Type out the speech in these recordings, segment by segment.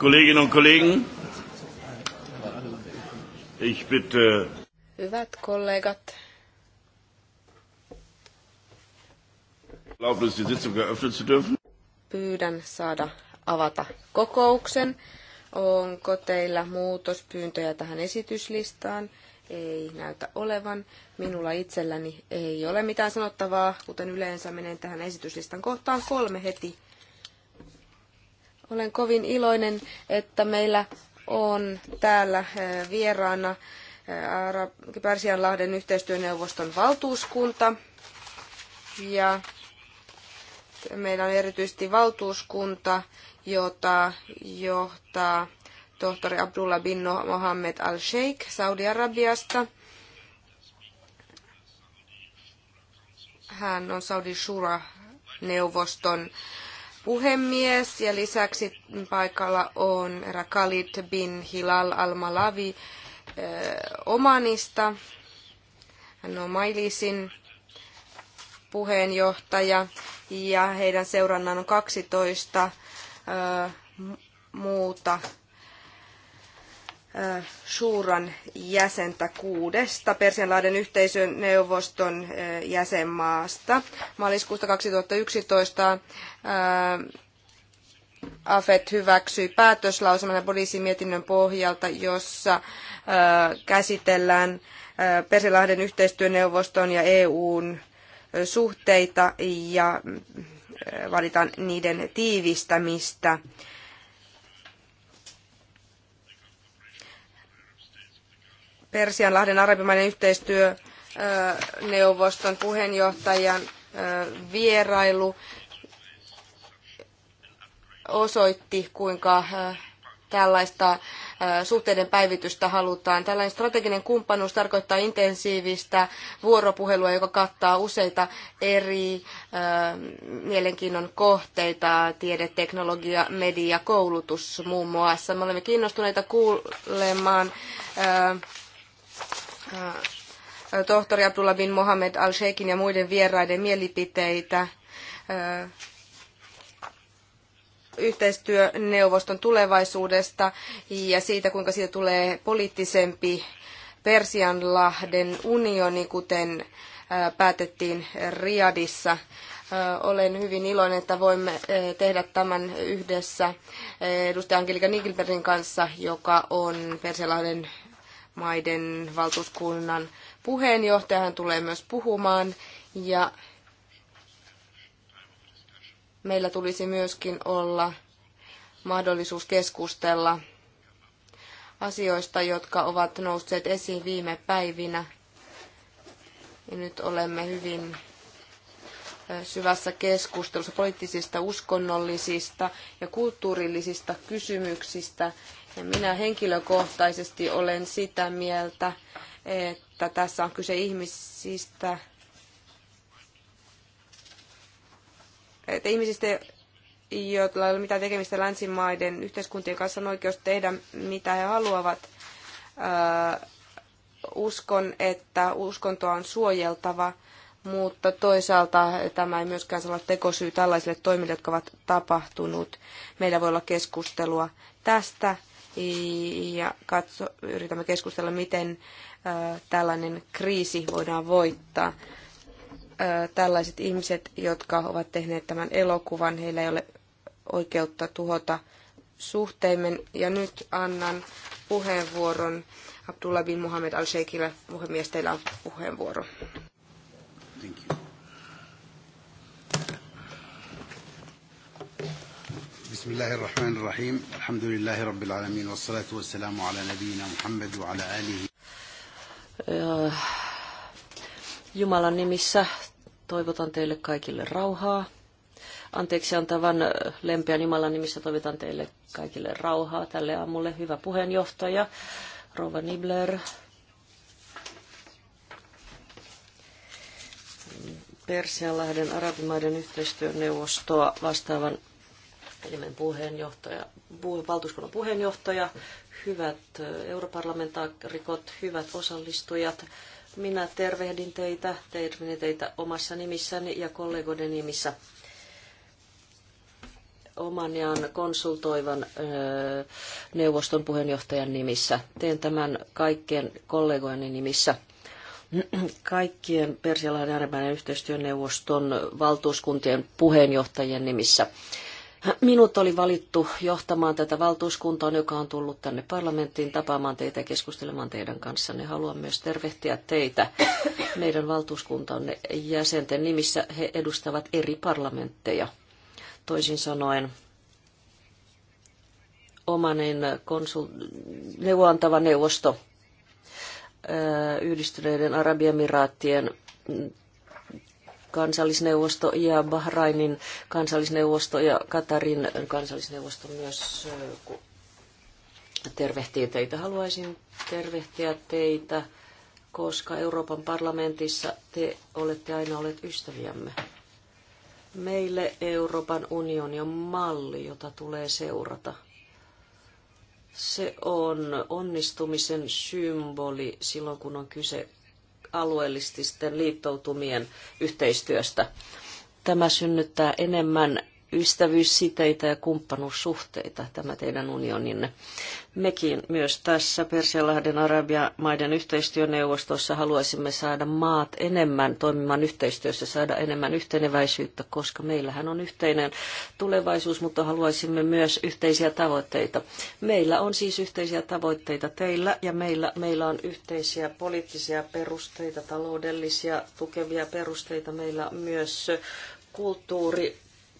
Kolleginnen und Kollegen, ich bitte. Hyvät kollegat. Erlaubnis, die Sitzung eröffnen zu dürfen. Pyydän saada avata kokouksen. Onko teillä muutospyyntöjä tähän esityslistaan? Ei näytä olevan. Minulla itselläni ei ole mitään sanottavaa, kuten yleensä menen tähän esityslistan kohtaan kolme heti olen kovin iloinen, että meillä on täällä eh, vieraana eh, Pärsianlahden yhteistyöneuvoston valtuuskunta. Ja meillä on erityisesti valtuuskunta, jota johtaa tohtori Abdullah bin Mohammed al-Sheikh Saudi-Arabiasta. Hän on Saudi Shura-neuvoston puhemies ja lisäksi paikalla on herra Khalid bin Hilal al eh, Omanista. Hän on Mailisin puheenjohtaja ja heidän seurannaan on 12 eh, muuta Suuran jäsentä kuudesta Persianlahden yhteisön neuvoston jäsenmaasta. Maaliskuusta 2011 AFET hyväksyi päätöslauselman poliisin mietinnön pohjalta, jossa käsitellään Persilahden yhteistyöneuvoston ja EUn suhteita ja valitaan niiden tiivistämistä. Persianlahden arabimainen yhteistyöneuvoston puheenjohtajan vierailu osoitti, kuinka tällaista suhteiden päivitystä halutaan. Tällainen strateginen kumppanuus tarkoittaa intensiivistä vuoropuhelua, joka kattaa useita eri mielenkiinnon kohteita, tiede, teknologia, media, koulutus muun muassa. Me olemme kiinnostuneita kuulemaan Äh, tohtori Abdullah bin Mohammed al-Sheikin ja muiden vieraiden mielipiteitä äh, yhteistyöneuvoston tulevaisuudesta ja siitä, kuinka siitä tulee poliittisempi Persianlahden unioni, kuten äh, päätettiin Riadissa. Olen hyvin iloinen, että voimme tehdä tämän yhdessä edustaja Angelika Nigelbergin kanssa, joka on Persianlahden maiden valtuuskunnan puheenjohtaja. Hän tulee myös puhumaan ja meillä tulisi myöskin olla mahdollisuus keskustella asioista, jotka ovat nousseet esiin viime päivinä. Ja nyt olemme hyvin syvässä keskustelussa poliittisista, uskonnollisista ja kulttuurillisista kysymyksistä, minä henkilökohtaisesti olen sitä mieltä, että tässä on kyse ihmisistä, että ihmisistä, joilla ei ole mitään tekemistä länsimaiden yhteiskuntien kanssa, on oikeus tehdä mitä he haluavat. Öö, uskon, että uskontoa on suojeltava, mutta toisaalta tämä ei myöskään saa tekosyy tällaisille toimille, jotka ovat tapahtunut. Meillä voi olla keskustelua tästä ja katso, yritämme keskustella, miten tällainen kriisi voidaan voittaa. Tällaiset ihmiset, jotka ovat tehneet tämän elokuvan, heillä ei ole oikeutta tuhota suhteimen. Ja nyt annan puheenvuoron Abdullah bin Muhammad al-Sheikille. Puhemies, teillä on puheenvuoro. Thank you. بسم الله الرحمن الرحيم الحمد لله رب العالمين والصلاة والسلام على نبينا محمد وعلى آله Jumalan nimissä toivotan teille kaikille rauhaa. Anteeksi antavan äh, lempeän Jumalan nimissä toivotan teille kaikille rauhaa tälle aamulle. Hyvä puheenjohtaja, Rova Nibler. Persianlahden arabimaiden yhteistyöneuvostoa vastaavan elimen puheenjohtaja, valtuuskunnan puheenjohtaja, hyvät europarlamentaarikot, hyvät osallistujat. Minä tervehdin teitä, tervehdin teitä omassa nimissäni ja kollegoiden nimissä oman ja konsultoivan neuvoston puheenjohtajan nimissä. Teen tämän kaikkien kollegojeni nimissä kaikkien Persialainen ja Armeenian yhteistyöneuvoston valtuuskuntien puheenjohtajien nimissä. Minut oli valittu johtamaan tätä valtuuskuntaa, joka on tullut tänne parlamenttiin tapaamaan teitä ja keskustelemaan teidän kanssanne. Haluan myös tervehtiä teitä meidän valtuuskuntanne jäsenten nimissä. He edustavat eri parlamentteja. Toisin sanoen, omanen konsul- neuvoantava neuvosto yhdistyneiden Arabiemiraattien kansallisneuvosto ja Bahrainin kansallisneuvosto ja Katarin kansallisneuvosto myös äh, tervehtii teitä. Haluaisin tervehtiä teitä, koska Euroopan parlamentissa te olette aina olleet ystäviämme. Meille Euroopan unioni on malli, jota tulee seurata. Se on onnistumisen symboli silloin, kun on kyse alueellististen liittoutumien yhteistyöstä. Tämä synnyttää enemmän ystävyyssiteitä ja kumppanuussuhteita, tämä teidän unioninne. Mekin myös tässä Persialahden Arabia-maiden yhteistyöneuvostossa haluaisimme saada maat enemmän toimimaan yhteistyössä, saada enemmän yhteneväisyyttä, koska meillähän on yhteinen tulevaisuus, mutta haluaisimme myös yhteisiä tavoitteita. Meillä on siis yhteisiä tavoitteita teillä ja meillä, meillä on yhteisiä poliittisia perusteita, taloudellisia tukevia perusteita. Meillä on myös kulttuuri,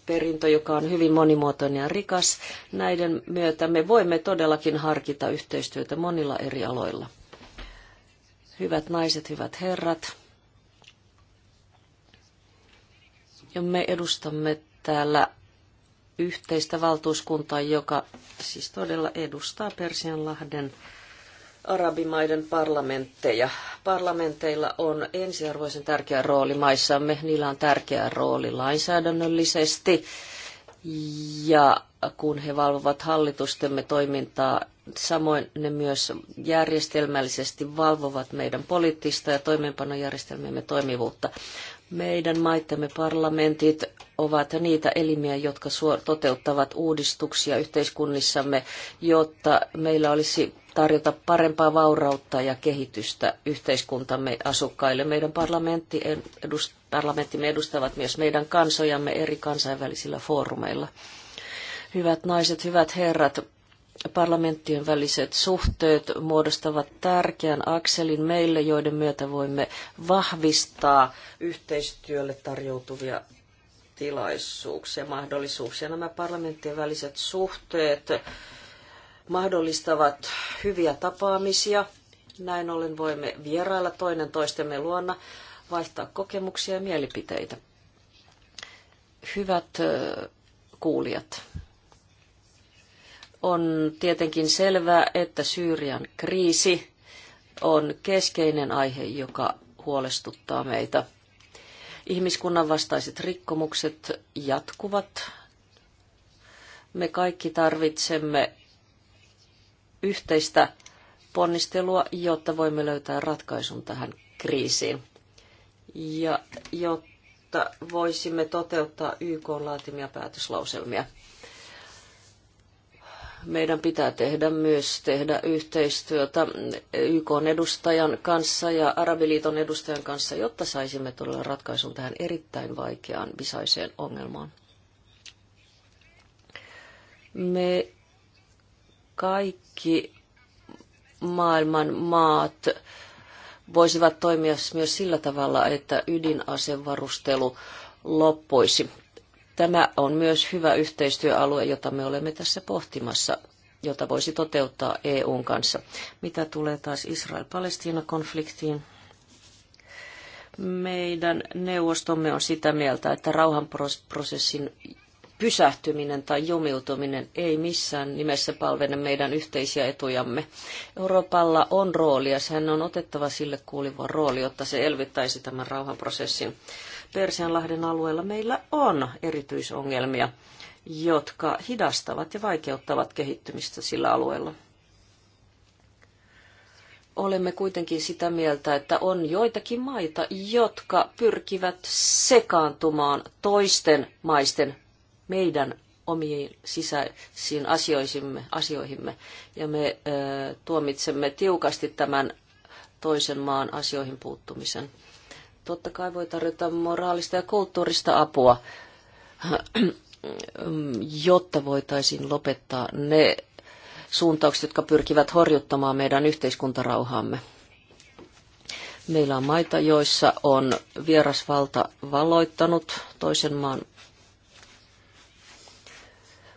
perintö, joka on hyvin monimuotoinen ja rikas. Näiden myötä me voimme todellakin harkita yhteistyötä monilla eri aloilla. Hyvät naiset, hyvät herrat, ja me edustamme täällä yhteistä valtuuskuntaa, joka siis todella edustaa Persianlahden arabimaiden parlamentteja. Parlamenteilla on ensiarvoisen tärkeä rooli maissamme. Niillä on tärkeä rooli lainsäädännöllisesti ja kun he valvovat hallitustemme toimintaa, samoin ne myös järjestelmällisesti valvovat meidän poliittista ja toimeenpanojärjestelmiemme toimivuutta. Meidän maittemme parlamentit ovat niitä elimiä, jotka toteuttavat uudistuksia yhteiskunnissamme, jotta meillä olisi tarjota parempaa vaurautta ja kehitystä yhteiskuntamme asukkaille. Meidän parlamentti edust, parlamenttimme edustavat myös meidän kansojamme eri kansainvälisillä foorumeilla. Hyvät naiset, hyvät herrat, parlamenttien väliset suhteet muodostavat tärkeän akselin meille, joiden myötä voimme vahvistaa yhteistyölle tarjoutuvia tilaisuuksia, mahdollisuuksia. Nämä parlamenttien väliset suhteet mahdollistavat hyviä tapaamisia. Näin ollen voimme vierailla toinen toistemme luona, vaihtaa kokemuksia ja mielipiteitä. Hyvät kuulijat, on tietenkin selvää, että Syyrian kriisi on keskeinen aihe, joka huolestuttaa meitä – Ihmiskunnan vastaiset rikkomukset jatkuvat. Me kaikki tarvitsemme yhteistä ponnistelua, jotta voimme löytää ratkaisun tähän kriisiin. Ja jotta voisimme toteuttaa YK laatimia päätöslauselmia meidän pitää tehdä myös tehdä yhteistyötä YK edustajan kanssa ja Arabiliiton edustajan kanssa, jotta saisimme todella ratkaisun tähän erittäin vaikeaan visaiseen ongelmaan. Me kaikki maailman maat voisivat toimia myös sillä tavalla, että ydinasevarustelu loppuisi. Tämä on myös hyvä yhteistyöalue, jota me olemme tässä pohtimassa, jota voisi toteuttaa EUn kanssa. Mitä tulee taas Israel-Palestiina-konfliktiin? Meidän neuvostomme on sitä mieltä, että rauhanprosessin pysähtyminen tai jumiutuminen ei missään nimessä palvele meidän yhteisiä etujamme. Euroopalla on rooli ja sen on otettava sille kuuluva rooli, jotta se elvittäisi tämän rauhanprosessin. Persianlahden alueella meillä on erityisongelmia, jotka hidastavat ja vaikeuttavat kehittymistä sillä alueella olemme kuitenkin sitä mieltä, että on joitakin maita, jotka pyrkivät sekaantumaan toisten maisten meidän omiin sisäisiin asioihimme, asioihimme. Ja me ö, tuomitsemme tiukasti tämän toisen maan asioihin puuttumisen. Totta kai voi tarjota moraalista ja kulttuurista apua, jotta voitaisiin lopettaa ne suuntaukset, jotka pyrkivät horjuttamaan meidän yhteiskuntarauhaamme. Meillä on maita, joissa on vierasvalta valoittanut toisen maan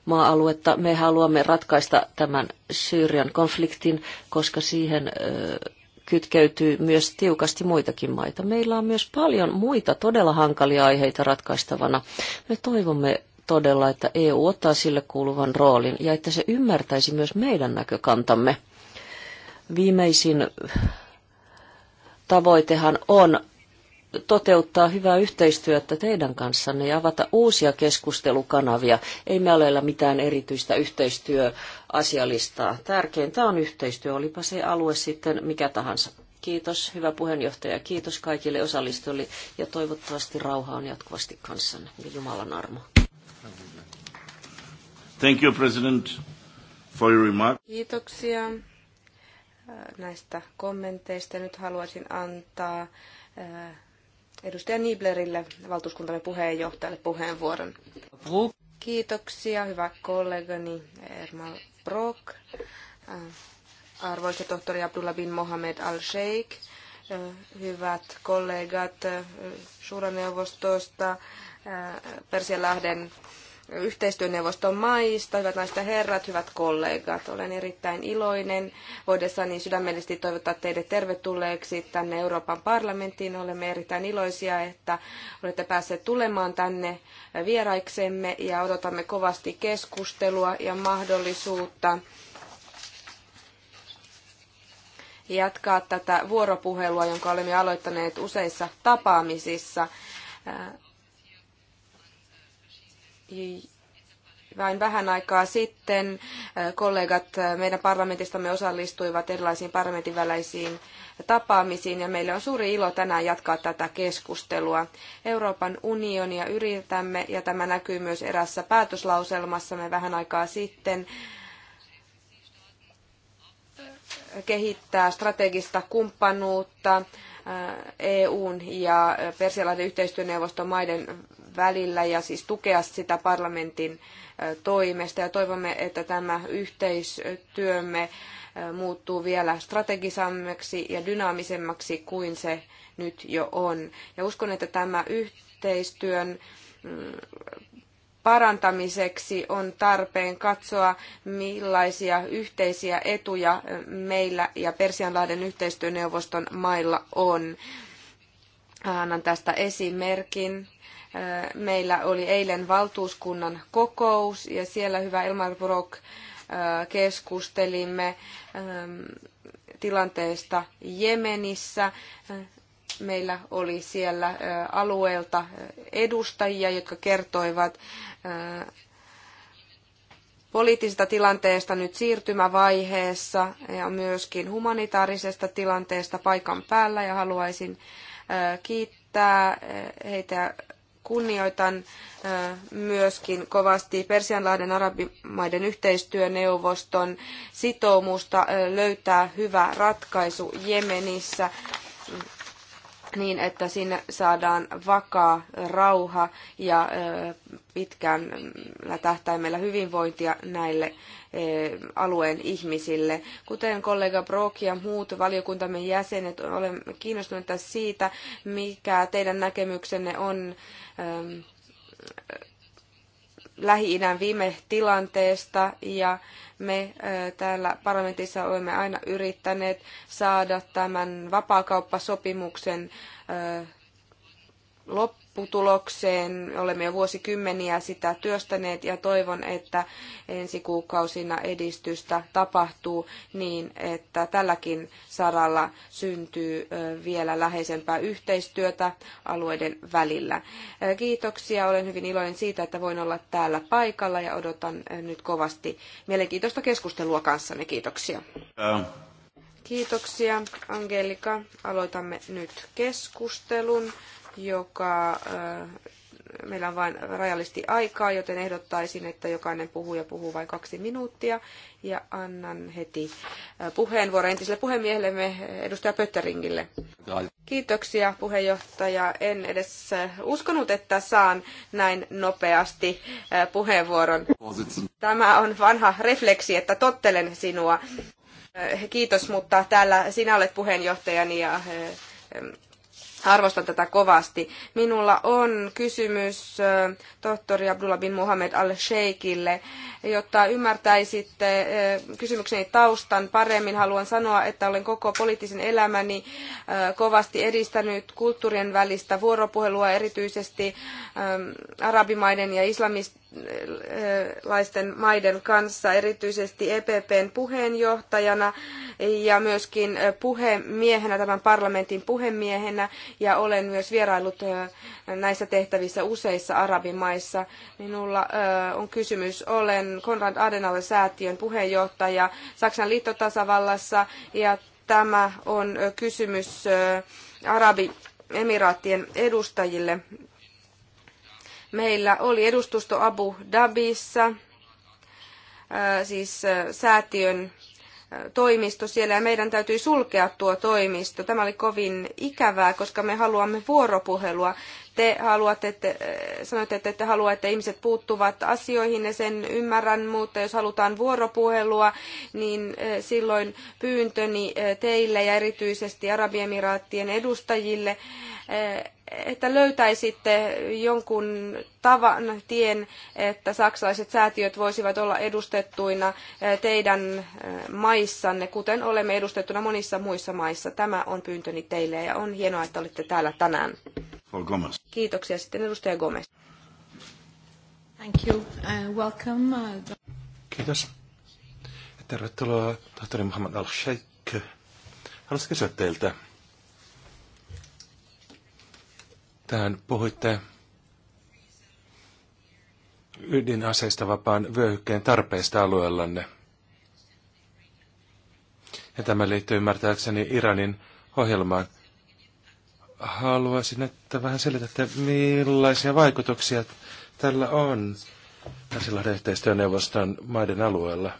maa-aluetta. Me haluamme ratkaista tämän Syyrian konfliktin, koska siihen kytkeytyy myös tiukasti muitakin maita. Meillä on myös paljon muita todella hankalia aiheita ratkaistavana. Me toivomme todella, että EU ottaa sille kuuluvan roolin ja että se ymmärtäisi myös meidän näkökantamme. Viimeisin tavoitehan on toteuttaa hyvää yhteistyötä teidän kanssanne ja avata uusia keskustelukanavia. Ei meillä ole mitään erityistä yhteistyötä asialistaa. Tärkeintä on yhteistyö, olipa se alue sitten mikä tahansa. Kiitos, hyvä puheenjohtaja. Kiitos kaikille osallistujille ja toivottavasti rauha on jatkuvasti kanssanne ja Jumalan armo. Thank you, President, for your remark. Kiitoksia äh, näistä kommenteista. Nyt haluaisin antaa äh, edustaja Niblerille, valtuuskuntamme puheenjohtajalle, puheenvuoron. Kiitoksia, hyvä kollegani Erma Brock, äh, arvoisa tohtori Abdullah bin Mohamed al-Sheikh, äh, hyvät kollegat äh, suuraneuvostosta, Persianlahden yhteistyöneuvoston maista. Hyvät naiset ja herrat, hyvät kollegat, olen erittäin iloinen voidessani sydämellisesti toivottaa teidät tervetulleeksi tänne Euroopan parlamenttiin. Olemme erittäin iloisia, että olette päässeet tulemaan tänne vieraiksemme ja odotamme kovasti keskustelua ja mahdollisuutta jatkaa tätä vuoropuhelua, jonka olemme aloittaneet useissa tapaamisissa vain vähän aikaa sitten äh, kollegat äh, meidän parlamentistamme osallistuivat erilaisiin parlamentin väläisiin tapaamisiin ja meille on suuri ilo tänään jatkaa tätä keskustelua. Euroopan unionia yritämme ja tämä näkyy myös erässä päätöslauselmassamme vähän aikaa sitten kehittää strategista kumppanuutta äh, EUn ja Persialaiden yhteistyöneuvoston maiden välillä ja siis tukea sitä parlamentin toimesta. Ja toivomme, että tämä yhteistyömme muuttuu vielä strategisemmaksi ja dynaamisemmaksi kuin se nyt jo on. Ja uskon, että tämä yhteistyön parantamiseksi on tarpeen katsoa, millaisia yhteisiä etuja meillä ja Persianlahden yhteistyöneuvoston mailla on. Annan tästä esimerkin. Meillä oli eilen valtuuskunnan kokous ja siellä hyvä Elmar Brok keskustelimme tilanteesta Jemenissä. Meillä oli siellä alueelta edustajia, jotka kertoivat poliittisesta tilanteesta nyt siirtymävaiheessa ja myöskin humanitaarisesta tilanteesta paikan päällä ja haluaisin kiittää heitä kunnioitan myöskin kovasti Persianlahden arabimaiden yhteistyöneuvoston sitoumusta löytää hyvä ratkaisu Jemenissä niin, että sinne saadaan vakaa rauha ja pitkään tähtäimellä hyvinvointia näille alueen ihmisille. Kuten kollega Brock ja muut valiokuntamme jäsenet, olen kiinnostuneita siitä, mikä teidän näkemyksenne on Lähi-idän viime tilanteesta ja me täällä parlamentissa olemme aina yrittäneet saada tämän vapaakauppasopimuksen lop- lopputulokseen. Olemme jo vuosikymmeniä sitä työstäneet ja toivon, että ensi kuukausina edistystä tapahtuu niin, että tälläkin saralla syntyy vielä läheisempää yhteistyötä alueiden välillä. Kiitoksia, olen hyvin iloinen siitä, että voin olla täällä paikalla ja odotan nyt kovasti mielenkiintoista keskustelua kanssanne. Kiitoksia. Ähm. Kiitoksia, Angelika. Aloitamme nyt keskustelun joka meillä on vain rajallisesti aikaa, joten ehdottaisin, että jokainen puhuu ja puhuu vain kaksi minuuttia. Ja annan heti puheenvuoron entiselle puhemiehellemme edustaja Pötteringille. Kiitoksia puheenjohtaja. En edes uskonut, että saan näin nopeasti puheenvuoron. Tämä on vanha refleksi, että tottelen sinua. Kiitos, mutta täällä sinä olet puheenjohtajani ja Arvostan tätä kovasti. Minulla on kysymys tohtori Abdullah bin Mohamed al-Sheikille. Jotta ymmärtäisitte kysymykseni taustan paremmin, haluan sanoa, että olen koko poliittisen elämäni kovasti edistänyt kulttuurien välistä vuoropuhelua, erityisesti arabimaiden ja islamist laisten maiden kanssa, erityisesti EPPn puheenjohtajana ja myöskin puhemiehenä, tämän parlamentin puhemiehenä, ja olen myös vierailut näissä tehtävissä useissa arabimaissa. Minulla on kysymys, olen Konrad Adenauer-säätiön puheenjohtaja Saksan liittotasavallassa, ja tämä on kysymys Arabi emiraattien edustajille Meillä oli edustusto Abu Dhabissa, äh, siis äh, säätiön äh, toimisto siellä ja meidän täytyi sulkea tuo toimisto. Tämä oli kovin ikävää, koska me haluamme vuoropuhelua. Te haluatte, että, sanoitte, että te haluatte, että ihmiset puuttuvat asioihin ja sen ymmärrän, mutta jos halutaan vuoropuhelua, niin silloin pyyntöni teille ja erityisesti Arabiemiraattien edustajille että löytäisitte jonkun tavan tien, että saksalaiset säätiöt voisivat olla edustettuina eh, teidän eh, maissanne, kuten olemme edustettuna monissa muissa maissa. Tämä on pyyntöni teille ja on hienoa, että olitte täällä tänään. Kiitoksia sitten edustaja Gomez. Thank you. Uh, welcome. Uh, Kiitos. Tervetuloa tohtori Muhammad al-Sheikh. Haluaisin kysyä teiltä, Tähän puhuitte ydinaseista vapaan vyöhykkeen tarpeesta alueellanne. Ja tämä liittyy ymmärtääkseni Iranin ohjelmaan. Haluaisin, että vähän selitätte, millaisia vaikutuksia tällä on Länsilahden yhteistyöneuvoston maiden alueella.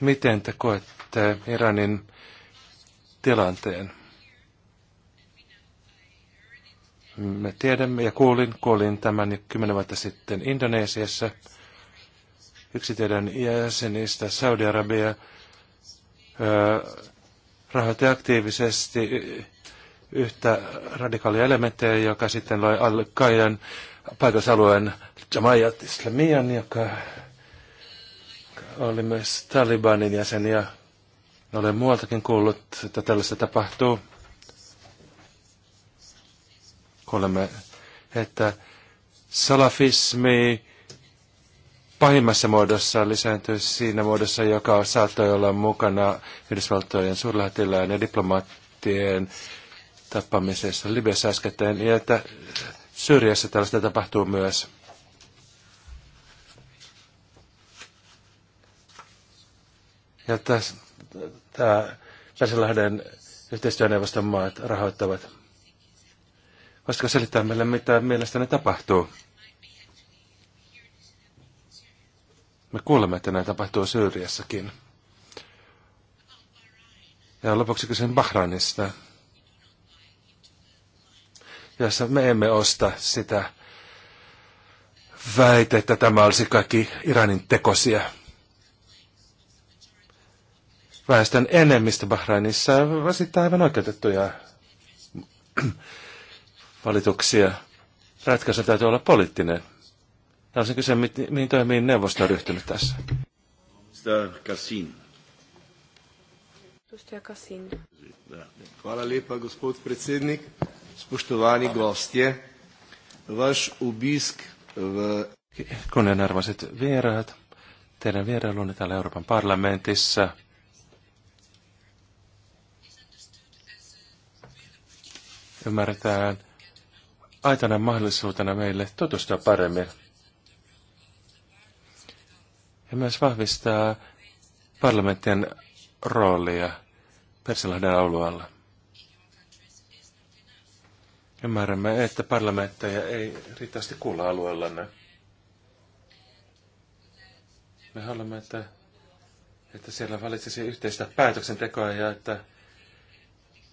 Miten te koette Iranin tilanteen. Me tiedämme ja kuulin, kuulin tämän jo kymmenen vuotta sitten Indonesiassa. Yksi teidän jäsenistä, Saudi-Arabia, rahoitti aktiivisesti yhtä radikaalia elementtejä, joka sitten loi Al-Qaidan paikallisalueen Jamaat Islamian, joka oli myös Talibanin jäsen ja olen muualtakin kuullut, että tällaista tapahtuu. Kuulemme, että salafismi pahimmassa muodossa lisääntyy siinä muodossa, joka saattoi olla mukana Yhdysvaltojen suurlähettilään ja diplomaattien tappamisessa Libyassa äskettäin, ja että Syyriassa tällaista tapahtuu myös. Ja tässä tämä Länsilahden yhteistyöneuvoston maat rahoittavat. Voisitko selittää meille, mitä mielestäni tapahtuu? Me kuulemme, että näin tapahtuu Syyriassakin. Ja lopuksi kysyn Bahrainista, jossa me emme osta sitä väitettä, että tämä olisi kaikki Iranin tekosia väestön enemmistö Bahrainissa rasittaa aivan oikeutettuja valituksia. Ratkaisu täytyy olla poliittinen. Ja olisin kysyä, mihin toimii neuvosto on ryhtynyt tässä. Mr. Kassin. Edustaja Kassin. Hvala lepa, gospod predsednik. Spoštovani gostje, vaš obisk v... Kunnianarvoiset vieraat, teidän vierailunne täällä Euroopan parlamentissa – ymmärretään aitana mahdollisuutena meille tutustua paremmin ja myös vahvistaa parlamenttien roolia Persilahden alueella. Ymmärrämme, että parlamentteja ei riittävästi kuulla alueellanne. Me haluamme, että, että siellä valitsisi yhteistä päätöksentekoa ja että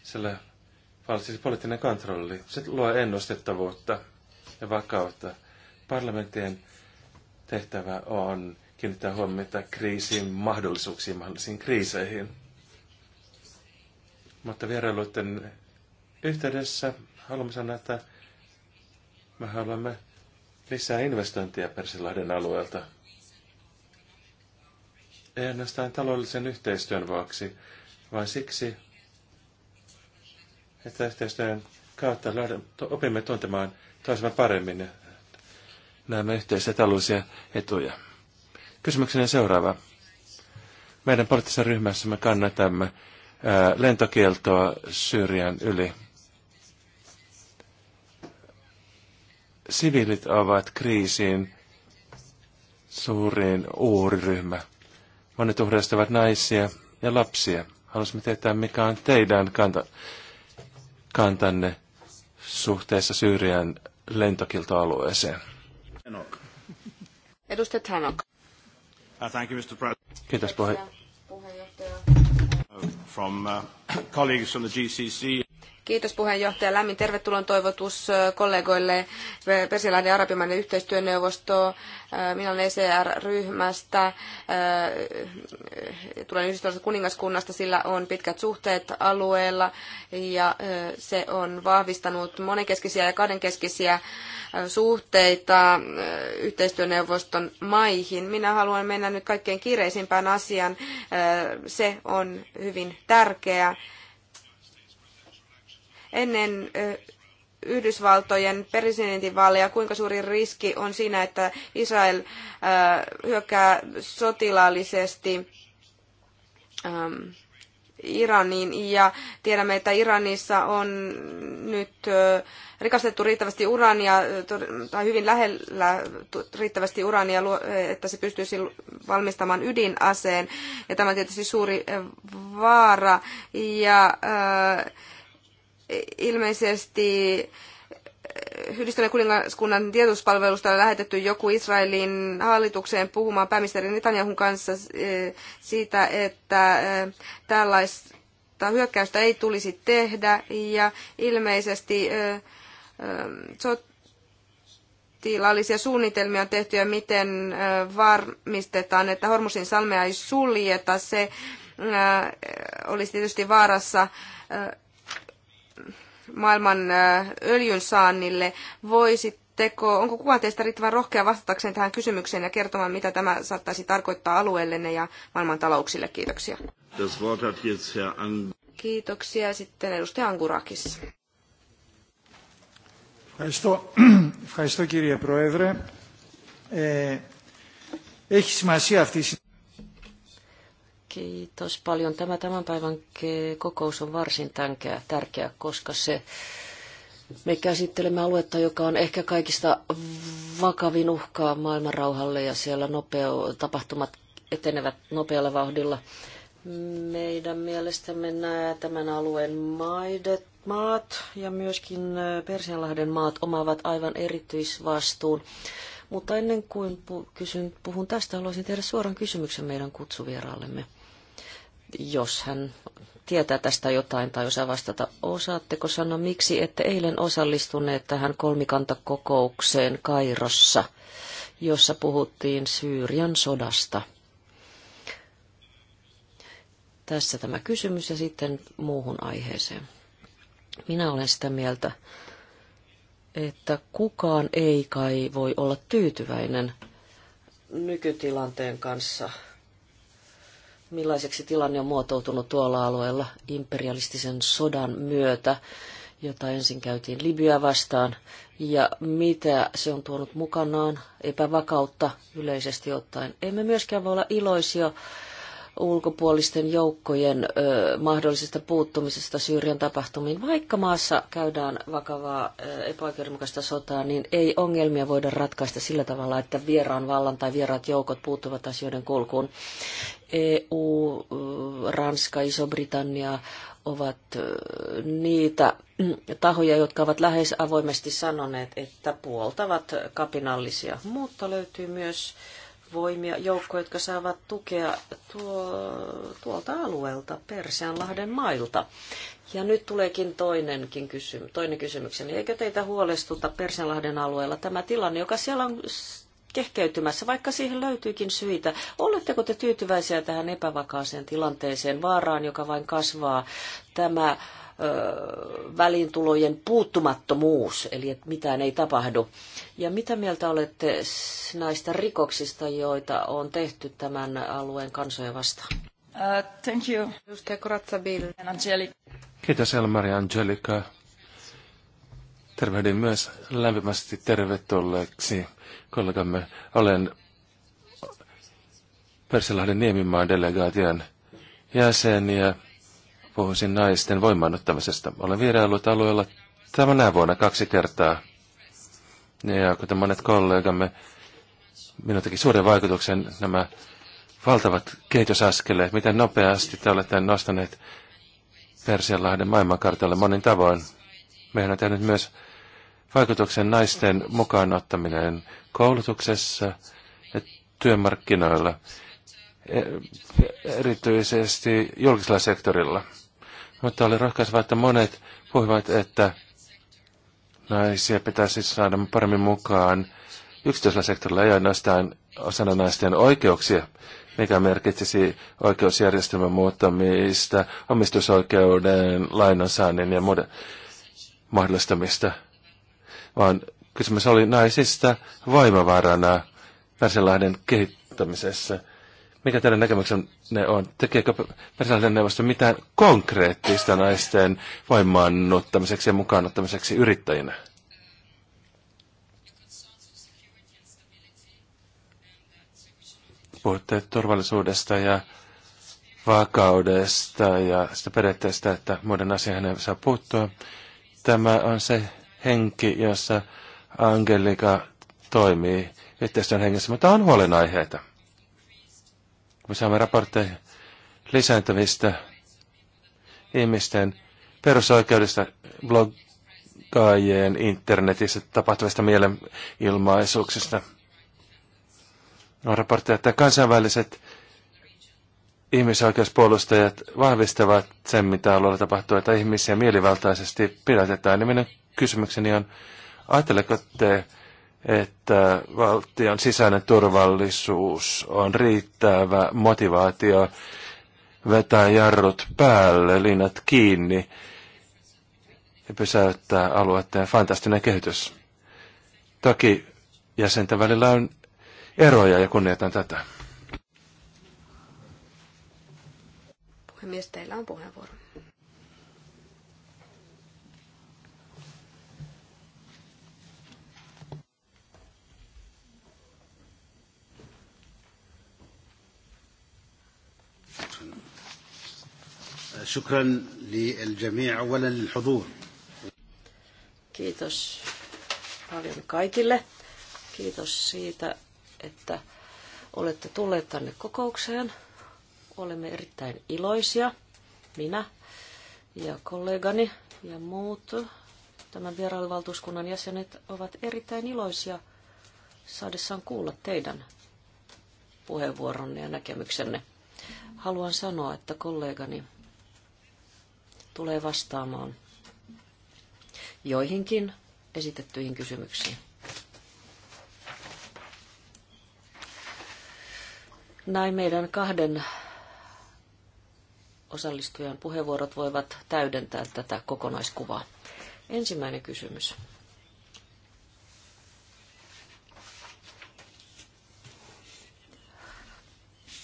siellä valitsisi poliittinen kontrolli. Se luo ennustettavuutta ja vakautta. Parlamenttien tehtävä on kiinnittää huomiota kriisin mahdollisuuksiin, mahdollisiin kriiseihin. Mutta vierailuiden yhteydessä haluamme sanoa, että me haluamme lisää investointia Persilahden alueelta. Ei ainoastaan taloudellisen yhteistyön vuoksi, vaan siksi, että yhteistyön kautta opimme tuntemaan toisemme paremmin ja näemme yhteisiä taloudellisia etuja. Kysymykseni seuraava. Meidän poliittisessa ryhmässämme kannatamme lentokieltoa Syyrian yli. Siviilit ovat kriisiin suurin uuriryhmä. Monet uhreista ovat naisia ja lapsia. Haluaisimme tietää, mikä on teidän kanta kantanne suhteessa Syyrian lentokiltoalueeseen? Edustaja Tanok. Uh, thank you, Mr. President. Kiitos puhe- puheenjohtaja. From uh, colleagues from the GCC Kiitos puheenjohtaja. Lämmin tervetulon toivotus kollegoille Persilahden ja Arabimainen yhteistyöneuvosto. Minä olen ECR-ryhmästä. Tulen yhdistyneestä kuningaskunnasta. Sillä on pitkät suhteet alueella ja se on vahvistanut monenkeskisiä ja kahdenkeskisiä suhteita yhteistyöneuvoston maihin. Minä haluan mennä nyt kaikkein kiireisimpään asiaan. Se on hyvin tärkeää ennen Yhdysvaltojen presidentinvaaleja, kuinka suuri riski on siinä, että Israel hyökkää sotilaallisesti ähm, Iraniin. Ja tiedämme, että Iranissa on nyt rikastettu riittävästi urania, tai hyvin lähellä riittävästi urania, että se pystyisi valmistamaan ydinaseen. Ja tämä on tietysti suuri vaara. Ja äh, ilmeisesti eh, Yhdistyneen kuningaskunnan tiedotuspalvelusta on lähetetty joku Israelin hallitukseen puhumaan pääministeri Netanyahun kanssa eh, siitä, että eh, tällaista hyökkäystä ei tulisi tehdä ja ilmeisesti sotilaallisia suunnitelmia on tehty ja miten varmistetaan, että Hormusin salmea ei suljeta. Se olisi tietysti vaarassa maailman öljyn saannille. Voisitteko, onko kukaan teistä riittävän rohkea vastatakseen tähän kysymykseen ja kertomaan, mitä tämä saattaisi tarkoittaa alueellenne ja maailman talouksille? Kiitoksia. Kiitoksia. Sitten edustaja Angurakis. Ευχαριστώ, Ευχαριστώ κύριε Πρόεδρε. Ε, έχει σημασία αυτή η Kiitos paljon. Tämä tämän päivän kokous on varsin tärkeä, tärkeä koska se me käsittelemme aluetta, joka on ehkä kaikista vakavin uhkaa maailman rauhalle ja siellä nopeo, tapahtumat etenevät nopealla vauhdilla. Meidän mielestämme nämä tämän alueen maidet, maat ja myöskin Persianlahden maat omaavat aivan erityisvastuun. Mutta ennen kuin pu- kysyn, puhun tästä, haluaisin tehdä suoran kysymyksen meidän kutsuvieraallemme jos hän tietää tästä jotain tai osaa vastata. Osaatteko sanoa, miksi ette eilen osallistuneet tähän kolmikantakokoukseen Kairossa, jossa puhuttiin Syyrian sodasta? Tässä tämä kysymys ja sitten muuhun aiheeseen. Minä olen sitä mieltä, että kukaan ei kai voi olla tyytyväinen nykytilanteen kanssa – millaiseksi tilanne on muotoutunut tuolla alueella imperialistisen sodan myötä, jota ensin käytiin Libyaa vastaan, ja mitä se on tuonut mukanaan, epävakautta yleisesti ottaen. Emme myöskään voi olla iloisia ulkopuolisten joukkojen ö, mahdollisesta puuttumisesta Syyrian tapahtumiin. Vaikka maassa käydään vakavaa epäoikeudenmukaista sotaa, niin ei ongelmia voida ratkaista sillä tavalla, että vieraan vallan tai vieraat joukot puuttuvat asioiden kulkuun. EU, Ranska, Iso-Britannia ovat niitä mm, tahoja, jotka ovat lähes avoimesti sanoneet, että puoltavat kapinallisia. Mutta löytyy myös voimia, joukko, jotka saavat tukea tuo, tuolta alueelta, Persianlahden mailta. Ja nyt tuleekin toinenkin kysymys, toinen kysymykseni. Eikö teitä huolestuta Persianlahden alueella tämä tilanne, joka siellä on kehkeytymässä, vaikka siihen löytyykin syitä. Oletteko te tyytyväisiä tähän epävakaaseen tilanteeseen, vaaraan, joka vain kasvaa? Tämä välintulojen puuttumattomuus, eli että mitään ei tapahdu. Ja mitä mieltä olette näistä rikoksista, joita on tehty tämän alueen kansoja vastaan? Uh, thank you. Edustaja Koratsabil. Kiitos Elmari Angelika. Tervehdin myös lämpimästi tervetulleeksi kollegamme. Olen Persilahden Niemimaan delegaation jäsen ja puhuisin naisten voimaannuttamisesta. Olen vieraillut alueella tämänä vuonna kaksi kertaa. Ja kuten monet kollegamme, minun teki suuren vaikutuksen nämä valtavat kehitysaskeleet, miten nopeasti te olette nostaneet Persianlahden maailmankartalle monin tavoin. Meidän on tehnyt myös vaikutuksen naisten mukaan ottaminen koulutuksessa ja työmarkkinoilla, e- erityisesti julkisella sektorilla. Mutta oli rohkaisevaa, että monet puhuivat, että naisia pitäisi siis saada paremmin mukaan yksityisellä sektorilla, ei ainoastaan osana naisten oikeuksia, mikä merkitsisi oikeusjärjestelmän muuttamista, omistusoikeuden, lainansaannin ja muiden mahdollistamista, vaan kysymys oli naisista voimavarana Pärsilahden kehittämisessä – mikä teidän näkemyksenne on? Tekeekö persoonallinen neuvosto mitään konkreettista naisten voimaannuttamiseksi ja mukaanottamiseksi yrittäjinä? Puhutte turvallisuudesta ja vakaudesta ja sitä periaatteesta, että muiden asiaan ei saa puuttua. Tämä on se henki, jossa Angelika toimii yhteistyön hengessä, mutta on huolenaiheita kun me saamme raportteja lisääntyvistä ihmisten perusoikeudesta bloggaajien internetissä tapahtuvista mielenilmaisuuksista. On raportteja, että kansainväliset ihmisoikeuspuolustajat vahvistavat sen, mitä alueella tapahtuu, että ihmisiä mielivaltaisesti pidätetään. Ja niin minun kysymykseni on, ajatteleko te että valtion sisäinen turvallisuus on riittävä motivaatio vetää jarrut päälle, linnat kiinni ja pysäyttää alueiden fantastinen kehitys. Toki jäsenten välillä on eroja ja kunnioitan tätä. Puhemies, teillä on puheenvuoro. شكرا للجميع للحضور Kiitos paljon kaikille. Kiitos siitä, että olette tulleet tänne kokoukseen. Olemme erittäin iloisia, minä ja kollegani ja muut tämän vierailuvaltuuskunnan jäsenet ovat erittäin iloisia saadessaan kuulla teidän puheenvuoronne ja näkemyksenne. Haluan sanoa, että kollegani tulee vastaamaan joihinkin esitettyihin kysymyksiin. Näin meidän kahden osallistujan puheenvuorot voivat täydentää tätä kokonaiskuvaa. Ensimmäinen kysymys.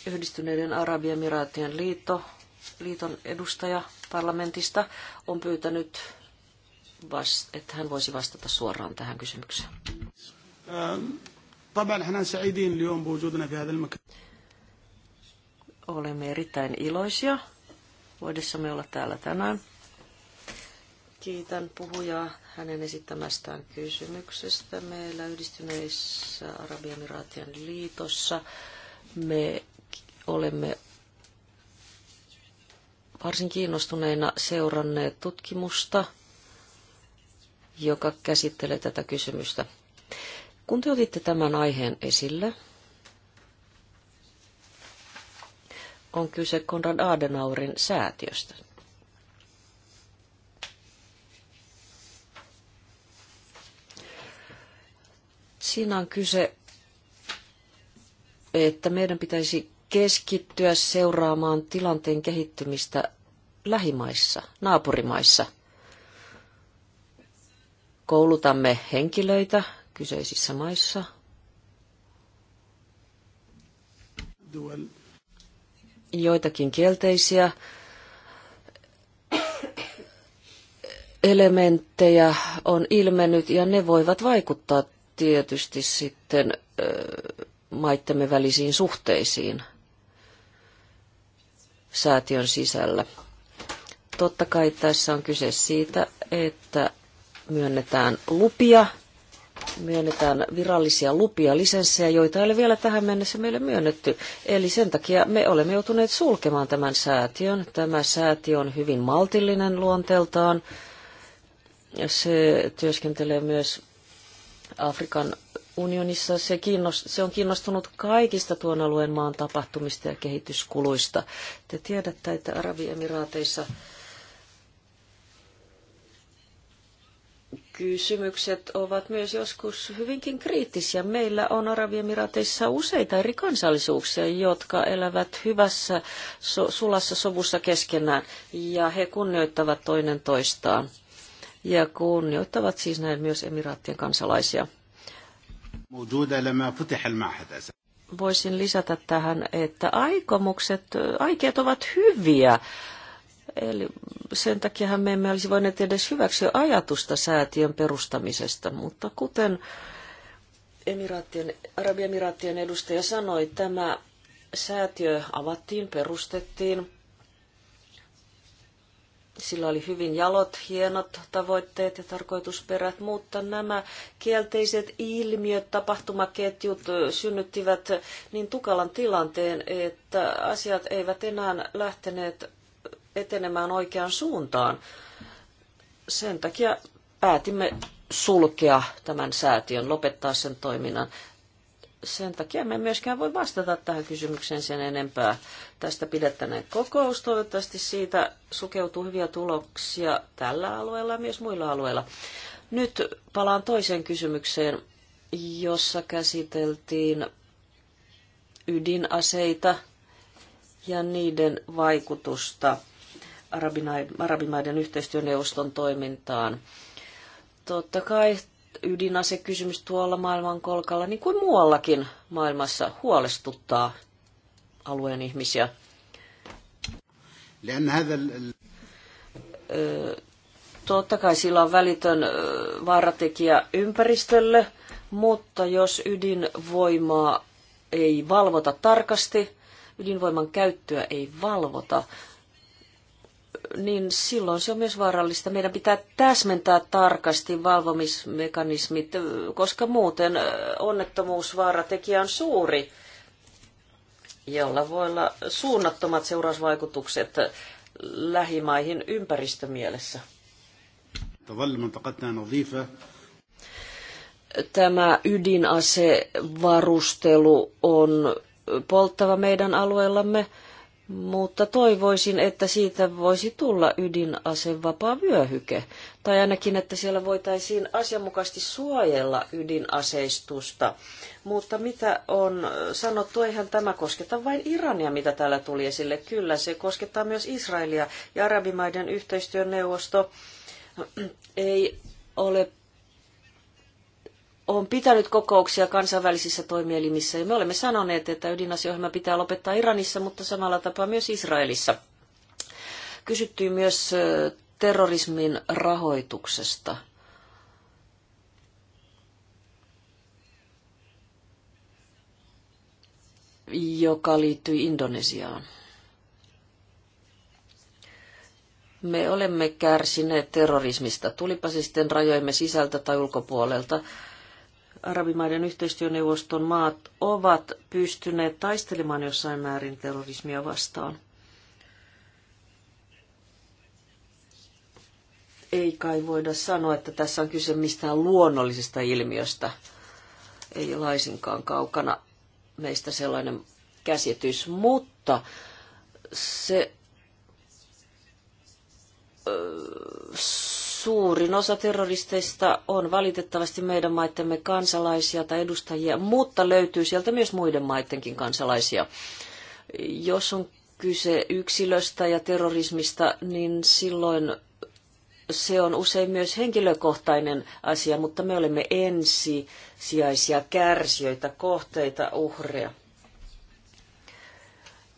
Yhdistyneiden Arabiamiraattien liitto, liiton edustaja parlamentista on pyytänyt, että hän voisi vastata suoraan tähän kysymykseen. Ähm, olemme erittäin iloisia voidessamme olla täällä tänään. Kiitän puhujaa hänen esittämästään kysymyksestä. Meillä Yhdistyneissä Arabiamiraattien liitossa me olemme varsin kiinnostuneina seuranneet tutkimusta, joka käsittelee tätä kysymystä. Kun te otitte tämän aiheen esille, on kyse Konrad Adenaurin säätiöstä. Siinä on kyse, että meidän pitäisi keskittyä seuraamaan tilanteen kehittymistä lähimaissa, naapurimaissa. Koulutamme henkilöitä kyseisissä maissa. Joitakin kielteisiä elementtejä on ilmennyt ja ne voivat vaikuttaa tietysti sitten maittemme välisiin suhteisiin – säätiön sisällä. Totta kai tässä on kyse siitä, että myönnetään lupia, myönnetään virallisia lupia, lisenssejä, joita ei ole vielä tähän mennessä meille myönnetty. Eli sen takia me olemme joutuneet sulkemaan tämän säätiön. Tämä säätiö on hyvin maltillinen luonteeltaan. Se työskentelee myös Afrikan unionissa se, kiinnost, se on kiinnostunut kaikista tuon alueen maan tapahtumista ja kehityskuluista. Te tiedätte, että Arabiemiraateissa kysymykset ovat myös joskus hyvinkin kriittisiä. Meillä on Arabiemiraateissa useita eri kansallisuuksia, jotka elävät hyvässä so, sulassa sovussa keskenään ja he kunnioittavat toinen toistaan ja kunnioittavat siis näin myös emiraattien kansalaisia. Voisin lisätä tähän, että aikomukset, aikeet ovat hyviä. Eli sen takia me emme olisi voineet edes hyväksyä ajatusta säätiön perustamisesta, mutta kuten Emiraattien, Arabiemiraattien edustaja sanoi, tämä säätiö avattiin, perustettiin sillä oli hyvin jalot, hienot tavoitteet ja tarkoitusperät, mutta nämä kielteiset ilmiöt, tapahtumaketjut synnyttivät niin tukalan tilanteen, että asiat eivät enää lähteneet etenemään oikeaan suuntaan. Sen takia päätimme sulkea tämän säätiön, lopettaa sen toiminnan sen takia me myöskään voi vastata tähän kysymykseen sen enempää. Tästä pidettäneen kokous. Toivottavasti siitä sukeutuu hyviä tuloksia tällä alueella ja myös muilla alueilla. Nyt palaan toiseen kysymykseen, jossa käsiteltiin ydinaseita ja niiden vaikutusta arabimaiden yhteistyöneuvoston toimintaan. Totta kai ydinasekysymys tuolla maailman kolkalla, niin kuin muuallakin maailmassa, huolestuttaa alueen ihmisiä. Totta kai sillä on välitön vaaratekijä ympäristölle, mutta jos ydinvoimaa ei valvota tarkasti, ydinvoiman käyttöä ei valvota, niin silloin se on myös vaarallista. Meidän pitää täsmentää tarkasti valvomismekanismit, koska muuten onnettomuusvaaratekijä on suuri, jolla voi olla suunnattomat seurausvaikutukset lähimaihin ympäristömielessä. Tämä ydinasevarustelu on polttava meidän alueellamme. Mutta toivoisin, että siitä voisi tulla ydinasevapaa vyöhyke. Tai ainakin, että siellä voitaisiin asianmukaisesti suojella ydinaseistusta. Mutta mitä on sanottu, eihän tämä kosketa vain Irania, mitä täällä tuli esille. Kyllä, se koskettaa myös Israelia ja Arabimaiden yhteistyöneuvosto ei ole on pitänyt kokouksia kansainvälisissä toimielimissä ja me olemme sanoneet, että ydinasiohjelma pitää lopettaa Iranissa, mutta samalla tapaa myös Israelissa. Kysyttiin myös terrorismin rahoituksesta. joka liittyi Indonesiaan. Me olemme kärsineet terrorismista, tulipa se sitten rajojemme sisältä tai ulkopuolelta. Arabimaiden yhteistyöneuvoston maat ovat pystyneet taistelemaan jossain määrin terrorismia vastaan. Ei kai voida sanoa, että tässä on kyse mistään luonnollisesta ilmiöstä. Ei laisinkaan kaukana meistä sellainen käsitys, mutta se öö, Suurin osa terroristeista on valitettavasti meidän maittemme kansalaisia tai edustajia, mutta löytyy sieltä myös muiden maidenkin kansalaisia. Jos on kyse yksilöstä ja terrorismista, niin silloin se on usein myös henkilökohtainen asia, mutta me olemme ensisijaisia kärsijöitä, kohteita, uhreja.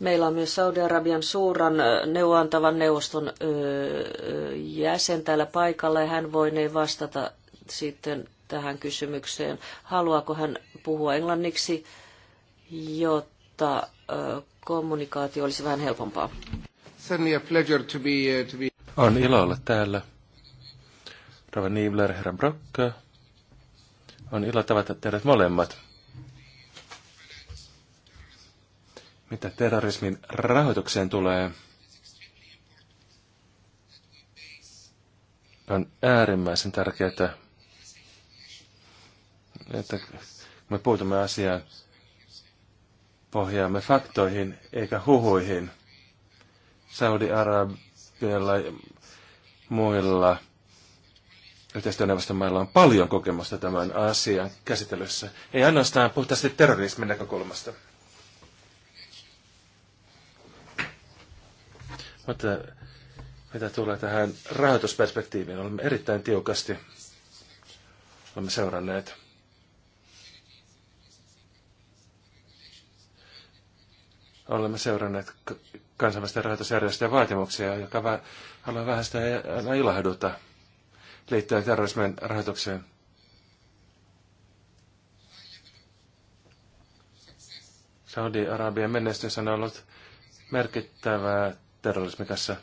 Meillä on myös Saudi-Arabian suuran neuvoantavan neuvoston jäsen täällä paikalla ja hän ne vastata sitten tähän kysymykseen. Haluaako hän puhua englanniksi, jotta kommunikaatio olisi vähän helpompaa? Uh, on ilo olla täällä. Rava Niebler, herra Brock. On ilo tavata teidät molemmat. Mitä terrorismin rahoitukseen tulee, on äärimmäisen tärkeää, että me puutumme asiaan, pohjaamme faktoihin eikä huhuihin. Saudi-Arabialla ja muilla yhteistyöneuvoston mailla on paljon kokemusta tämän asian käsittelyssä. Ei ainoastaan puhtaasti terrorismin näkökulmasta. Mutta mitä tulee tähän rahoitusperspektiiviin, olemme erittäin tiukasti olemme seuranneet olemme seuranneet kansainvälisten rahoitusjärjestöjen vaatimuksia, joka vä, haluaa vähän sitä aina ilahduta liittyen terrorismin rahoitukseen. Saudi-Arabian menestys on ollut merkittävää terrorismin kanssa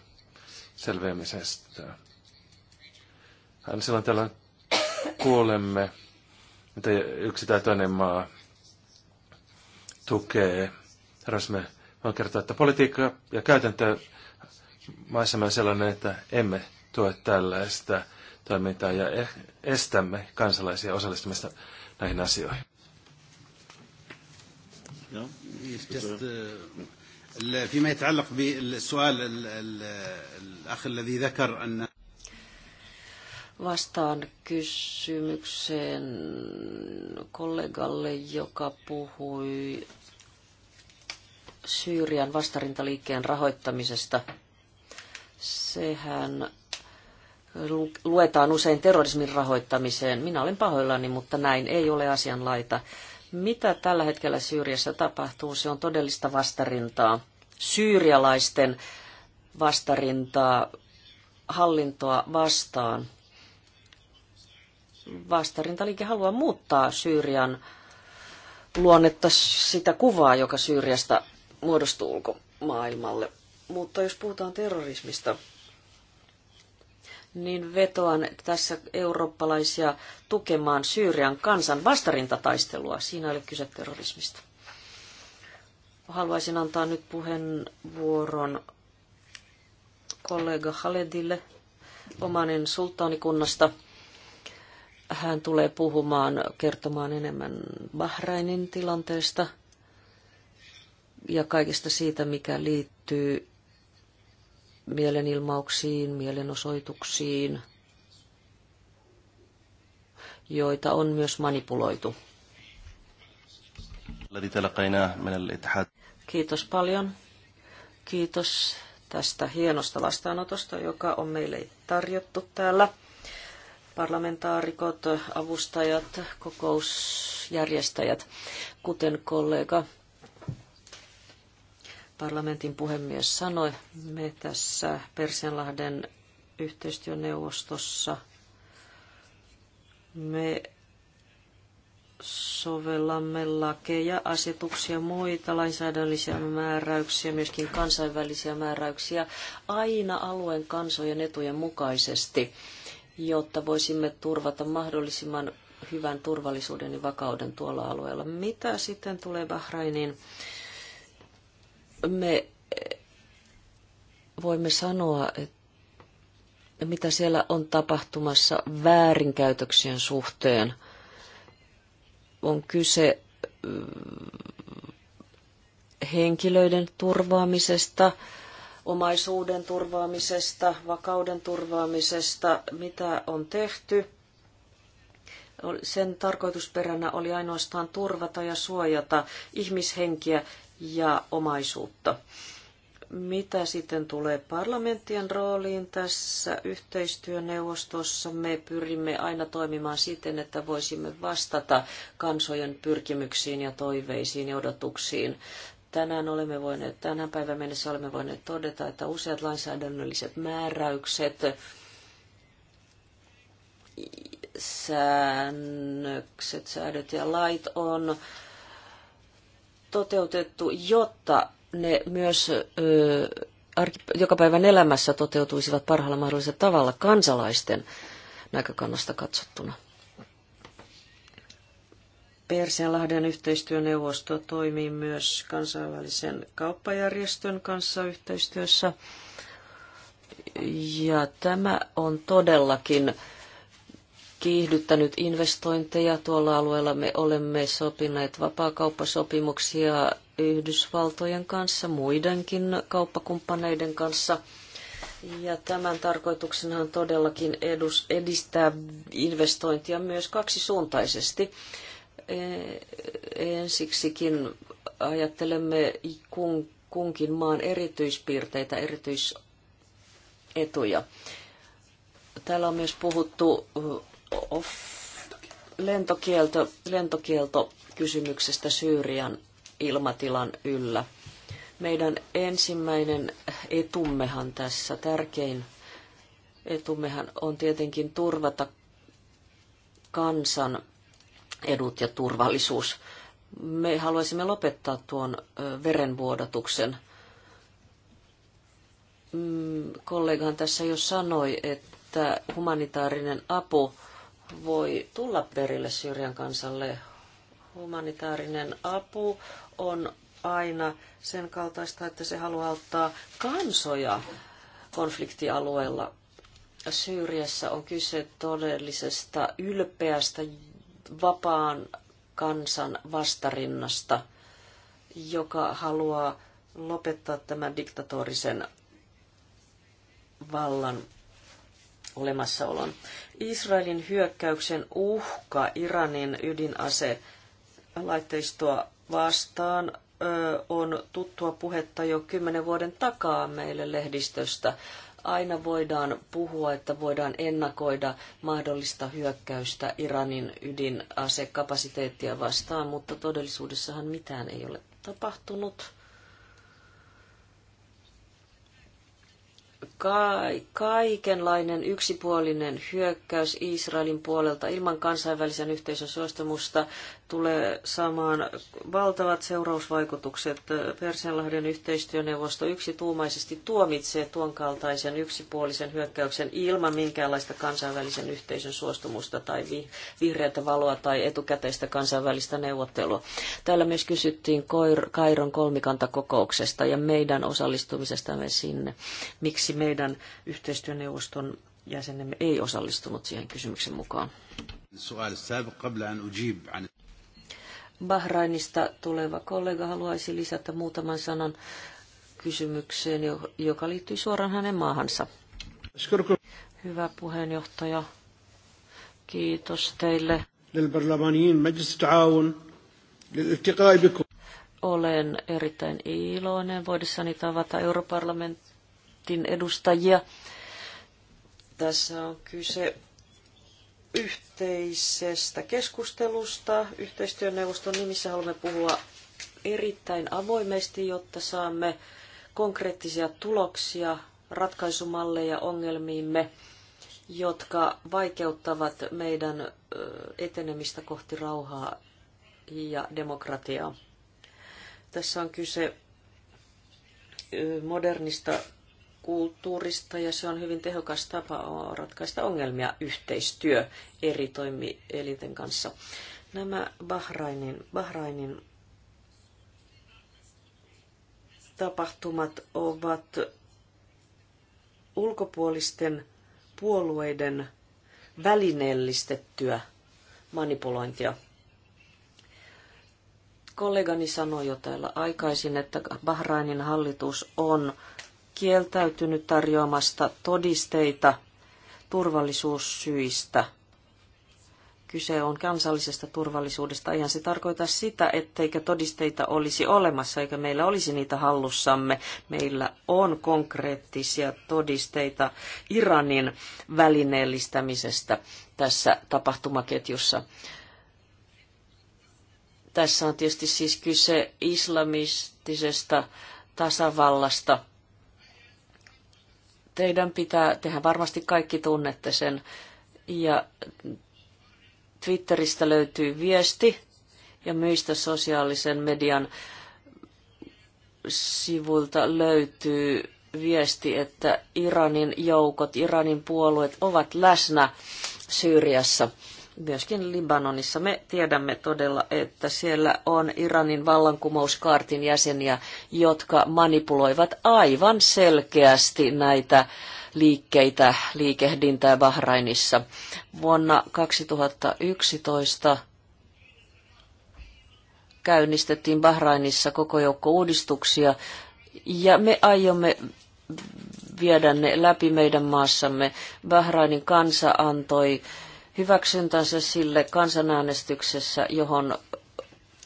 selviämisestä. Aina silloin täällä kuulemme, mitä yksi tai toinen maa tukee. Terrorismi voin kertoa, että politiikka ja käytäntö maissamme on sellainen, että emme tue tällaista toimintaa ja eh, estämme kansalaisia osallistumista näihin asioihin. No, it's just, uh... فيما يتعلق بالسؤال الأخ الذي ذكر أن Vastaan kysymykseen kollegalle, joka puhui Syyrian vastarintaliikkeen rahoittamisesta. Sehän luetaan usein terrorismin rahoittamiseen. Minä olen pahoillani, mutta näin ei ole asianlaita. Mitä tällä hetkellä Syyriassa tapahtuu? Se on todellista vastarintaa. Syyrialaisten vastarintaa hallintoa vastaan. Vastarintaliike haluaa muuttaa Syyrian luonnetta sitä kuvaa, joka Syyriasta muodostuu ulkomaailmalle. Mutta jos puhutaan terrorismista, niin vetoan tässä eurooppalaisia tukemaan Syyrian kansan vastarintataistelua. Siinä oli kyse terrorismista. Haluaisin antaa nyt puheenvuoron kollega Haledille omanen sultaanikunnasta. Hän tulee puhumaan, kertomaan enemmän Bahrainin tilanteesta ja kaikesta siitä, mikä liittyy mielenilmauksiin, mielenosoituksiin, joita on myös manipuloitu. Kiitos paljon. Kiitos tästä hienosta vastaanotosta, joka on meille tarjottu täällä. Parlamentaarikot, avustajat, kokousjärjestäjät, kuten kollega parlamentin puhemies sanoi, me tässä Persianlahden yhteistyöneuvostossa me sovellamme lakeja, asetuksia, muita lainsäädännöllisiä määräyksiä, myöskin kansainvälisiä määräyksiä aina alueen kansojen etujen mukaisesti, jotta voisimme turvata mahdollisimman hyvän turvallisuuden ja vakauden tuolla alueella. Mitä sitten tulee Bahrainiin? me eh, voimme sanoa, että mitä siellä on tapahtumassa väärinkäytöksien suhteen. On kyse eh, henkilöiden turvaamisesta, omaisuuden turvaamisesta, vakauden turvaamisesta, mitä on tehty. Sen tarkoitusperänä oli ainoastaan turvata ja suojata ihmishenkiä ja omaisuutta. Mitä sitten tulee parlamenttien rooliin tässä yhteistyöneuvostossa? Me pyrimme aina toimimaan siten, että voisimme vastata kansojen pyrkimyksiin ja toiveisiin ja odotuksiin. Tänään olemme voineet, tänään päivän mennessä olemme voineet todeta, että useat lainsäädännölliset määräykset, säännökset, säädöt ja lait on toteutettu, jotta ne myös joka päivän elämässä toteutuisivat parhaalla mahdollisella tavalla kansalaisten näkökannasta katsottuna. Persianlahden yhteistyöneuvosto toimii myös kansainvälisen kauppajärjestön kanssa yhteistyössä. Ja tämä on todellakin kiihdyttänyt investointeja tuolla alueella. Me olemme sopineet vapaakauppasopimuksia Yhdysvaltojen kanssa, muidenkin kauppakumppaneiden kanssa. Ja tämän tarkoituksena on todellakin edus, edistää investointia myös kaksisuuntaisesti. E, ensiksikin ajattelemme kun, kunkin maan erityispiirteitä, erityisetuja. Täällä on myös puhuttu off, lentokielto, lentokielto kysymyksestä Syyrian ilmatilan yllä. Meidän ensimmäinen etummehan tässä, tärkein etummehan on tietenkin turvata kansan edut ja turvallisuus. Me haluaisimme lopettaa tuon verenvuodatuksen. Mm, kollegahan tässä jo sanoi, että humanitaarinen apu voi tulla perille Syyrian kansalle. Humanitaarinen apu on aina sen kaltaista, että se haluaa auttaa kansoja konfliktialueella. Syyriassa on kyse todellisesta ylpeästä vapaan kansan vastarinnasta, joka haluaa lopettaa tämän diktatorisen vallan olemassaolon. Israelin hyökkäyksen uhka Iranin ydinase laitteistoa vastaan on tuttua puhetta jo kymmenen vuoden takaa meille lehdistöstä. Aina voidaan puhua, että voidaan ennakoida mahdollista hyökkäystä Iranin ydinasekapasiteettia vastaan, mutta todellisuudessahan mitään ei ole tapahtunut ka- kaikenlainen yksipuolinen hyökkäys Israelin puolelta ilman kansainvälisen yhteisön suostumusta tulee saamaan valtavat seurausvaikutukset. Persianlahden yhteistyöneuvosto yksituumaisesti tuomitsee tuon kaltaisen yksipuolisen hyökkäyksen ilman minkäänlaista kansainvälisen yhteisön suostumusta tai vi- vihreätä valoa tai etukäteistä kansainvälistä neuvottelua. Täällä myös kysyttiin Koir- Kairon kolmikantakokouksesta ja meidän osallistumisestamme sinne. Miksi me meidän yhteistyöneuvoston jäsenemme ei osallistunut siihen kysymyksen mukaan. Bahrainista tuleva kollega haluaisi lisätä muutaman sanan kysymykseen, joka liittyy suoraan hänen maahansa. Hyvä puheenjohtaja, kiitos teille. Olen erittäin iloinen voidessani tavata europarlamentti parlamentin edustajia. Tässä on kyse yhteisestä keskustelusta. Yhteistyöneuvoston nimissä haluamme puhua erittäin avoimesti, jotta saamme konkreettisia tuloksia, ratkaisumalleja ongelmiimme, jotka vaikeuttavat meidän etenemistä kohti rauhaa ja demokratiaa. Tässä on kyse modernista kulttuurista ja se on hyvin tehokas tapa ratkaista ongelmia yhteistyö eri toimielinten kanssa. Nämä Bahrainin, Bahrainin tapahtumat ovat ulkopuolisten puolueiden välineellistettyä manipulointia. Kollegani sanoi jo täällä aikaisin, että Bahrainin hallitus on kieltäytynyt tarjoamasta todisteita turvallisuussyistä. Kyse on kansallisesta turvallisuudesta. Eihän se tarkoita sitä, etteikö todisteita olisi olemassa, eikä meillä olisi niitä hallussamme. Meillä on konkreettisia todisteita Iranin välineellistämisestä tässä tapahtumaketjussa. Tässä on tietysti siis kyse islamistisesta tasavallasta – teidän pitää, tehdä varmasti kaikki tunnette sen, ja Twitteristä löytyy viesti ja myistä sosiaalisen median sivulta löytyy viesti, että Iranin joukot, Iranin puolueet ovat läsnä Syyriassa myöskin Libanonissa. Me tiedämme todella, että siellä on Iranin vallankumouskaartin jäseniä, jotka manipuloivat aivan selkeästi näitä liikkeitä, liikehdintää Bahrainissa. Vuonna 2011 käynnistettiin Bahrainissa koko joukko uudistuksia, ja me aiomme viedä ne läpi meidän maassamme. Bahrainin kansa antoi hyväksyntänsä sille kansanäänestyksessä, johon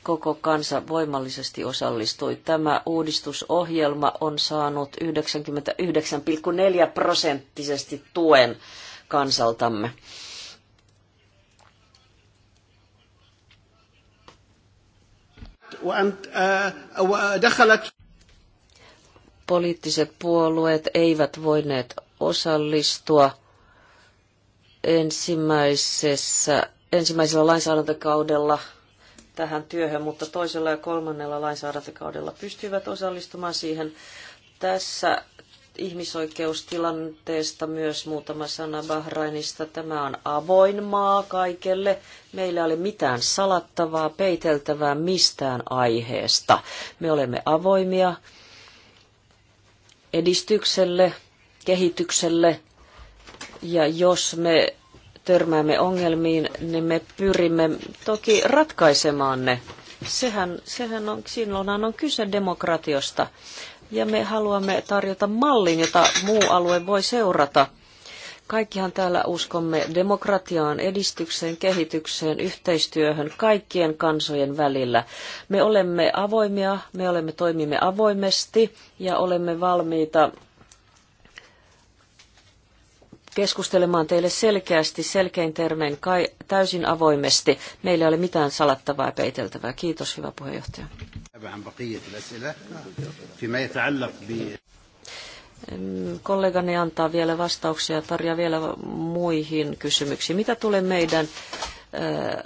koko kansa voimallisesti osallistui. Tämä uudistusohjelma on saanut 99,4 prosenttisesti tuen kansaltamme. Uh, uh, Poliittiset puolueet eivät voineet osallistua ensimmäisessä, ensimmäisellä lainsäädäntökaudella tähän työhön, mutta toisella ja kolmannella lainsäädäntökaudella pystyivät osallistumaan siihen. Tässä ihmisoikeustilanteesta myös muutama sana Bahrainista. Tämä on avoin maa kaikelle. Meillä ei ole mitään salattavaa, peiteltävää mistään aiheesta. Me olemme avoimia edistykselle, kehitykselle, ja jos me törmäämme ongelmiin, niin me pyrimme toki ratkaisemaan ne. Sehän, sehän on, silloinhan on kyse demokratiosta. Ja me haluamme tarjota mallin, jota muu alue voi seurata. Kaikkihan täällä uskomme demokratiaan, edistykseen, kehitykseen, yhteistyöhön kaikkien kansojen välillä. Me olemme avoimia, me olemme toimimme avoimesti ja olemme valmiita keskustelemaan teille selkeästi, selkein termein, kai täysin avoimesti. Meillä ei ole mitään salattavaa ja peiteltävää. Kiitos, hyvä puheenjohtaja. Kollegani antaa vielä vastauksia ja tarjaa vielä muihin kysymyksiin. Mitä tulee meidän äh, äh,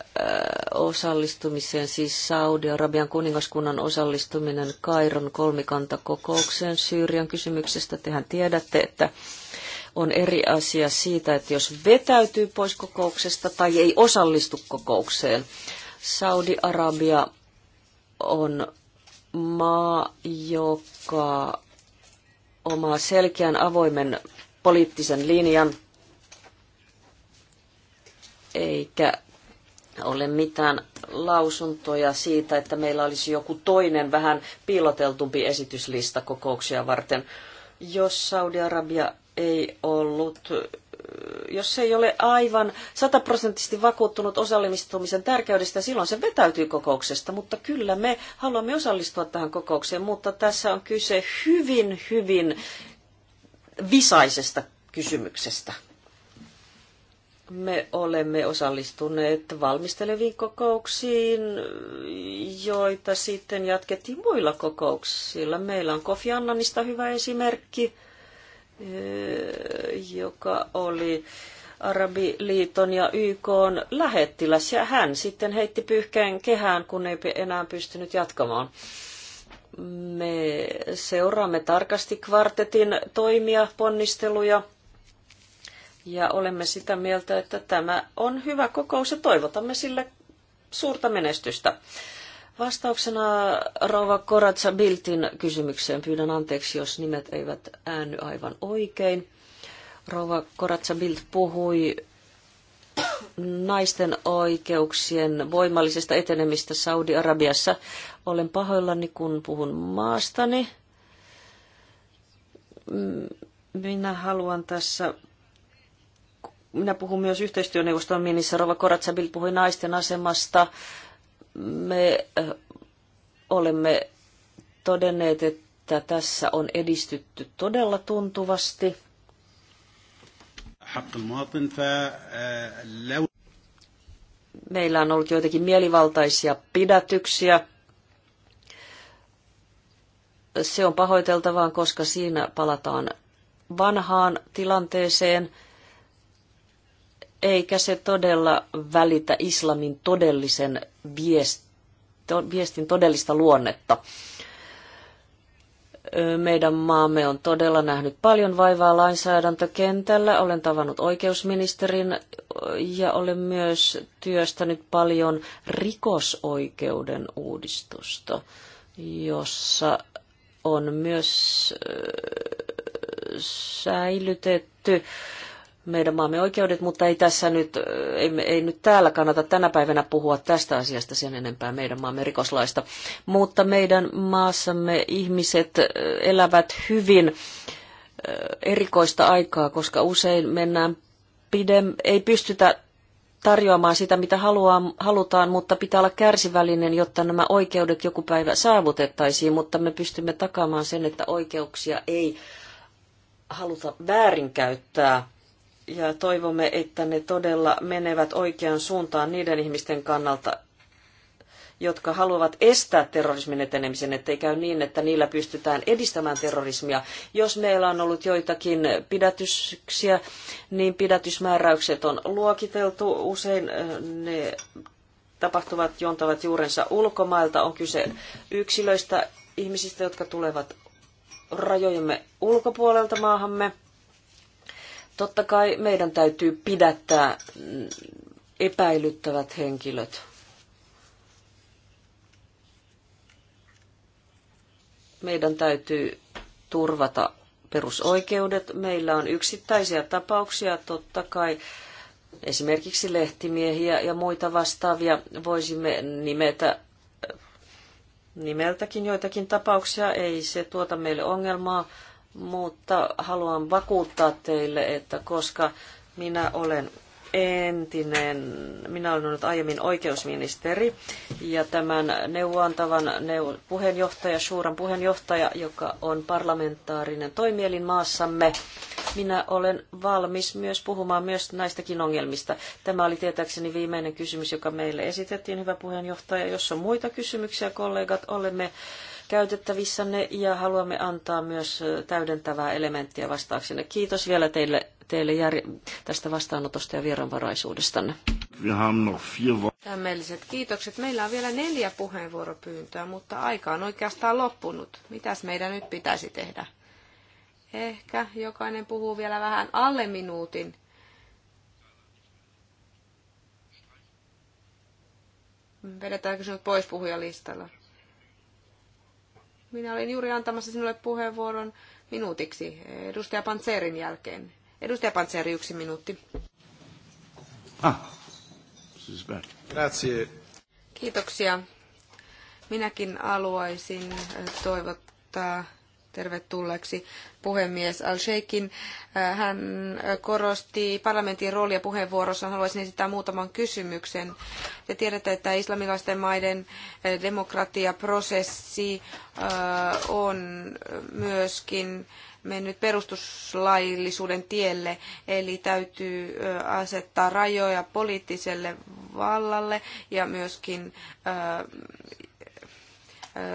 osallistumiseen, siis Saudi-Arabian kuningaskunnan osallistuminen Kairon kolmikantakokoukseen Syyrian kysymyksestä. Tehän tiedätte, että on eri asia siitä, että jos vetäytyy pois kokouksesta tai ei osallistu kokoukseen. Saudi-Arabia on maa, joka omaa selkeän avoimen poliittisen linjan, eikä ole mitään lausuntoja siitä, että meillä olisi joku toinen vähän piiloteltumpi esityslista kokouksia varten. Jos Saudi-Arabia ei ollut, jos ei ole aivan sataprosenttisesti vakuuttunut osallistumisen tärkeydestä, silloin se vetäytyy kokouksesta, mutta kyllä me haluamme osallistua tähän kokoukseen, mutta tässä on kyse hyvin, hyvin visaisesta kysymyksestä. Me olemme osallistuneet valmisteleviin kokouksiin, joita sitten jatkettiin muilla kokouksilla. Meillä on Kofi Annanista hyvä esimerkki – joka oli Arabiliiton ja YK lähettiläs, ja hän sitten heitti pyyhkeen kehään, kun ei enää pystynyt jatkamaan. Me seuraamme tarkasti kvartetin toimia, ponnisteluja, ja olemme sitä mieltä, että tämä on hyvä kokous ja toivotamme sille suurta menestystä. Vastauksena Rova Koratsa Biltin kysymykseen pyydän anteeksi, jos nimet eivät äänny aivan oikein. Rova Koratsa Bilt puhui naisten oikeuksien voimallisesta etenemistä Saudi-Arabiassa. Olen pahoillani, kun puhun maastani. Minä haluan tässä minä puhun myös yhteistyöneuvoston ministeri Rova Koratsabil puhui naisten asemasta me äh, olemme todenneet, että tässä on edistytty todella tuntuvasti. Meillä on ollut joitakin mielivaltaisia pidätyksiä. Se on pahoiteltavaa, koska siinä palataan vanhaan tilanteeseen – eikä se todella välitä islamin todellisen viestin todellista luonnetta. Meidän maamme on todella nähnyt paljon vaivaa lainsäädäntökentällä. Olen tavannut oikeusministerin ja olen myös työstänyt paljon rikosoikeuden uudistusta, jossa on myös säilytetty meidän maamme oikeudet, mutta ei tässä nyt, ei, ei nyt täällä kannata tänä päivänä puhua tästä asiasta sen enempää meidän maamme rikoslaista. Mutta meidän maassamme ihmiset elävät hyvin erikoista aikaa, koska usein mennään pidem, ei pystytä tarjoamaan sitä, mitä haluaa, halutaan, mutta pitää olla kärsivällinen, jotta nämä oikeudet joku päivä saavutettaisiin, mutta me pystymme takaamaan sen, että oikeuksia ei haluta väärinkäyttää ja toivomme, että ne todella menevät oikeaan suuntaan niiden ihmisten kannalta, jotka haluavat estää terrorismin etenemisen, ettei käy niin, että niillä pystytään edistämään terrorismia. Jos meillä on ollut joitakin pidätyksiä, niin pidätysmääräykset on luokiteltu. Usein ne tapahtuvat jontavat juurensa ulkomailta. On kyse yksilöistä, ihmisistä, jotka tulevat rajojemme ulkopuolelta maahamme – Totta kai meidän täytyy pidättää epäilyttävät henkilöt. Meidän täytyy turvata perusoikeudet. Meillä on yksittäisiä tapauksia, totta kai esimerkiksi lehtimiehiä ja muita vastaavia. Voisimme nimetä nimeltäkin joitakin tapauksia, ei se tuota meille ongelmaa, mutta haluan vakuuttaa teille, että koska minä olen entinen, minä olen ollut aiemmin oikeusministeri ja tämän neuvoantavan neu- puheenjohtaja, suuran puheenjohtaja, joka on parlamentaarinen toimielin maassamme, minä olen valmis myös puhumaan myös näistäkin ongelmista. Tämä oli tietääkseni viimeinen kysymys, joka meille esitettiin, hyvä puheenjohtaja. Jos on muita kysymyksiä, kollegat, olemme käytettävissänne ja haluamme antaa myös täydentävää elementtiä vastauksenne. Kiitos vielä teille, teille jär- tästä vastaanotosta ja vieraanvaraisuudestanne. Tämmöiset kiitokset. Meillä on vielä neljä puheenvuoropyyntöä, mutta aika on oikeastaan loppunut. Mitäs meidän nyt pitäisi tehdä? Ehkä jokainen puhuu vielä vähän alle minuutin. Vedetäänkö sinut pois puhujalistalla? Minä olin juuri antamassa sinulle puheenvuoron minuutiksi edustaja Pantseerin jälkeen. Edustaja Pantseeri, yksi minuutti. Ah, Kiitoksia. Minäkin haluaisin toivottaa tervetulleeksi puhemies Al-Sheikin. Äh, hän korosti parlamentin roolia puheenvuorossaan. Haluaisin esittää muutaman kysymyksen. Te tiedätte, että islamilaisten maiden äh, demokratiaprosessi äh, on myöskin mennyt perustuslaillisuuden tielle, eli täytyy asettaa rajoja poliittiselle vallalle ja myöskin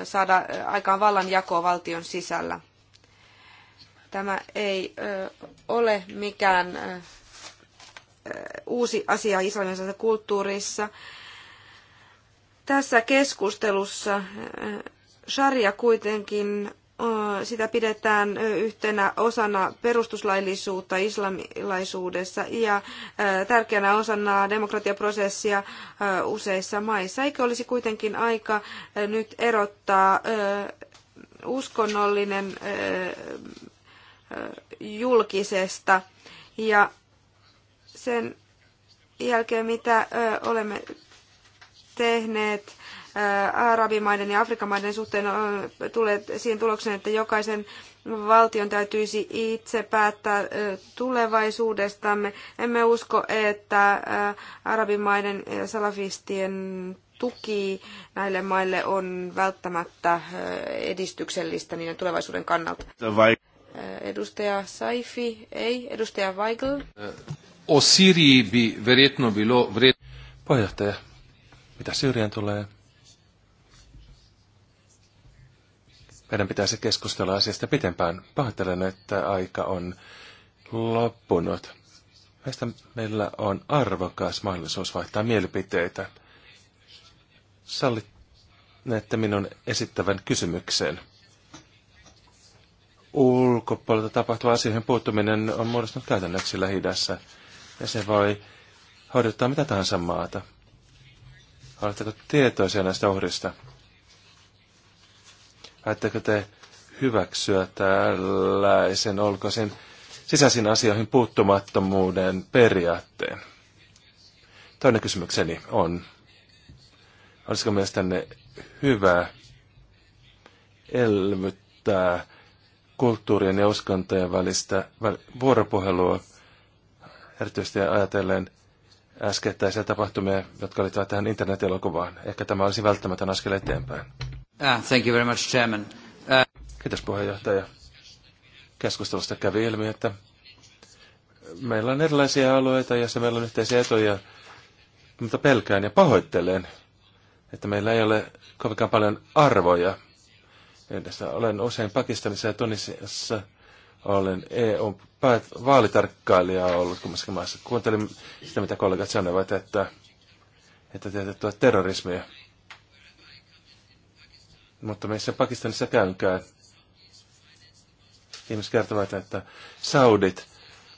saada aikaan vallanjakoa valtion sisällä. Tämä ei ole mikään uusi asia islamilaisessa kulttuurissa. Tässä keskustelussa sharia kuitenkin sitä pidetään yhtenä osana perustuslaillisuutta islamilaisuudessa ja tärkeänä osana demokratiaprosessia useissa maissa. Eikö olisi kuitenkin aika nyt erottaa uskonnollinen julkisesta ja sen jälkeen mitä olemme tehneet arabimaiden ja Afrikan maiden suhteen tulee tulleet siihen tulokseen, että jokaisen valtion täytyisi itse päättää tulevaisuudestamme. Emme usko, että arabimaiden ja salafistien tuki näille maille on välttämättä edistyksellistä niiden tulevaisuuden kannalta. Edustaja Saifi, ei. Edustaja Weigl. O Siriji bi verjetno bilo vret... Pohjohtaja, mitä Syyrian tulee, Meidän pitäisi keskustella asiasta pitempään. Pahoittelen, että aika on loppunut. Meistä meillä on arvokas mahdollisuus vaihtaa mielipiteitä. Sallit näette minun esittävän kysymyksen. Ulkopuolelta tapahtuva asioihin puuttuminen on muodostunut käytännöksi lähi ja se voi hoidottaa mitä tahansa maata. Oletteko tietoisia näistä uhrista? Ajatteko te hyväksyä tällaisen, olkoisen sisäisiin asioihin puuttumattomuuden periaatteen? Toinen kysymykseni on, olisiko mielestänne hyvä elvyttää kulttuurien ja uskontojen välistä vuoropuhelua, erityisesti ajatellen äskettäisiä tapahtumia, jotka liittyvät tähän internatelokuvaan. Ehkä tämä olisi välttämätön askel eteenpäin. Ah, thank you very much, Chairman. Uh, Kiitos puheenjohtaja. Keskustelusta kävi ilmi, että meillä on erilaisia alueita ja meillä on yhteisiä etuja, mutta pelkään ja pahoittelen, että meillä ei ole kovinkaan paljon arvoja. olen usein Pakistanissa ja Tunisiassa olen eu vaalitarkkailija ollut kummassakin maassa. Kuuntelin sitä, mitä kollegat sanoivat, että, että että terrorismia mutta meissä Pakistanissa käynkää. Ihmiset kertovat, että saudit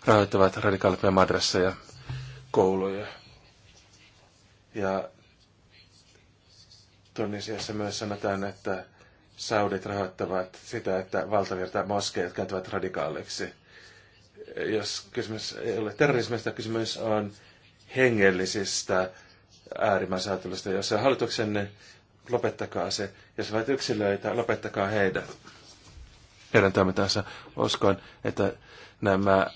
rahoittavat radikaalimpia madrasseja, kouluja. Ja Tunisiassa myös sanotaan, että saudit rahoittavat sitä, että valtavirta moskeet kääntyvät radikaaleiksi. Jos kysymys ei ole terrorismista, kysymys on hengellisistä äärimmäisäätelystä, jossa hallituksen lopettakaa se. Jos olet yksilöitä, lopettakaa heidät. Heidän toimintaansa uskon, että nämä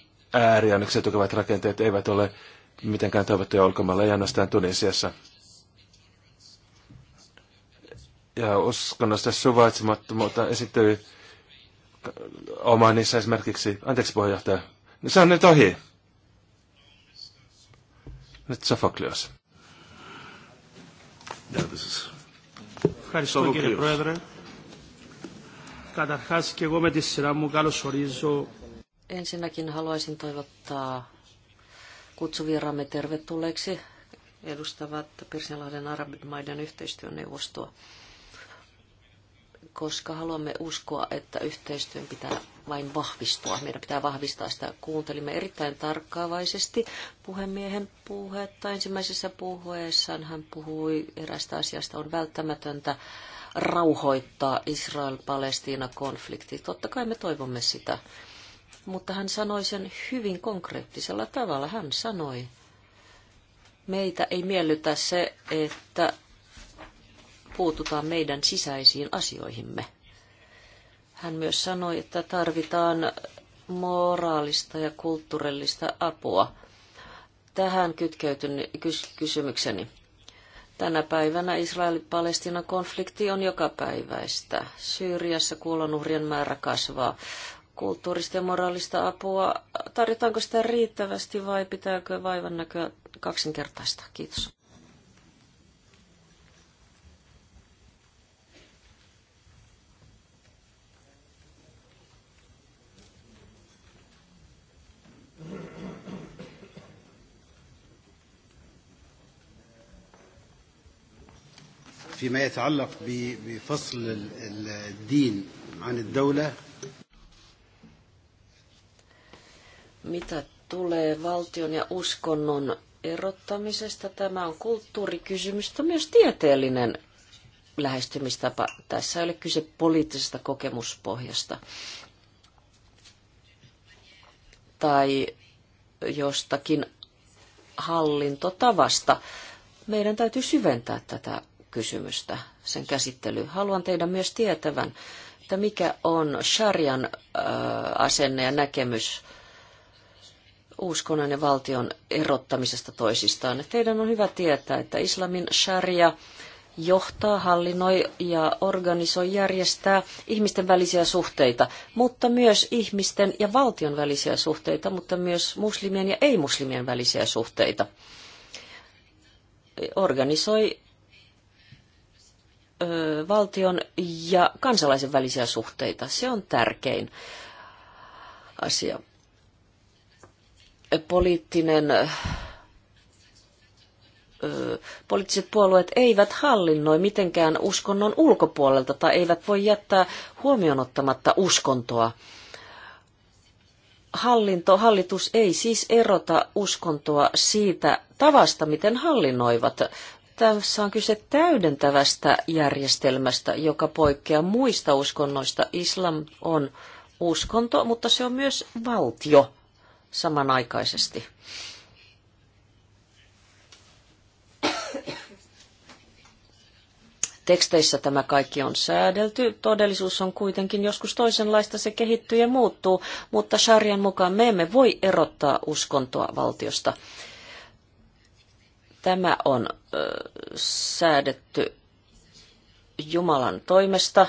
jotka tukevat rakenteet eivät ole mitenkään toivottuja ulkomailla, ei ainoastaan Tunisiassa. Ja uskonnosta suvaitsemattomuutta esittyy Omanissa esimerkiksi, anteeksi puheenjohtaja, niin se on nyt ohi. Nyt Sofoklios. Yeah, this is Ευχαριστώ κύριε Πρόεδρε. Καταρχάς και εγώ με τη σειρά μου καλωσορίζω. Ensinnäkin haluaisin toivottaa kutsuvieraamme tervetulleeksi edustavat Persianlahden arabimaiden yhteistyöneuvostoa. neuvostoa koska haluamme uskoa, että yhteistyön pitää vain vahvistua. Meidän pitää vahvistaa sitä. Kuuntelimme erittäin tarkkaavaisesti puhemiehen puhetta. Ensimmäisessä puhuessaan hän puhui erästä asiasta. On välttämätöntä rauhoittaa Israel-Palestiina-konflikti. Totta kai me toivomme sitä. Mutta hän sanoi sen hyvin konkreettisella tavalla. Hän sanoi, meitä ei miellytä se, että puututaan meidän sisäisiin asioihimme. Hän myös sanoi, että tarvitaan moraalista ja kulttuurillista apua. Tähän kytkeytyn kysymykseni. Tänä päivänä Israel-Palestinan konflikti on joka päiväistä. Syyriassa kuolonuhrien määrä kasvaa. Kulttuurista ja moraalista apua, tarjotaanko sitä riittävästi vai pitääkö vaivan näköä kaksinkertaista? Kiitos. فيما يتعلق بفصل الدين عن الدولة Mitä tulee valtion ja uskonnon erottamisesta, tämä on kulttuurikysymys, mutta myös tieteellinen lähestymistapa. Tässä ei ole kyse poliittisesta kokemuspohjasta tai jostakin hallintotavasta. Meidän täytyy syventää tätä kysymystä, sen käsittely. Haluan teidän myös tietävän, että mikä on äh, asenne ja näkemys uskonnon ja valtion erottamisesta toisistaan. Teidän on hyvä tietää, että islamin sharia johtaa, hallinnoi ja organisoi, järjestää ihmisten välisiä suhteita, mutta myös ihmisten ja valtion välisiä suhteita, mutta myös muslimien ja ei-muslimien välisiä suhteita. Organisoi valtion ja kansalaisen välisiä suhteita. Se on tärkein asia. Poliittinen, poliittiset puolueet eivät hallinnoi mitenkään uskonnon ulkopuolelta tai eivät voi jättää huomioon ottamatta uskontoa. Hallinto, hallitus ei siis erota uskontoa siitä tavasta, miten hallinnoivat tässä on kyse täydentävästä järjestelmästä, joka poikkeaa muista uskonnoista. Islam on uskonto, mutta se on myös valtio samanaikaisesti. Teksteissä tämä kaikki on säädelty. Todellisuus on kuitenkin joskus toisenlaista, se kehittyy ja muuttuu, mutta sarjan mukaan me emme voi erottaa uskontoa valtiosta. Tämä on säädetty Jumalan toimesta.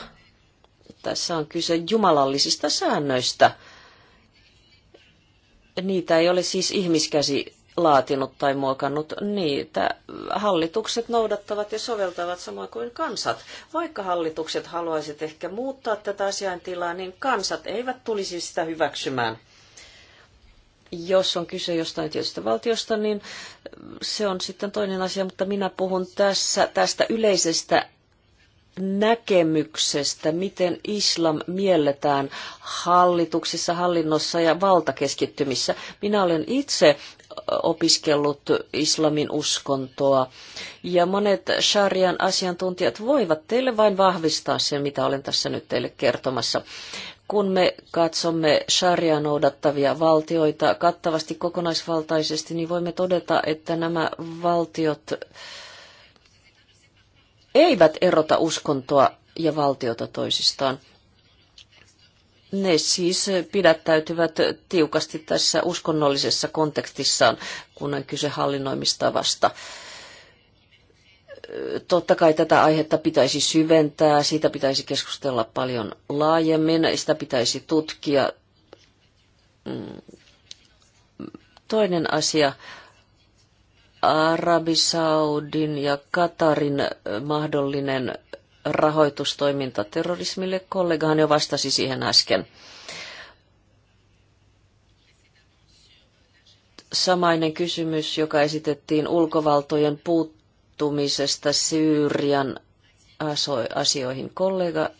Tässä on kyse jumalallisista säännöistä. Niitä ei ole siis ihmiskäsi laatinut tai muokannut niitä. Hallitukset noudattavat ja soveltavat samoin kuin kansat. Vaikka hallitukset haluaisivat ehkä muuttaa tätä asiantilaa, niin kansat eivät tulisi sitä hyväksymään. Jos on kyse jostain tietystä valtiosta, niin se on sitten toinen asia, mutta minä puhun tässä tästä yleisestä näkemyksestä, miten islam mielletään hallituksissa, hallinnossa ja valtakeskittymissä. Minä olen itse opiskellut islamin uskontoa ja monet sharian asiantuntijat voivat teille vain vahvistaa sen, mitä olen tässä nyt teille kertomassa kun me katsomme sarjaa noudattavia valtioita kattavasti kokonaisvaltaisesti, niin voimme todeta, että nämä valtiot eivät erota uskontoa ja valtiota toisistaan. Ne siis pidättäytyvät tiukasti tässä uskonnollisessa kontekstissaan, kun on kyse hallinnoimistavasta vasta Totta kai tätä aihetta pitäisi syventää, siitä pitäisi keskustella paljon laajemmin, sitä pitäisi tutkia. Mm. Toinen asia, Arabisaudin ja Katarin mahdollinen rahoitustoiminta terrorismille. Kollegahan jo vastasi siihen äsken. Samainen kysymys, joka esitettiin ulkovaltojen puut puuttumisesta Syyrian asioihin. Kollega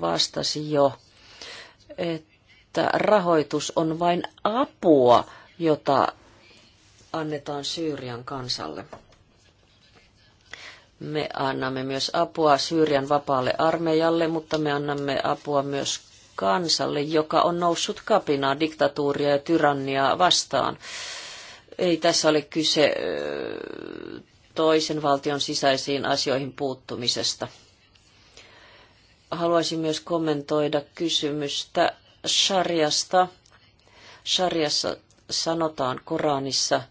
vastasi jo, että rahoitus on vain apua, jota annetaan Syyrian kansalle. Me annamme myös apua Syyrian vapaalle armeijalle, mutta me annamme apua myös kansalle, joka on noussut kapinaa diktatuuria ja tyranniaa vastaan. Ei tässä ole kyse toisen valtion sisäisiin asioihin puuttumisesta. Haluaisin myös kommentoida kysymystä sarjasta. Sarjassa sanotaan Koranissa,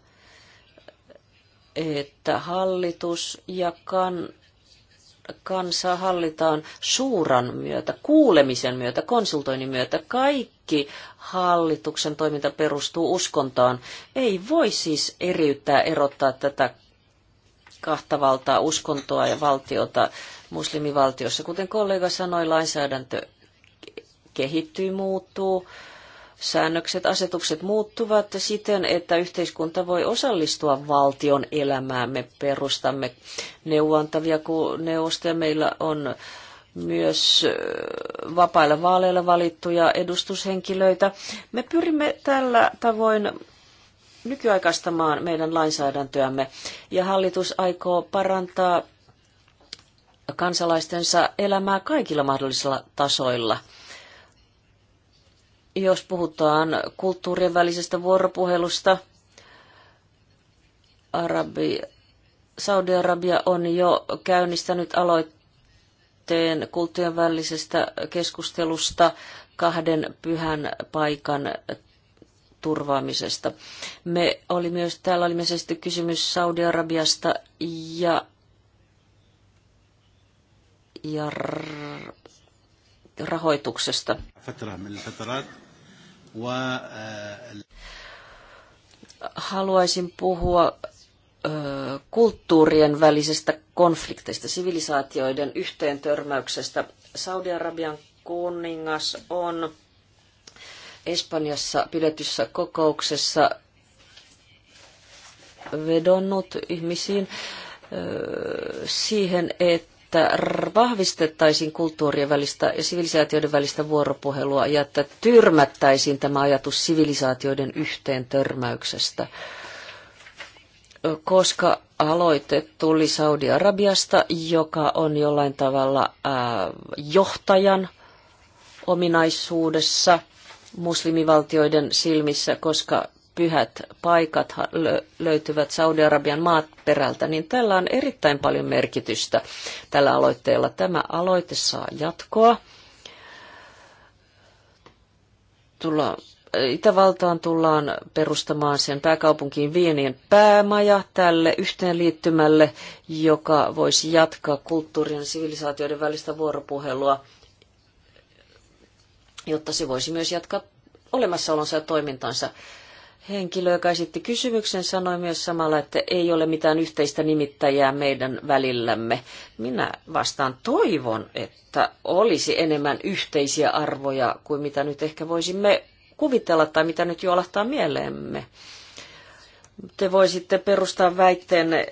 että hallitus ja kan, kansa hallitaan suuran myötä, kuulemisen myötä, konsultoinnin myötä. Kaikki hallituksen toiminta perustuu uskontaan. Ei voi siis eriyttää, erottaa tätä kahta valtaa, uskontoa ja valtiota muslimivaltiossa. Kuten kollega sanoi, lainsäädäntö kehittyy, muuttuu. Säännökset, asetukset muuttuvat siten, että yhteiskunta voi osallistua valtion elämään. Me perustamme neuvontavia neuvostoja. Meillä on myös vapailla vaaleilla valittuja edustushenkilöitä. Me pyrimme tällä tavoin nykyaikaistamaan meidän lainsäädäntöämme ja hallitus aikoo parantaa kansalaistensa elämää kaikilla mahdollisilla tasoilla. Jos puhutaan kulttuurien välisestä vuoropuhelusta, Arabi, Saudi-Arabia on jo käynnistänyt aloitteen kulttuurien välisestä keskustelusta kahden pyhän paikan turvaamisesta. Me oli myös, täällä oli myös kysymys Saudi-Arabiasta ja, ja rahoituksesta. Haluaisin puhua kulttuurien välisestä konflikteista, sivilisaatioiden törmäyksestä. Saudi-Arabian kuningas on Espanjassa pidetyssä kokouksessa vedonnut ihmisiin siihen, että vahvistettaisiin kulttuurien välistä ja sivilisaatioiden välistä vuoropuhelua ja että tyrmättäisiin tämä ajatus sivilisaatioiden yhteen törmäyksestä koska aloite tuli Saudi-Arabiasta, joka on jollain tavalla johtajan ominaisuudessa – muslimivaltioiden silmissä, koska pyhät paikat löytyvät Saudi-Arabian maaperältä, niin tällä on erittäin paljon merkitystä tällä aloitteella. Tämä aloite saa jatkoa. Tulla, Itävaltaan tullaan perustamaan sen pääkaupunkiin Viinien päämaja tälle yhteenliittymälle, joka voisi jatkaa kulttuurien ja sivilisaatioiden välistä vuoropuhelua – jotta se voisi myös jatkaa olemassaolonsa ja toimintansa. Henkilö, joka esitti kysymyksen, sanoi myös samalla, että ei ole mitään yhteistä nimittäjää meidän välillämme. Minä vastaan toivon, että olisi enemmän yhteisiä arvoja kuin mitä nyt ehkä voisimme kuvitella tai mitä nyt jo mieleemme te voisitte perustaa väitteen eh,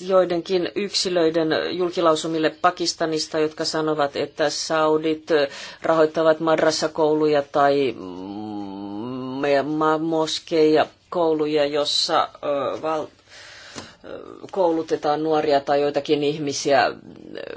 joidenkin yksilöiden julkilausumille Pakistanista, jotka sanovat, että saudit eh, rahoittavat madrassakouluja tai mm, moskeja, kouluja, jossa eh, val- koulutetaan nuoria tai joitakin ihmisiä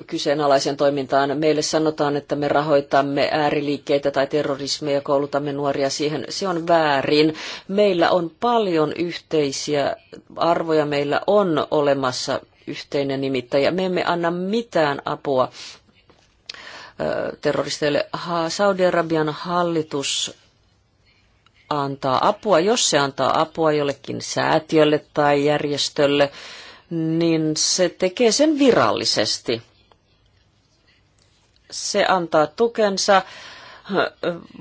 kyseenalaiseen toimintaan. Meille sanotaan, että me rahoitamme ääriliikkeitä tai terrorismeja ja koulutamme nuoria siihen. Se on väärin. Meillä on paljon yhteisiä arvoja, meillä on olemassa yhteinen nimittäjä. Me emme anna mitään apua terroristeille. Saudi-Arabian hallitus antaa apua, jos se antaa apua jollekin säätiölle tai järjestölle, niin se tekee sen virallisesti. Se antaa tukensa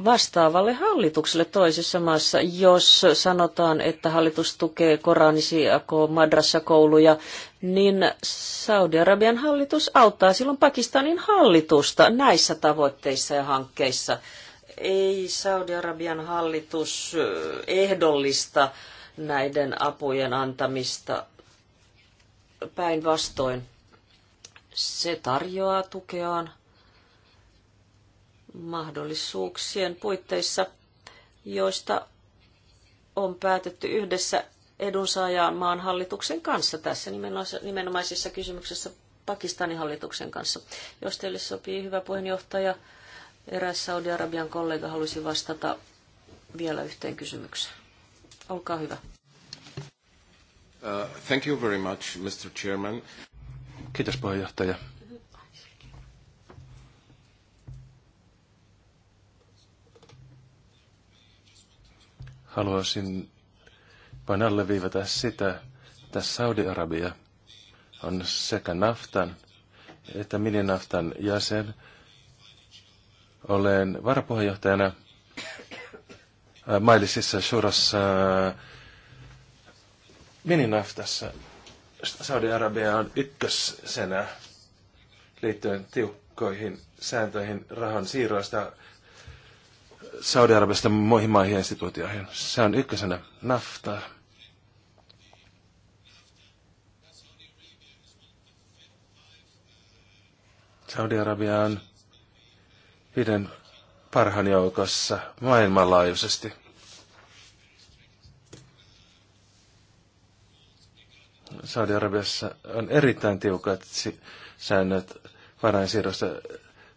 vastaavalle hallitukselle toisessa maassa, jos sanotaan, että hallitus tukee koranisia madrassakouluja, niin Saudi-Arabian hallitus auttaa silloin Pakistanin hallitusta näissä tavoitteissa ja hankkeissa – ei Saudi-Arabian hallitus ehdollista näiden apujen antamista päinvastoin. Se tarjoaa tukeaan mahdollisuuksien puitteissa, joista on päätetty yhdessä edunsaajan maan hallituksen kanssa tässä nimenomaisessa kysymyksessä Pakistanin hallituksen kanssa. Jos teille sopii hyvä puheenjohtaja, Eräs Saudi-Arabian kollega halusi vastata vielä yhteen kysymykseen. Olkaa hyvä. Uh, thank you very much, Mr. Chairman. Kiitos puheenjohtaja. Haluaisin vain alleviivata sitä, että Saudi-Arabia on sekä naftan että mininaftan jäsen olen varapuheenjohtajana äh, Mailisissa Shurassa äh, mininaftassa. saudi arabiaan ykkössenä ykkösenä liittyen tiukkoihin sääntöihin rahan siirroista Saudi-Arabiasta muihin maihin ja instituutioihin. Se on ykkösenä naftaa. Saudi-Arabia on Pidän parhaan joukossa maailmanlaajuisesti. Saudi-Arabiassa on erittäin tiukat säännöt varainsiirrosta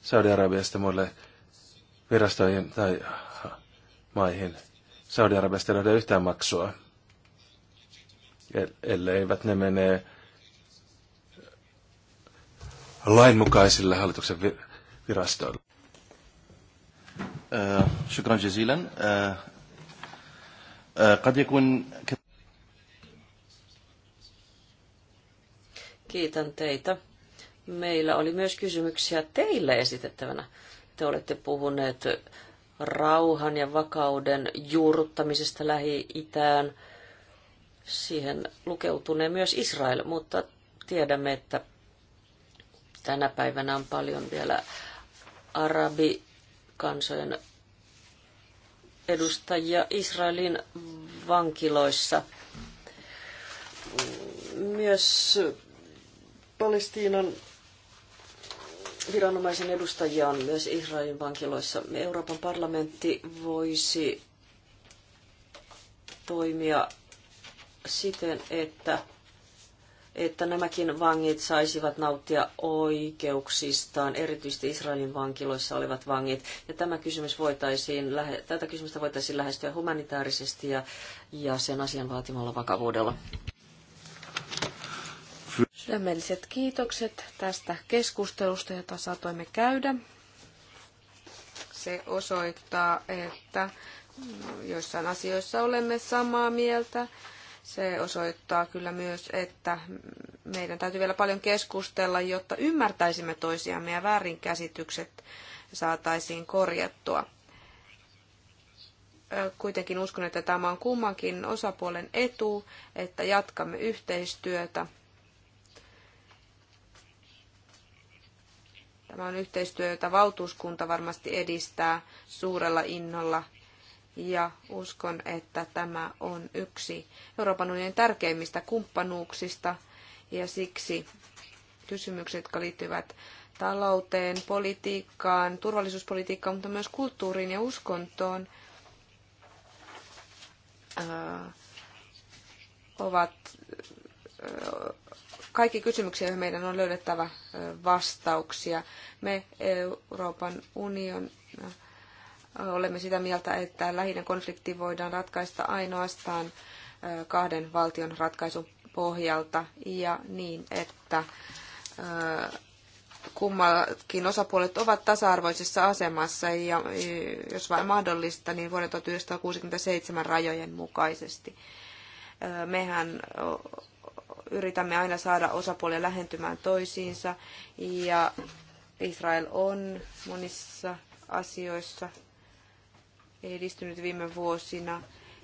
Saudi-Arabiasta muille virastoihin tai maihin. Saudi-Arabiasta ei löydä yhtään maksua, elleivät ne menee lainmukaisille hallituksen virastoille. شكرا جزيلا قد يكون Kiitän teitä. Meillä oli myös kysymyksiä teille esitettävänä. Te olette puhuneet rauhan ja vakauden juurruttamisesta Lähi-Itään. Siihen lukeutunee myös Israel, mutta tiedämme, että tänä päivänä on paljon vielä arabi kansojen edustajia Israelin vankiloissa. Myös Palestiinan viranomaisen edustajia on myös Israelin vankiloissa. Euroopan parlamentti voisi toimia siten, että että nämäkin vangit saisivat nauttia oikeuksistaan, erityisesti Israelin vankiloissa olevat vangit. Ja tämä kysymys voitaisiin, tätä kysymystä voitaisiin lähestyä humanitaarisesti ja, ja sen asian vaatimalla vakavuudella. Sydämelliset kiitokset tästä keskustelusta, jota saatoimme käydä. Se osoittaa, että joissain asioissa olemme samaa mieltä se osoittaa kyllä myös, että meidän täytyy vielä paljon keskustella, jotta ymmärtäisimme toisiamme ja väärinkäsitykset saataisiin korjattua. Kuitenkin uskon, että tämä on kummankin osapuolen etu, että jatkamme yhteistyötä. Tämä on yhteistyö, jota valtuuskunta varmasti edistää suurella innolla ja uskon, että tämä on yksi Euroopan unionin tärkeimmistä kumppanuuksista ja siksi kysymykset, jotka liittyvät talouteen, politiikkaan, turvallisuuspolitiikkaan, mutta myös kulttuuriin ja uskontoon, äh, ovat äh, kaikki kysymyksiä, joihin meidän on löydettävä äh, vastauksia. Me Euroopan unionin Olemme sitä mieltä, että lähinen konflikti voidaan ratkaista ainoastaan kahden valtion ratkaisun pohjalta ja niin, että kummallakin osapuolet ovat tasa-arvoisessa asemassa ja jos vain mahdollista, niin vuoden 1967 rajojen mukaisesti. Mehän yritämme aina saada osapuolia lähentymään toisiinsa ja Israel on monissa asioissa edistynyt viime vuosina.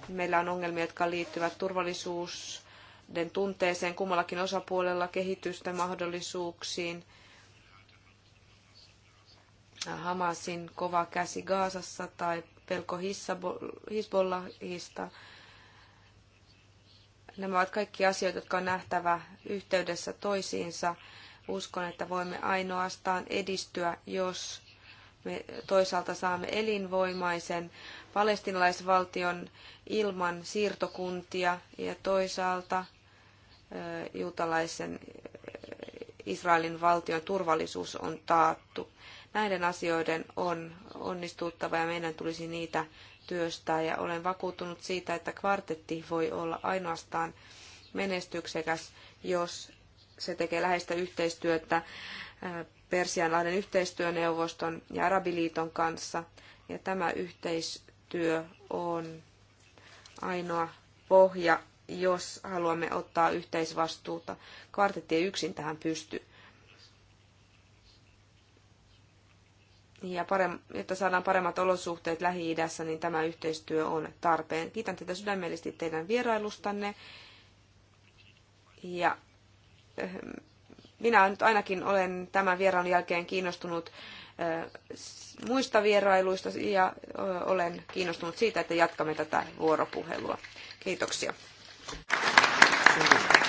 Meillä on ongelmia, jotka liittyvät turvallisuuden tunteeseen kummallakin osapuolella, kehitystä, mahdollisuuksiin. Hamasin kova käsi Gaasassa tai pelko Hisbollahista. Nämä ovat kaikki asioita, jotka on nähtävä yhteydessä toisiinsa. Uskon, että voimme ainoastaan edistyä, jos me toisaalta saamme elinvoimaisen palestinalaisvaltion ilman siirtokuntia ja toisaalta juutalaisen Israelin valtion turvallisuus on taattu. Näiden asioiden on onnistuttava ja meidän tulisi niitä työstää ja olen vakuuttunut siitä, että kvartetti voi olla ainoastaan menestyksekäs, jos se tekee läheistä yhteistyötä Persianlahden yhteistyöneuvoston ja Arabiliiton kanssa. Ja tämä yhteistyö on ainoa pohja, jos haluamme ottaa yhteisvastuuta. Kvartetti ei yksin tähän pysty. Ja parem- jotta saadaan paremmat olosuhteet Lähi-idässä, niin tämä yhteistyö on tarpeen. Kiitän teitä sydämellisesti teidän vierailustanne. Ja minä nyt ainakin olen tämän vierailun jälkeen kiinnostunut muista vierailuista ja olen kiinnostunut siitä, että jatkamme tätä vuoropuhelua. Kiitoksia. Kiitos.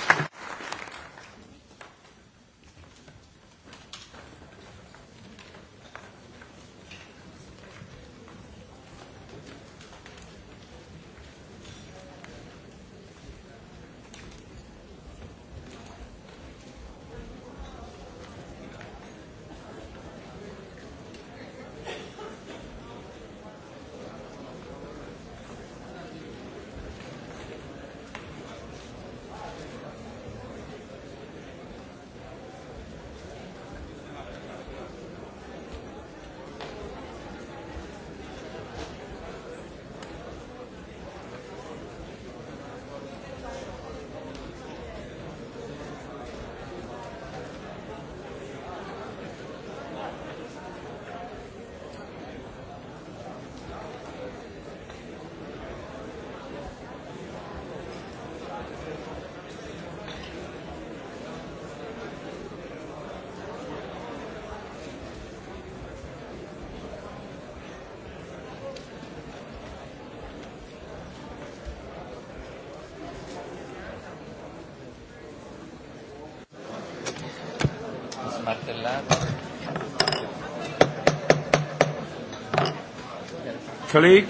colleague.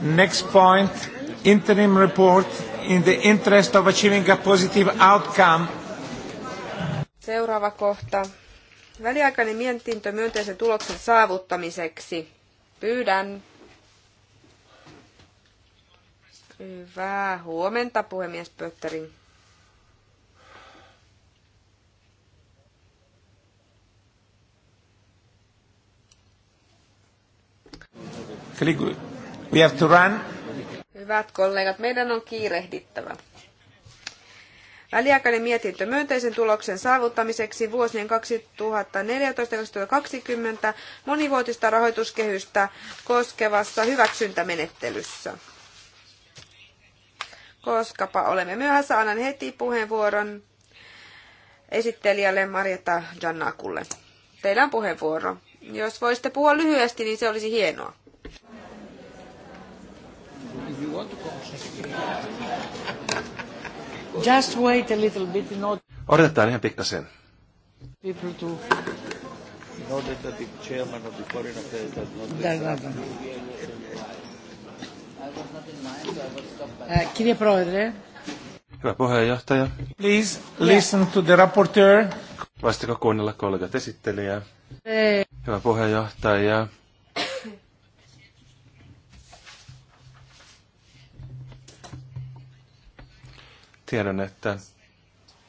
Next point, interim report in the interest of achieving a positive outcome. Seuraava kohta. Väliaikainen mietintö myönteisen tuloksen saavuttamiseksi. Pyydän. Hyvää huomenta, puhemies Pötterin. Colleague, we have to run. Hyvät kollegat, meidän on kiirehdittävä. Väliaikainen mietintö myönteisen tuloksen saavuttamiseksi vuosien 2014-2020 monivuotista rahoituskehystä koskevassa hyväksyntämenettelyssä. Koskapa olemme myöhässä, annan heti puheenvuoron esittelijälle Marjetta Jannakulle. Teillä on puheenvuoro. Jos voisitte puhua lyhyesti, niin se olisi hienoa you want to concentrate? Just wait a little bit in order... Odotetaan ihan pikkasen. People to... In order that the chairman of the foreign affairs not... Uh, Proedre. Hyvä puheenjohtaja. Please listen to the rapporteur. Voisitteko kuunnella kollegat esittelijää? Hyvä puheenjohtaja. Tiedän, että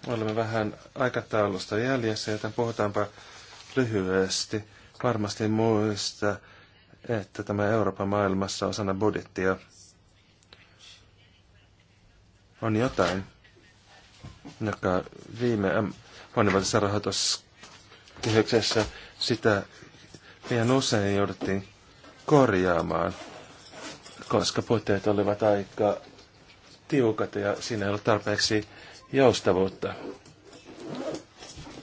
olemme vähän aikataulusta jäljessä, joten puhutaanpa lyhyesti. Varmasti muista, että tämä Euroopan maailmassa osana budjettia on jotain, joka viime monivuotisessa rahoituskehyksessä sitä liian usein jouduttiin korjaamaan, koska puitteet olivat aika tiukat ja siinä ei ole tarpeeksi joustavuutta.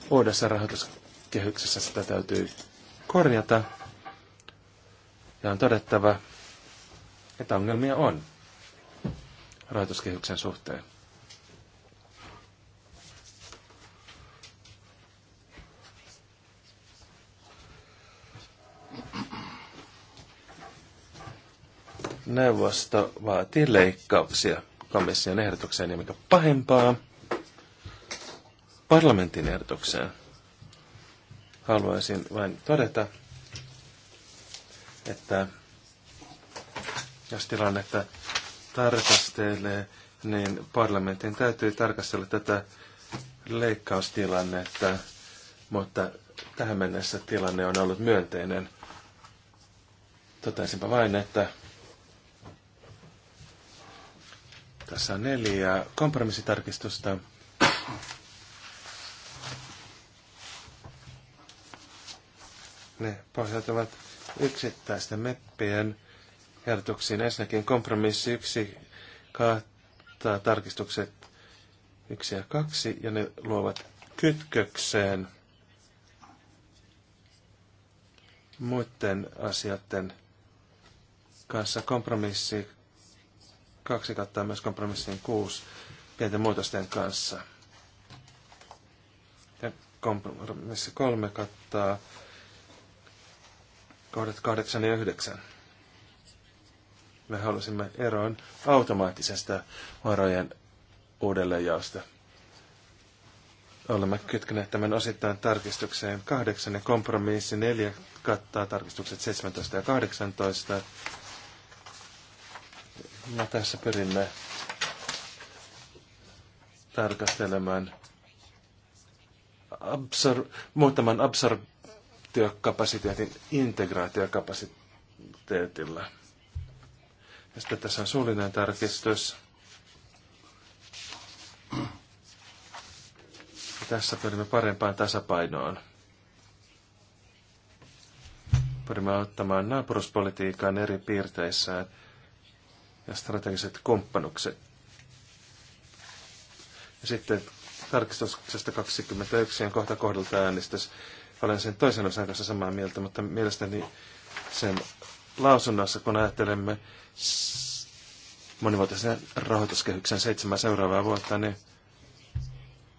Uudessa rahoituskehyksessä sitä täytyy korjata. Ja on todettava, että ongelmia on rahoituskehyksen suhteen. Neuvosto vaatii leikkauksia komission ehdotukseen ja mikä pahempaa, parlamentin ehdotukseen. Haluaisin vain todeta, että jos tilannetta tarkastelee, niin parlamentin täytyy tarkastella tätä leikkaustilannetta, mutta tähän mennessä tilanne on ollut myönteinen. Totesinpa vain, että Tässä on neljä kompromissitarkistusta. Ne pohjautuvat yksittäisten meppien ehdotuksiin. Ensinnäkin kompromissi yksi kahta tarkistukset yksi ja kaksi, ja ne luovat kytkökseen muiden asioiden kanssa kompromissi 2 kattaa myös kompromissin 6 pienten muutosten kanssa. Ja kompromissi 3 kattaa kohdat 8 ja 9. Me halusimme eroon automaattisesta varojen uudelleenjaosta. Olemme kytkeneet tämän osittain tarkistukseen 8 ja kompromissi 4 kattaa tarkistukset 17 ja 18 No tässä pyrimme tarkastelemaan absor- muutaman absorptiokapasiteetin integraatiokapasiteetilla. Ja sitten tässä on suullinen tarkistus. Ja tässä pyrimme parempaan tasapainoon. Pyrimme ottamaan naapuruspolitiikan eri piirteissään – ja strategiset komppanukset. Ja sitten tarkistuksesta 21 on kohta kohdalta äänestys. Olen sen toisen osan kanssa samaa mieltä, mutta mielestäni sen lausunnossa, kun ajattelemme monivuotisen rahoituskehyksen seitsemän seuraavaa vuotta, niin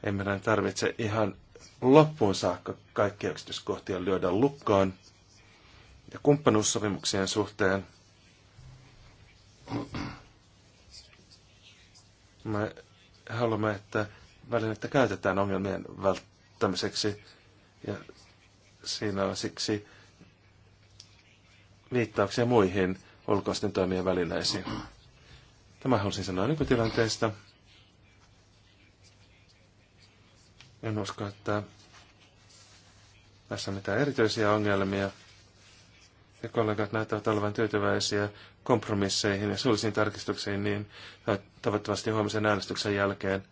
ei meidän tarvitse ihan loppuun saakka kaikkia yksityiskohtia lyödä lukkoon. Ja kumppanuussopimuksien suhteen me haluamme, että välinettä käytetään ongelmien välttämiseksi ja siinä on siksi viittauksia muihin ulkoisten toimien välineisiin. Tämä halusin sanoa nykytilanteesta. En usko, että tässä on mitään erityisiä ongelmia. Ja kollegat näyttävät olevan tyytyväisiä kompromisseihin ja suullisiin tarkistuksiin, niin toivottavasti huomisen äänestyksen jälkeen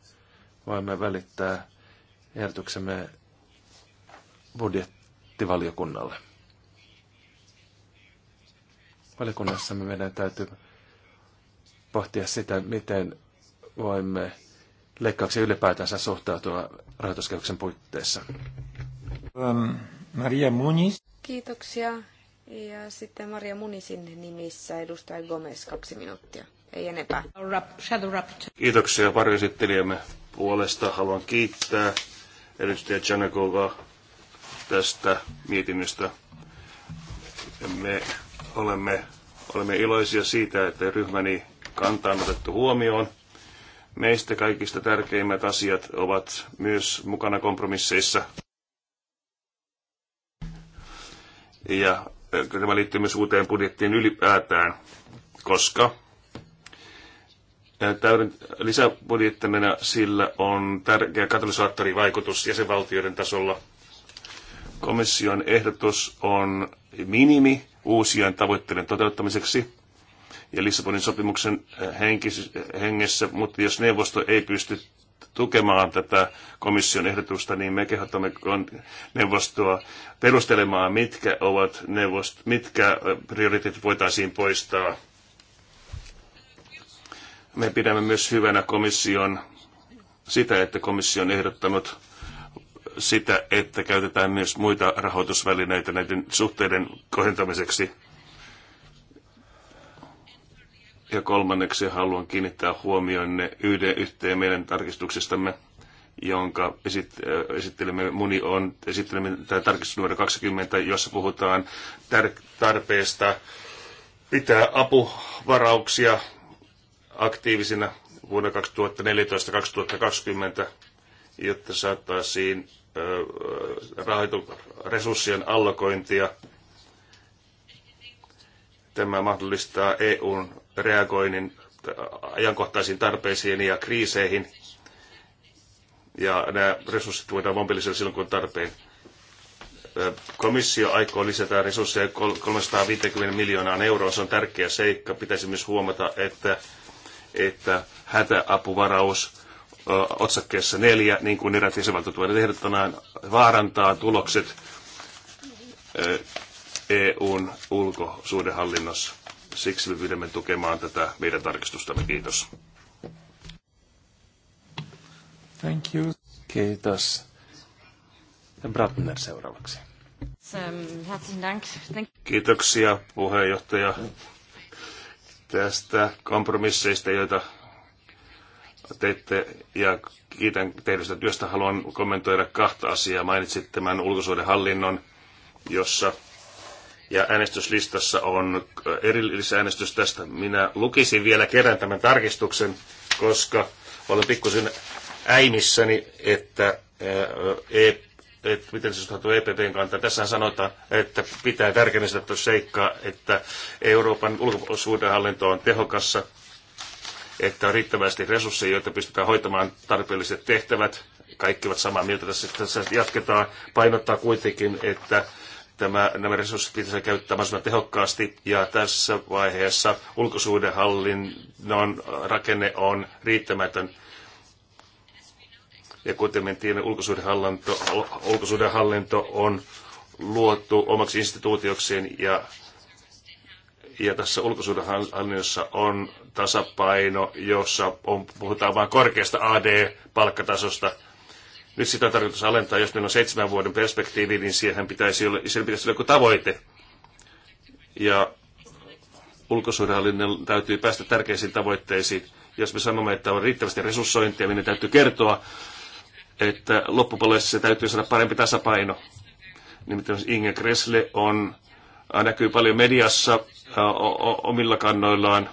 voimme välittää ehdotuksemme budjettivaliokunnalle. Valiokunnassa meidän täytyy pohtia sitä, miten voimme leikkauksia ylipäätänsä suhtautua rahoituskehyksen puitteissa. Ähm, Maria Muniz. Kiitoksia. Ja sitten Maria Munisin nimissä edustaja Gomez, kaksi minuuttia. Ei enempää. Kiitoksia varjoesittelijämme puolesta. Haluan kiittää edustaja Janakova tästä mietinnöstä. Me olemme, olemme iloisia siitä, että ryhmäni kanta on otettu huomioon. Meistä kaikista tärkeimmät asiat ovat myös mukana kompromisseissa. Ja tämä liittyy myös uuteen budjettiin ylipäätään, koska täyden lisäbudjettina sillä on tärkeä katalysaattorivaikutus jäsenvaltioiden tasolla. Komission ehdotus on minimi uusien tavoitteiden toteuttamiseksi ja Lissabonin sopimuksen henkis, hengessä, mutta jos neuvosto ei pysty tukemaan tätä komission ehdotusta, niin me kehotamme neuvostoa perustelemaan, mitkä, ovat neuvost, mitkä prioriteetit voitaisiin poistaa. Me pidämme myös hyvänä komission sitä, että komissio on ehdottanut sitä, että käytetään myös muita rahoitusvälineitä näiden suhteiden kohentamiseksi ja kolmanneksi haluan kiinnittää huomionne yhden yhteen meidän tarkistuksestamme, jonka esit, äh, esittelemme, muni on, esittelemme tämä tarkistus numero 20, jossa puhutaan tarpeesta pitää apuvarauksia aktiivisina vuonna 2014-2020, jotta saattaisiin äh, rahoitu, resurssien allokointia. Tämä mahdollistaa EUn reagoinnin ajankohtaisiin tarpeisiin ja kriiseihin. Ja nämä resurssit voidaan mobiilisoida silloin, kun tarpeen. Komissio aikoo lisätä resursseja 350 miljoonaan euroa. Se on tärkeä seikka. Pitäisi myös huomata, että, että hätäapuvaraus otsakkeessa neljä, niin kuin erät jäsenvaltuutuvat ehdotanaan, vaarantaa tulokset EUn ulkosuudenhallinnossa. Siksi me pyydämme tukemaan tätä meidän tarkistustamme. Kiitos. Thank you. Kiitos. Bratner seuraavaksi. Kiitoksia puheenjohtaja tästä kompromisseista, joita teitte ja kiitän tehdystä työstä. Haluan kommentoida kahta asiaa. Mainitsit tämän ulkosuuden hallinnon, jossa ja äänestyslistassa on äh, erillisäänestys tästä. Minä lukisin vielä kerran tämän tarkistuksen, koska olen pikkusen äimissäni, että, äh, e että miten se suhtautuu EPPn kantaan. Tässä sanotaan, että pitää tärkeänä sitä seikkaa, että Euroopan ulkosuhdehallinto on tehokassa, että on riittävästi resursseja, joita pystytään hoitamaan tarpeelliset tehtävät. Kaikki ovat samaa mieltä tässä, tässä jatketaan. Painottaa kuitenkin, että tämä, nämä resurssit pitäisi käyttää mahdollisimman tehokkaasti ja tässä vaiheessa ulkosuhdehallinnon rakenne on riittämätön. Ja kuten me tiedämme, ulkosuhdehallinto, ulkosuhdehallinto on luotu omaksi instituutiokseen ja, ja tässä ulkosuhdehallinnossa on tasapaino, jossa on, puhutaan vain korkeasta AD-palkkatasosta – nyt sitä on tarkoitus alentaa, jos meillä on seitsemän vuoden perspektiivi, niin siihen pitäisi olla, siihen pitäisi olla joku tavoite. Ja ulkosuhdehallinnon täytyy päästä tärkeisiin tavoitteisiin. Jos me sanomme, että on riittävästi resurssointia, meidän niin täytyy kertoa, että loppupuolessa se täytyy saada parempi tasapaino. Nimittäin Inge Kressle on, näkyy paljon mediassa omilla kannoillaan.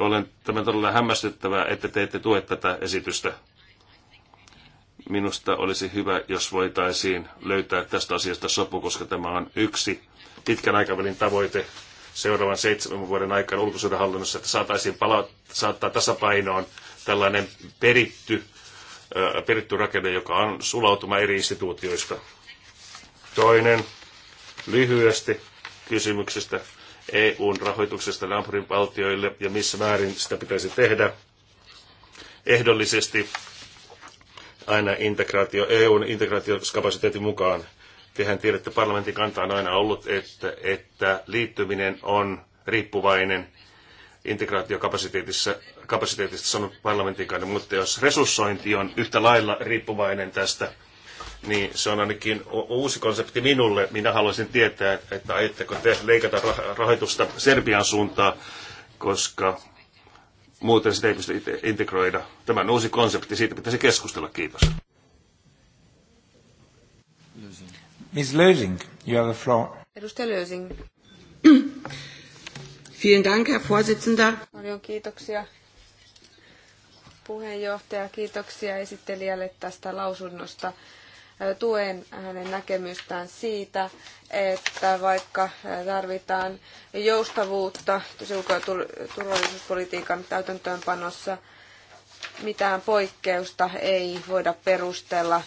Olen tämän todella hämmästyttävää, että te ette tue tätä esitystä minusta olisi hyvä, jos voitaisiin löytää tästä asiasta sopu, koska tämä on yksi pitkän aikavälin tavoite seuraavan seitsemän vuoden aikana ulkosuudenhallinnossa, että saataisiin pala- saattaa tasapainoon tällainen peritty, peritty rakenne, joka on sulautuma eri instituutioista. Toinen lyhyesti kysymyksestä EUn rahoituksesta naapurin valtioille ja missä määrin sitä pitäisi tehdä. Ehdollisesti aina integraatio, EUn integraatiokapasiteetin mukaan. Tehän tiedätte, parlamentin kanta on aina ollut, että, että liittyminen on riippuvainen integraatiokapasiteetissa kapasiteetista sanon parlamentin kanssa, mutta jos resurssointi on yhtä lailla riippuvainen tästä, niin se on ainakin uusi konsepti minulle. Minä haluaisin tietää, että ajatteko te leikata rahoitusta Serbian suuntaan, koska Muuten sitä ei pysty integroida. Tämä on uusi konsepti, siitä pitäisi keskustella. Kiitos. Ms. Lösing, you have the floor. Edustaja Lösing. Vielen Dank, Herr Vorsitzender. Paljon kiitoksia puheenjohtaja. Kiitoksia esittelijälle tästä lausunnosta tuen hänen näkemystään siitä, että vaikka tarvitaan joustavuutta ulko- ja turvallisuuspolitiikan täytäntöönpanossa, mitään poikkeusta ei voida perustella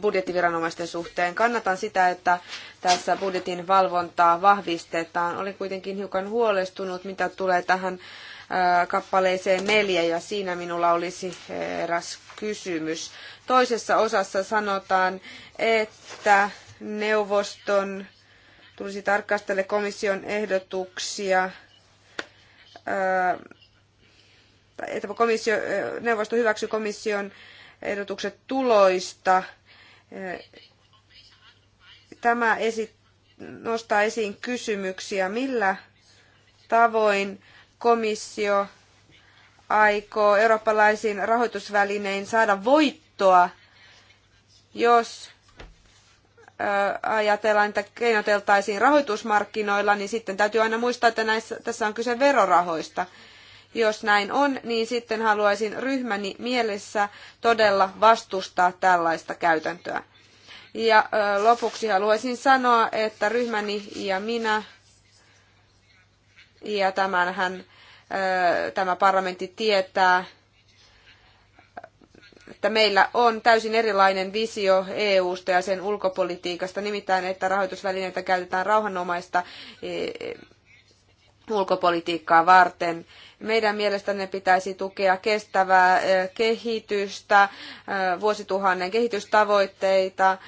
budjettiviranomaisten suhteen. Kannatan sitä, että tässä budjetin valvontaa vahvistetaan. Olen kuitenkin hiukan huolestunut, mitä tulee tähän kappaleeseen neljä, ja siinä minulla olisi eräs kysymys. Toisessa osassa sanotaan, että neuvoston tulisi tarkastella komission ehdotuksia että komissio, neuvosto hyväksyy komission ehdotukset tuloista. Tämä esi, nostaa esiin kysymyksiä, millä tavoin komissio aikoo eurooppalaisiin rahoitusvälinein saada voittoa, jos ajatellaan, että keinoteltaisiin rahoitusmarkkinoilla, niin sitten täytyy aina muistaa, että näissä, tässä on kyse verorahoista. Jos näin on, niin sitten haluaisin ryhmäni mielessä todella vastustaa tällaista käytäntöä. Ja lopuksi haluaisin sanoa, että ryhmäni ja minä, ja tämänhän tämä parlamentti tietää, että meillä on täysin erilainen visio EU-sta ja sen ulkopolitiikasta, nimittäin että rahoitusvälineitä käytetään rauhanomaista e, ulkopolitiikkaa varten. Meidän mielestämme pitäisi tukea kestävää kehitystä, vuosituhannen kehitystavoitteita,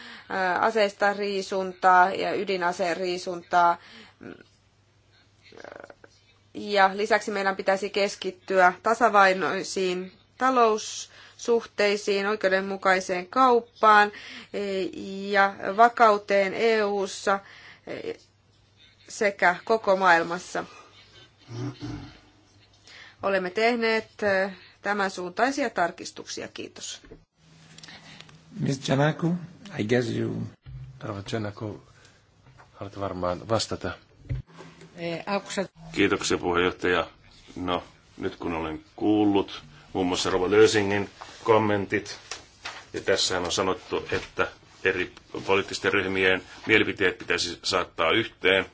aseista riisuntaa ja ydinaseriisuntaa ja lisäksi meidän pitäisi keskittyä tasavainoisiin taloussuhteisiin, oikeudenmukaiseen kauppaan e, ja vakauteen EU:ssa e, sekä koko maailmassa. Olemme tehneet e, tämän suuntaisia tarkistuksia. Kiitos. Ms. Janaku, I guess you... Janaku, haluatte varmaan vastata. Eh, Kiitoksia puheenjohtaja. No, nyt kun olen kuullut muun muassa Rova Lösingin kommentit, ja tässähän on sanottu, että eri poliittisten ryhmien mielipiteet pitäisi saattaa yhteen.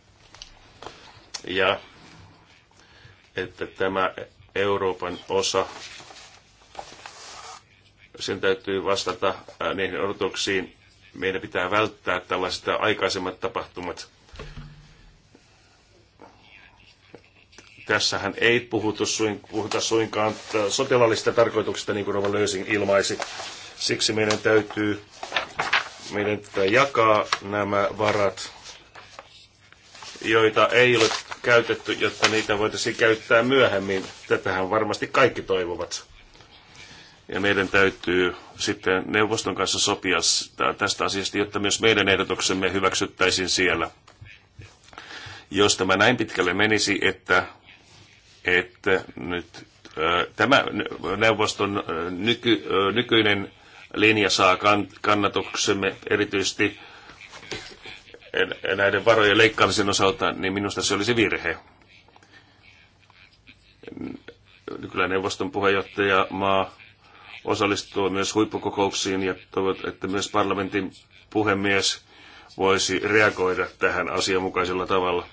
Ja että tämä Euroopan osa, sen täytyy vastata äh, niihin odotuksiin. Meidän pitää välttää tällaiset aikaisemmat tapahtumat, Tässähän ei puhuta, suin, puhuta suinkaan äh, sotilaallisista tarkoituksista, niin kuin Rova löysin ilmaisi. Siksi meidän täytyy meidän täytyy jakaa nämä varat, joita ei ole käytetty, jotta niitä voitaisiin käyttää myöhemmin. Tätähän varmasti kaikki toivovat. Ja meidän täytyy sitten neuvoston kanssa sopia tästä asiasta, jotta myös meidän ehdotuksemme hyväksyttäisiin siellä. Jos tämä näin pitkälle menisi, että että nyt tämä neuvoston nyky, nykyinen linja saa kannatuksemme erityisesti näiden varojen leikkaamisen osalta, niin minusta se olisi virhe. Kyllä neuvoston puheenjohtaja maa osallistuu myös huippukokouksiin ja toivot, että myös parlamentin puhemies voisi reagoida tähän asianmukaisella tavalla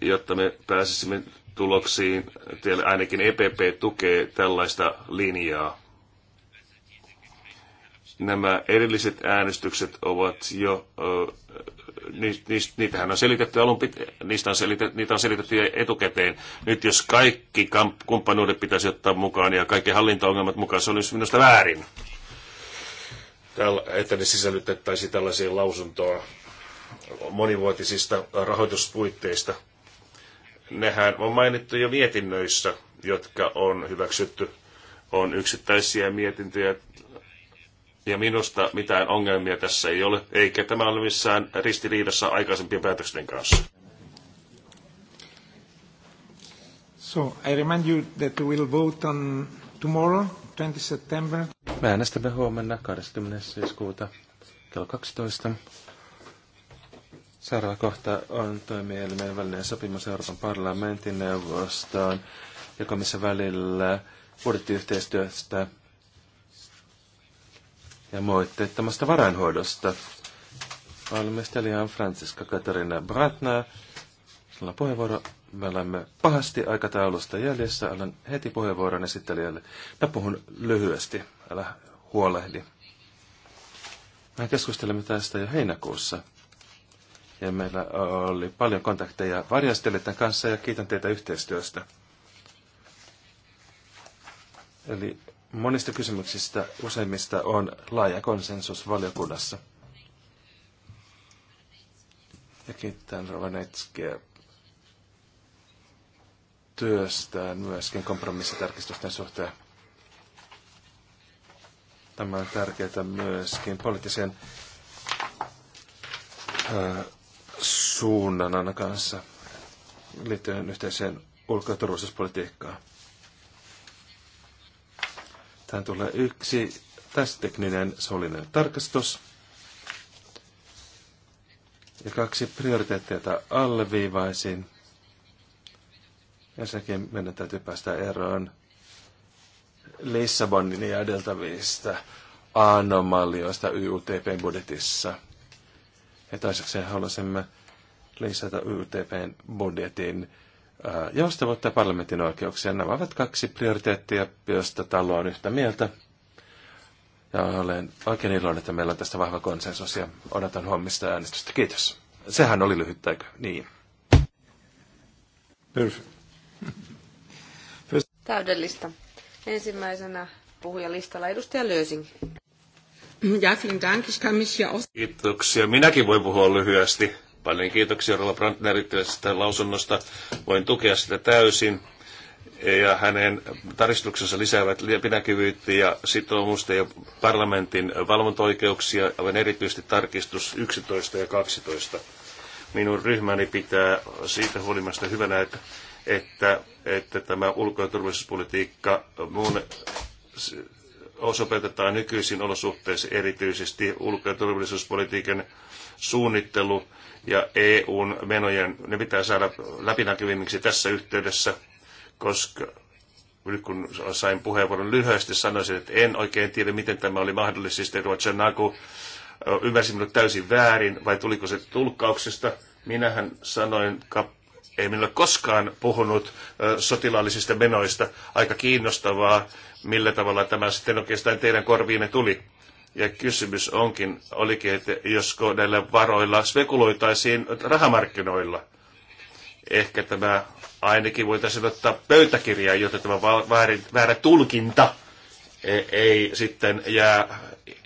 jotta me pääsisimme tuloksiin. Teillä ainakin EPP tukee tällaista linjaa. Nämä erilliset äänestykset ovat jo, niitähän on selitetty alun pit, niistä on selitetty, niitä on selitetty etukäteen. Nyt jos kaikki kumppanuudet pitäisi ottaa mukaan ja kaikki hallintaongelmat mukaan, se olisi minusta väärin, että ne sisällytettäisiin tällaiseen lausuntoa monivuotisista rahoituspuitteista – nehän on mainittu jo mietinnöissä, jotka on hyväksytty, on yksittäisiä mietintöjä, ja minusta mitään ongelmia tässä ei ole, eikä tämä ole missään ristiriidassa aikaisempien päätösten kanssa. So, I remind you that we will vote on tomorrow, 20 September. Me äänestämme huomenna 20. syyskuuta kello 12. Seuraava kohta on toimielimen välinen sopimus Euroopan parlamentin neuvostoon ja komission välillä budjettiyhteistyöstä ja moitteettomasta varainhoidosta. Valmistelija on Francisca Katarina Bratna. Sulla on puheenvuoro. Me olemme pahasti aikataulusta jäljessä. Olen heti puheenvuoron esittelijälle. Mä puhun lyhyesti. Älä huolehdi. Mä keskustelemme tästä jo heinäkuussa ja meillä oli paljon kontakteja varjastelijoiden kanssa ja kiitän teitä yhteistyöstä. Eli monista kysymyksistä useimmista on laaja konsensus valiokunnassa. Ja kiitän Rovanetskia työstään myöskin kompromissitarkistusten suhteen. Tämä on tärkeää myöskin poliittisen suunnan kanssa liittyen yhteiseen ulko- ja turvallisuuspolitiikkaan. Tähän tulee yksi tästä tekninen solinen tarkastus ja kaksi prioriteettia alleviivaisin. Ensinnäkin meidän täytyy päästä eroon Lissabonin ja edeltävistä anomalioista YUTP-budjetissa – ja toiseksi haluaisimme lisätä YTPn budjetin joustavuutta ja parlamentin oikeuksia. Nämä ovat kaksi prioriteettia, joista talo on yhtä mieltä. Ja olen oikein iloinen, että meillä on tästä vahva konsensus ja odotan huomista äänestystä. Kiitos. Sehän oli lyhyt, eikö? Niin. Perfect. Täydellistä. Ensimmäisenä puhujalistalla edustaja Löysing. Ja, vielen Dank. Ich kann mich hier aus... Kiitoksia. Minäkin voin puhua lyhyesti. Paljon kiitoksia Rolla Brandner tästä lausunnosta. Voin tukea sitä täysin. Ja hänen taristuksensa lisäävät pinäkyvyyttä ja sitoumusta ja parlamentin valvontoikeuksia, aivan erityisesti tarkistus 11 ja 12. Minun ryhmäni pitää siitä huolimasta hyvänä, että, että, että tämä ulko- ja turvallisuuspolitiikka mun, Osoitetaan nykyisin olosuhteisiin erityisesti ulko- ja turvallisuuspolitiikan suunnittelu ja EUn menojen, ne pitää saada läpinäkyvimmiksi tässä yhteydessä, koska nyt kun sain puheenvuoron lyhyesti, sanoisin, että en oikein tiedä, miten tämä oli mahdollista. Sitten siis Roger Nagu ymmärsi minut täysin väärin, vai tuliko se tulkkauksesta. Minähän sanoin kap- ei minulle koskaan puhunut sotilaallisista menoista. Aika kiinnostavaa, millä tavalla tämä sitten oikeastaan teidän korviinne tuli. Ja kysymys onkin, olikin, että josko näillä varoilla spekuloitaisiin rahamarkkinoilla. Ehkä tämä ainakin voitaisiin ottaa pöytäkirjaa, jotta tämä väärin, väärä tulkinta ei, ei sitten jää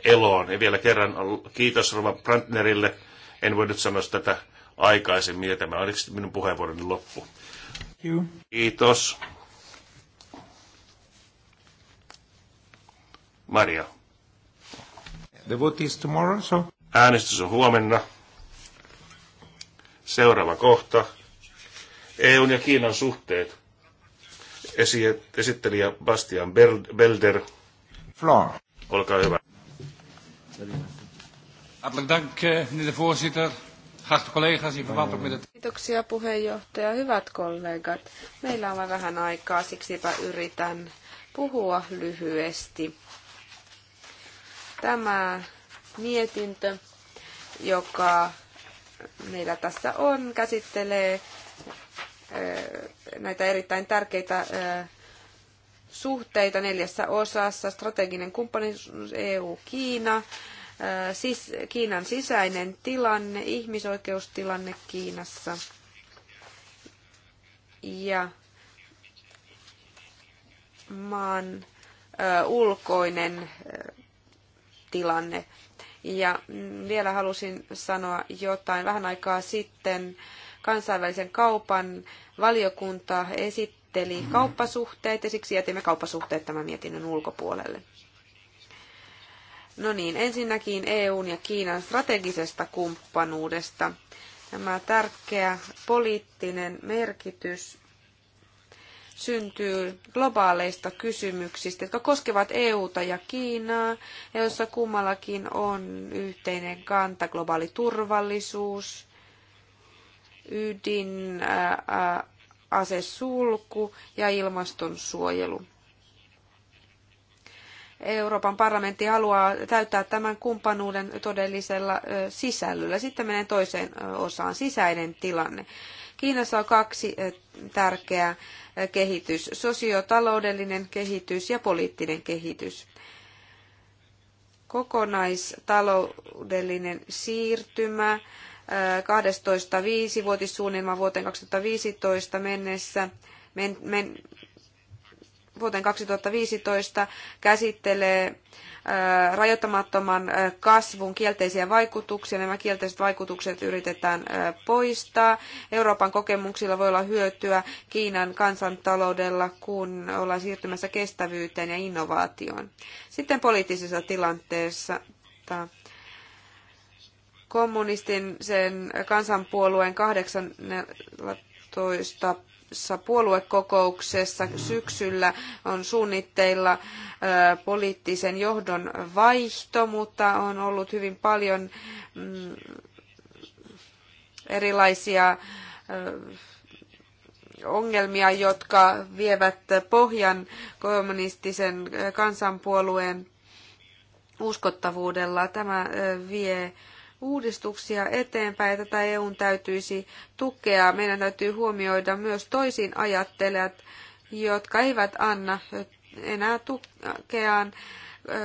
eloon. Ja vielä kerran kiitos Rova Brandnerille. En voi nyt sanoa tätä aikaisemmin, ja tämä oli minun puheenvuoroni loppu. Kiitos. Kiitos. Maria. The vote is tomorrow, so... Äänestys on huomenna. Seuraava kohta. EUn ja Kiinan suhteet. Esi- esittelijä Bastian Belder. Floor. Olkaa hyvä. Hartelijk dank, eh, meneer de voorzitter. Kiitoksia puheenjohtaja. Hyvät kollegat, meillä on vähän aikaa, siksipä yritän puhua lyhyesti. Tämä mietintö, joka meillä tässä on, käsittelee eh, näitä erittäin tärkeitä eh, suhteita neljässä osassa. Strateginen kumppanuus EU-Kiina, sis, Kiinan sisäinen tilanne, ihmisoikeustilanne Kiinassa ja maan ulkoinen tilanne. Ja mm, vielä halusin sanoa jotain. Vähän aikaa sitten kansainvälisen kaupan valiokunta esitteli kauppasuhteet ja siksi jätimme kauppasuhteet tämän mietinnön ulkopuolelle. No niin, ensinnäkin EUn ja Kiinan strategisesta kumppanuudesta. Tämä tärkeä poliittinen merkitys syntyy globaaleista kysymyksistä, jotka koskevat EUta ja Kiinaa, ja joissa kummallakin on yhteinen kanta, globaali turvallisuus, ydin, ää, asesulku ja ilmastonsuojelu. Euroopan parlamentti haluaa täyttää tämän kumppanuuden todellisella sisällöllä. Sitten menen toiseen osaan, sisäinen tilanne. Kiinassa on kaksi tärkeää kehitys, sosiotaloudellinen kehitys ja poliittinen kehitys. Kokonaistaloudellinen siirtymä 12.5-vuotissuunnilma vuoteen 2015 mennessä men, men, vuoteen 2015 käsittelee rajoittamattoman kasvun kielteisiä vaikutuksia. Nämä kielteiset vaikutukset yritetään poistaa. Euroopan kokemuksilla voi olla hyötyä Kiinan kansantaloudella, kun ollaan siirtymässä kestävyyteen ja innovaatioon. Sitten poliittisessa tilanteessa kommunistin sen kansanpuolueen 18 puoluekokouksessa syksyllä on suunnitteilla poliittisen johdon vaihto, mutta on ollut hyvin paljon mm, erilaisia ongelmia, jotka vievät pohjan kommunistisen kansanpuolueen uskottavuudella. Tämä vie uudistuksia eteenpäin ja tätä EUn täytyisi tukea. Meidän täytyy huomioida myös toisin ajattelijat, jotka eivät anna enää tukeaan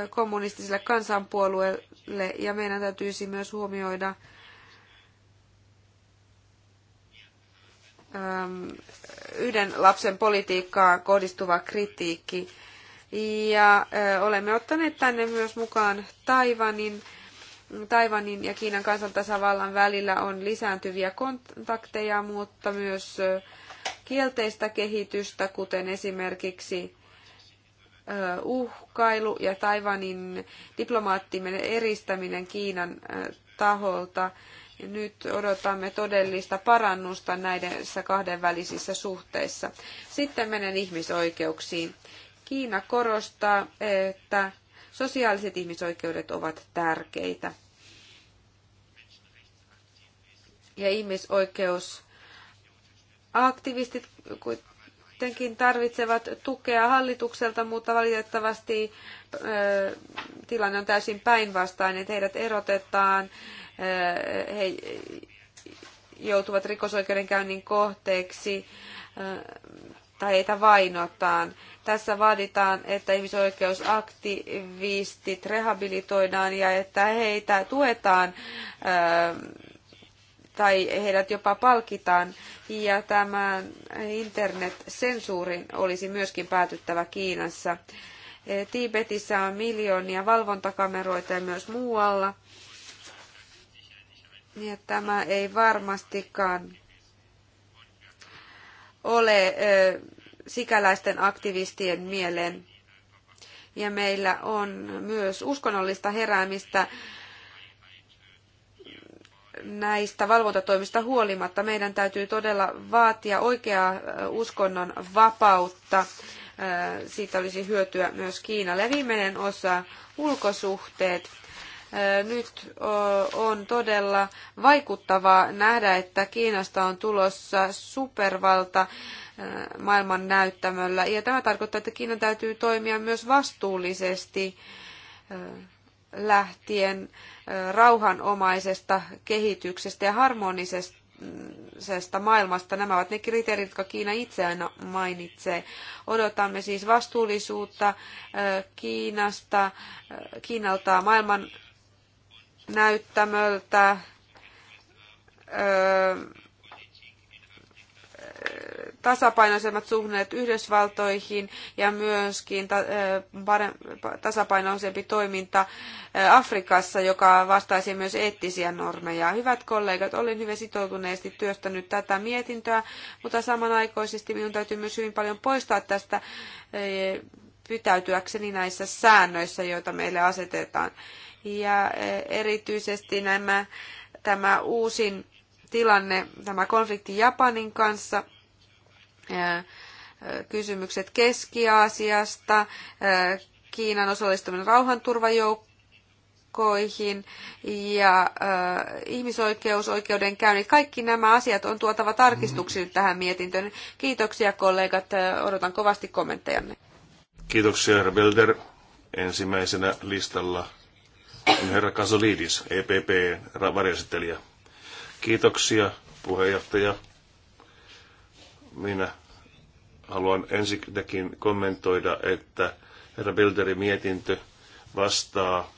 kommunistiselle kansanpuolueelle ja meidän täytyisi myös huomioida yhden lapsen politiikkaa kohdistuva kritiikki. Ja olemme ottaneet tänne myös mukaan Taivanin Taivanin ja Kiinan kansantasavallan välillä on lisääntyviä kontakteja, mutta myös kielteistä kehitystä, kuten esimerkiksi uhkailu ja Taivanin diplomaattinen eristäminen Kiinan taholta. Nyt odotamme todellista parannusta näissä kahdenvälisissä suhteissa. Sitten menen ihmisoikeuksiin. Kiina korostaa, että Sosiaaliset ihmisoikeudet ovat tärkeitä. Ja ihmisoikeus aktivistit kuitenkin tarvitsevat tukea hallitukselta, mutta valitettavasti tilanne on täysin päinvastainen, että heidät erotetaan, he joutuvat rikosoikeudenkäynnin kohteeksi, tai heitä vainotaan. Tässä vaaditaan, että ihmisoikeusaktivistit rehabilitoidaan ja että heitä tuetaan ähm, tai heidät jopa palkitaan. Ja tämä internetsensuurin olisi myöskin päätyttävä Kiinassa. Tiibetissä on miljoonia valvontakameroita ja myös muualla. Ja tämä ei varmastikaan ole sikäläisten aktivistien mieleen. Ja meillä on myös uskonnollista heräämistä näistä valvontatoimista huolimatta. Meidän täytyy todella vaatia oikeaa uskonnon vapautta. Siitä olisi hyötyä myös Kiinalle. Ja viimeinen osa, ulkosuhteet nyt on todella vaikuttavaa nähdä, että Kiinasta on tulossa supervalta maailman näyttämöllä. Ja tämä tarkoittaa, että Kiinan täytyy toimia myös vastuullisesti lähtien rauhanomaisesta kehityksestä ja harmonisesta maailmasta. Nämä ovat ne kriteerit, jotka Kiina itse aina mainitsee. Odotamme siis vastuullisuutta Kiinasta, Kiinalta maailman näyttämöltä, tasapainoisemmat suhteet Yhdysvaltoihin ja myöskin tasapainoisempi toiminta Afrikassa, joka vastaisi myös eettisiä normeja. Hyvät kollegat, olen hyvin sitoutuneesti työstänyt tätä mietintöä, mutta samanaikaisesti minun täytyy myös hyvin paljon poistaa tästä pitäytyäkseni näissä säännöissä, joita meille asetetaan ja e, erityisesti nämä, tämä uusin tilanne, tämä konflikti Japanin kanssa, e, e, kysymykset Keski-Aasiasta, Kiinan osallistuminen rauhanturvajoukkoihin ja ihmisoikeusoikeudenkäynnit. Kaikki nämä asiat on tuotava tarkistuksille tähän mietintöön. Kiitoksia kollegat, odotan kovasti kommenttejanne. Kiitoksia, Herr Belder. Ensimmäisenä listalla on niin herra Kasolidis, epp varjasittelijä Kiitoksia, puheenjohtaja. Minä haluan ensinnäkin kommentoida, että herra Bilderin mietintö vastaa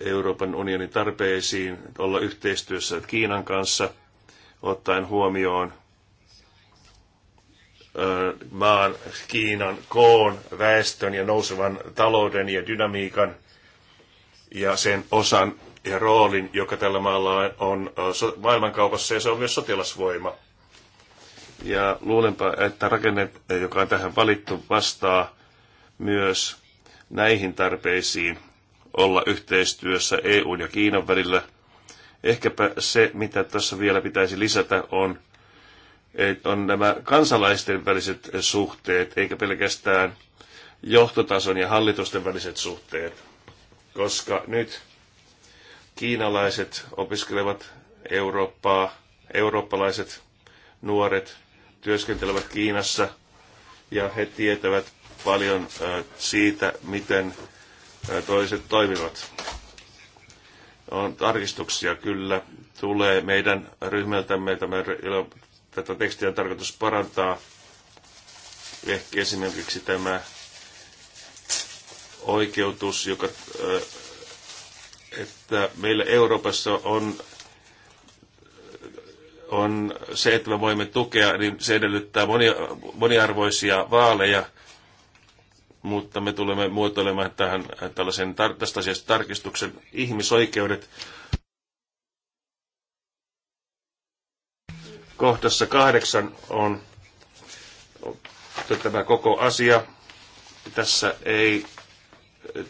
Euroopan unionin tarpeisiin olla yhteistyössä Kiinan kanssa, ottaen huomioon maan Kiinan koon, väestön ja nousevan talouden ja dynamiikan ja sen osan ja roolin, joka tällä maalla on maailmankaupassa, ja se on myös sotilasvoima. Ja luulenpa, että rakenne, joka on tähän valittu, vastaa myös näihin tarpeisiin olla yhteistyössä EU ja Kiinan välillä. Ehkäpä se, mitä tässä vielä pitäisi lisätä, on, että on nämä kansalaisten väliset suhteet, eikä pelkästään johtotason ja hallitusten väliset suhteet koska nyt kiinalaiset opiskelevat Eurooppaa, eurooppalaiset nuoret työskentelevät Kiinassa ja he tietävät paljon siitä, miten toiset toimivat. On tarkistuksia kyllä tulee meidän ryhmältämme. Tämä, tätä tekstiä on tarkoitus parantaa. Ehkä esimerkiksi tämä oikeutus, joka, äh, että meillä Euroopassa on, on se, että me voimme tukea, niin se edellyttää moni, moniarvoisia vaaleja, mutta me tulemme muotoilemaan tähän tällaisen tar- tästä asiasta tarkistuksen ihmisoikeudet. Kohdassa kahdeksan on tämä koko asia. Tässä ei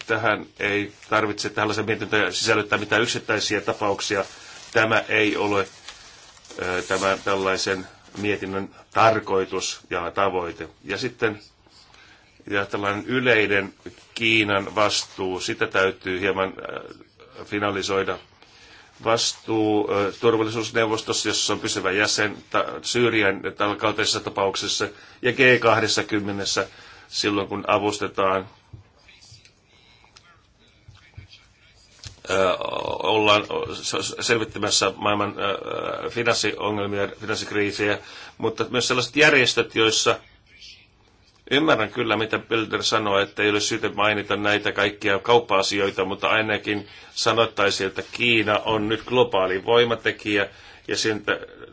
tähän ei tarvitse tällaisen mietintöön sisällyttää mitään yksittäisiä tapauksia. Tämä ei ole tämä tällaisen mietinnön tarkoitus ja tavoite. Ja sitten ja tällainen yleinen Kiinan vastuu, sitä täytyy hieman finalisoida. Vastuu turvallisuusneuvostossa, jossa on pysyvä jäsen Syyrian kaltaisessa tapauksessa, ja G20 silloin, kun avustetaan ollaan selvittämässä maailman finanssiongelmia, finanssikriisiä, mutta myös sellaiset järjestöt, joissa ymmärrän kyllä, mitä Bilder sanoi, että ei ole syytä mainita näitä kaikkia kauppa-asioita, mutta ainakin sanottaisiin, että Kiina on nyt globaali voimatekijä ja sen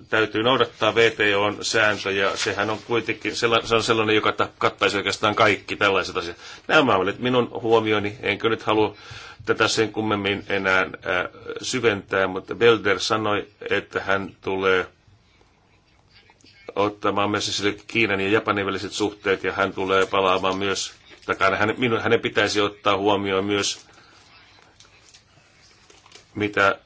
täytyy noudattaa VTOn sääntöjä. Sehän on kuitenkin se on sellainen, joka kattaisi oikeastaan kaikki tällaiset asiat. Nämä olivat minun huomioni. Enkö nyt halua tätä sen kummemmin enää äh, syventää, mutta Belder sanoi, että hän tulee ottamaan myös sille Kiinan ja Japanin väliset suhteet ja hän tulee palaamaan myös, tai hänen, minun, hänen pitäisi ottaa huomioon myös, mitä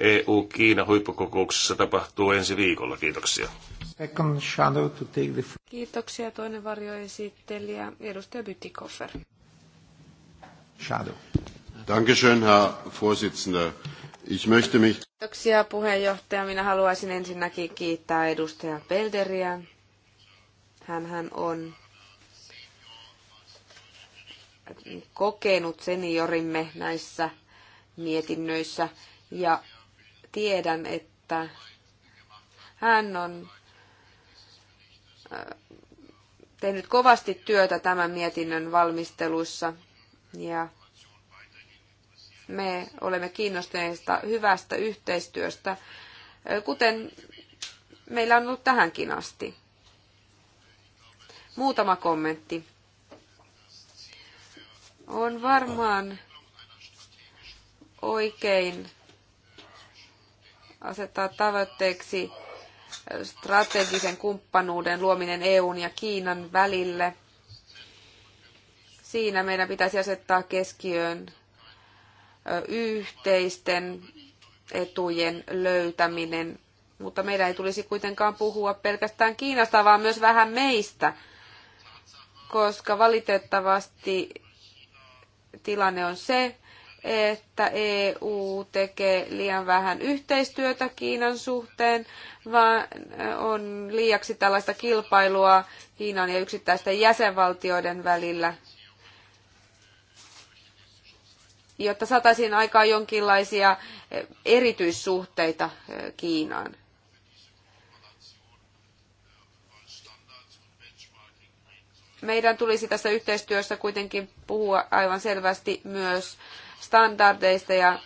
EU-Kiina huippukokouksessa tapahtuu ensi viikolla. Kiitoksia. Kiitoksia. Toinen varjoesittelijä, edustaja Bytikoffer. Shadow. Kiitoksia puheenjohtaja. Minä haluaisin ensinnäkin kiittää edustaja Pelderiä. Hän on kokenut seniorimme näissä mietinnöissä ja tiedän, että hän on äh, tehnyt kovasti työtä tämän mietinnön valmistelussa ja me olemme kiinnostuneita hyvästä yhteistyöstä, äh, kuten meillä on ollut tähänkin asti. Muutama kommentti. On varmaan oikein asettaa tavoitteeksi strategisen kumppanuuden luominen EUn ja Kiinan välille. Siinä meidän pitäisi asettaa keskiöön yhteisten etujen löytäminen, mutta meidän ei tulisi kuitenkaan puhua pelkästään Kiinasta, vaan myös vähän meistä, koska valitettavasti tilanne on se, että EU tekee liian vähän yhteistyötä Kiinan suhteen, vaan on liiaksi tällaista kilpailua Kiinan ja yksittäisten jäsenvaltioiden välillä. jotta saataisiin aikaan jonkinlaisia erityissuhteita Kiinaan. Meidän tulisi tässä yhteistyössä kuitenkin puhua aivan selvästi myös standardeista ja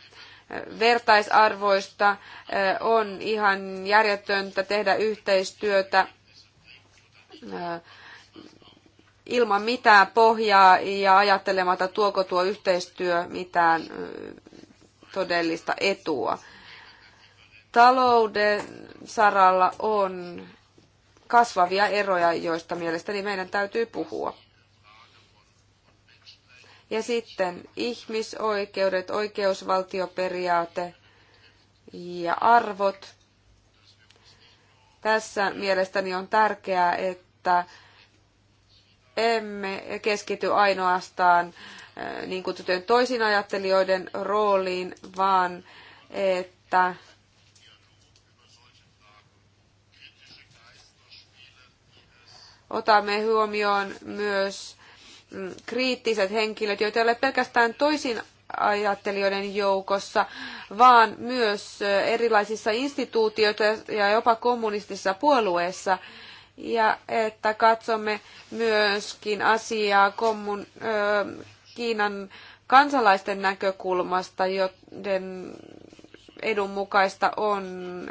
vertaisarvoista. On ihan järjetöntä tehdä yhteistyötä ilman mitään pohjaa ja ajattelematta tuoko tuo yhteistyö mitään todellista etua. Talouden saralla on kasvavia eroja, joista mielestäni meidän täytyy puhua. Ja sitten ihmisoikeudet, oikeusvaltioperiaate ja arvot. Tässä mielestäni on tärkeää, että emme keskity ainoastaan eh, niin toisin ajattelijoiden rooliin, vaan että otamme huomioon myös kriittiset henkilöt, joita ei ole pelkästään toisin ajattelijoiden joukossa, vaan myös erilaisissa instituutioissa ja jopa kommunistisissa puolueissa. Ja että katsomme myöskin asiaa kommun, ö, Kiinan kansalaisten näkökulmasta, joiden edun mukaista on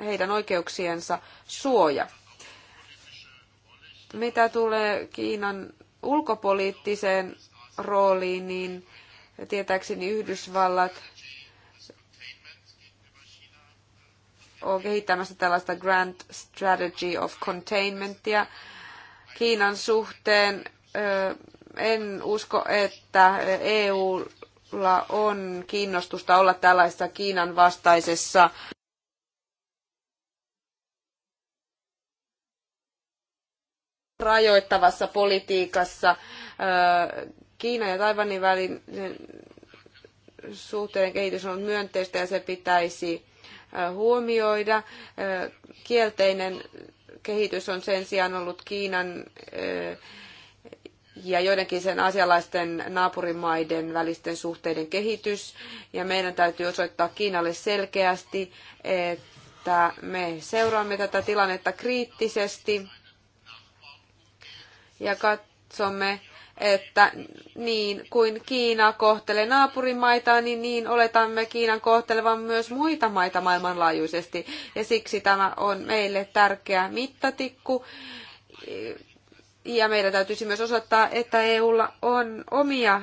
heidän oikeuksiensa suoja. Mitä tulee Kiinan ulkopoliittiseen rooliin, niin tietääkseni Yhdysvallat on kehittämässä tällaista Grand Strategy of Containmentia Kiinan suhteen. En usko, että EUlla on kiinnostusta olla tällaisessa Kiinan vastaisessa rajoittavassa politiikassa Kiinan ja Taiwanin välin suhteen kehitys on myönteistä ja se pitäisi huomioida. Kielteinen kehitys on sen sijaan ollut Kiinan ja joidenkin sen asialaisten naapurimaiden välisten suhteiden kehitys. Ja meidän täytyy osoittaa Kiinalle selkeästi, että me seuraamme tätä tilannetta kriittisesti ja katsomme, että niin kuin Kiina kohtelee naapurimaitaa, niin, niin oletamme Kiinan kohtelevan myös muita maita maailmanlaajuisesti. Ja siksi tämä on meille tärkeä mittatikku. Ja meidän täytyisi myös osoittaa, että EUlla on omia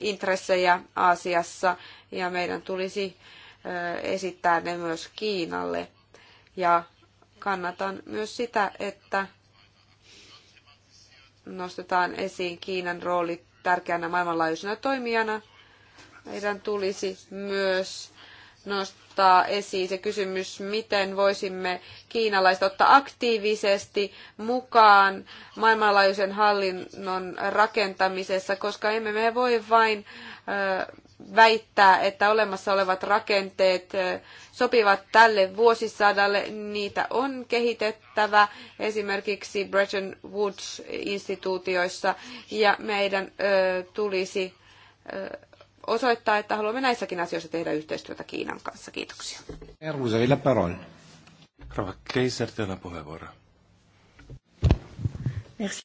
intressejä Aasiassa ja meidän tulisi esittää ne myös Kiinalle. Ja kannatan myös sitä, että nostetaan esiin Kiinan rooli tärkeänä maailmanlaajuisena toimijana. Meidän tulisi myös nostaa esiin se kysymys, miten voisimme kiinalaiset ottaa aktiivisesti mukaan maailmanlaajuisen hallinnon rakentamisessa, koska emme me voi vain ö, väittää, että olemassa olevat rakenteet sopivat tälle vuosisadalle. Niitä on kehitettävä esimerkiksi Bretton Woods-instituutioissa ja meidän tulisi osoittaa, että haluamme näissäkin asioissa tehdä yhteistyötä Kiinan kanssa. Kiitoksia. Rova Keiser, teillä on puheenvuoro. Merci.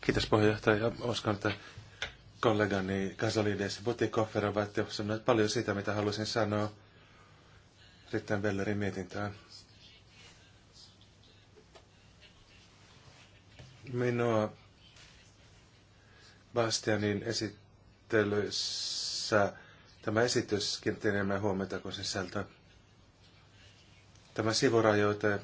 Kiitos puheenjohtaja. Uskon, että kollegani Gasolides ja ovat jo sanoneet paljon siitä, mitä halusin sanoa Ritten Bellerin mietintään. Minua Bastianin esittelyssä tämä esitys kiinnitti enemmän huomiota kuin sisältö. Tämä sivurajoite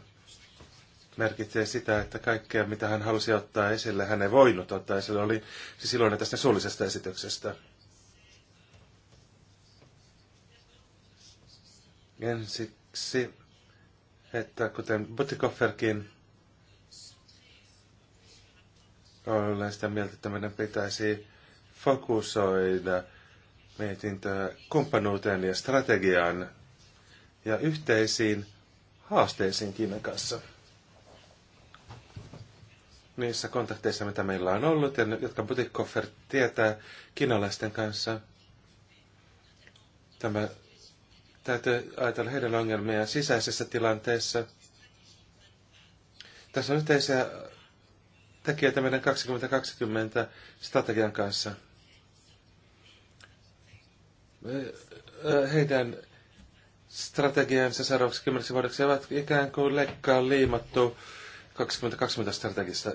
merkitsee sitä, että kaikkea, mitä hän halusi ottaa esille, hän ei voinut ottaa esille, oli siis iloinen tästä suullisesta esityksestä. Ensiksi, että kuten Butikofferkin, olen sitä mieltä, että meidän pitäisi fokusoida mietintöä kumppanuuteen ja strategiaan ja yhteisiin haasteisiin Kiinan kanssa niissä kontakteissa, mitä meillä on ollut ja jotka Butikoffer tietää kiinalaisten kanssa. Tämä täytyy ajatella heidän ongelmiaan sisäisessä tilanteessa. Tässä on yhteisiä tekijöitä meidän 2020 strategian kanssa. Heidän strategiansa seuraavaksi kymmeneksi vuodeksi ovat ikään kuin lekkaan liimattu 2020 strategista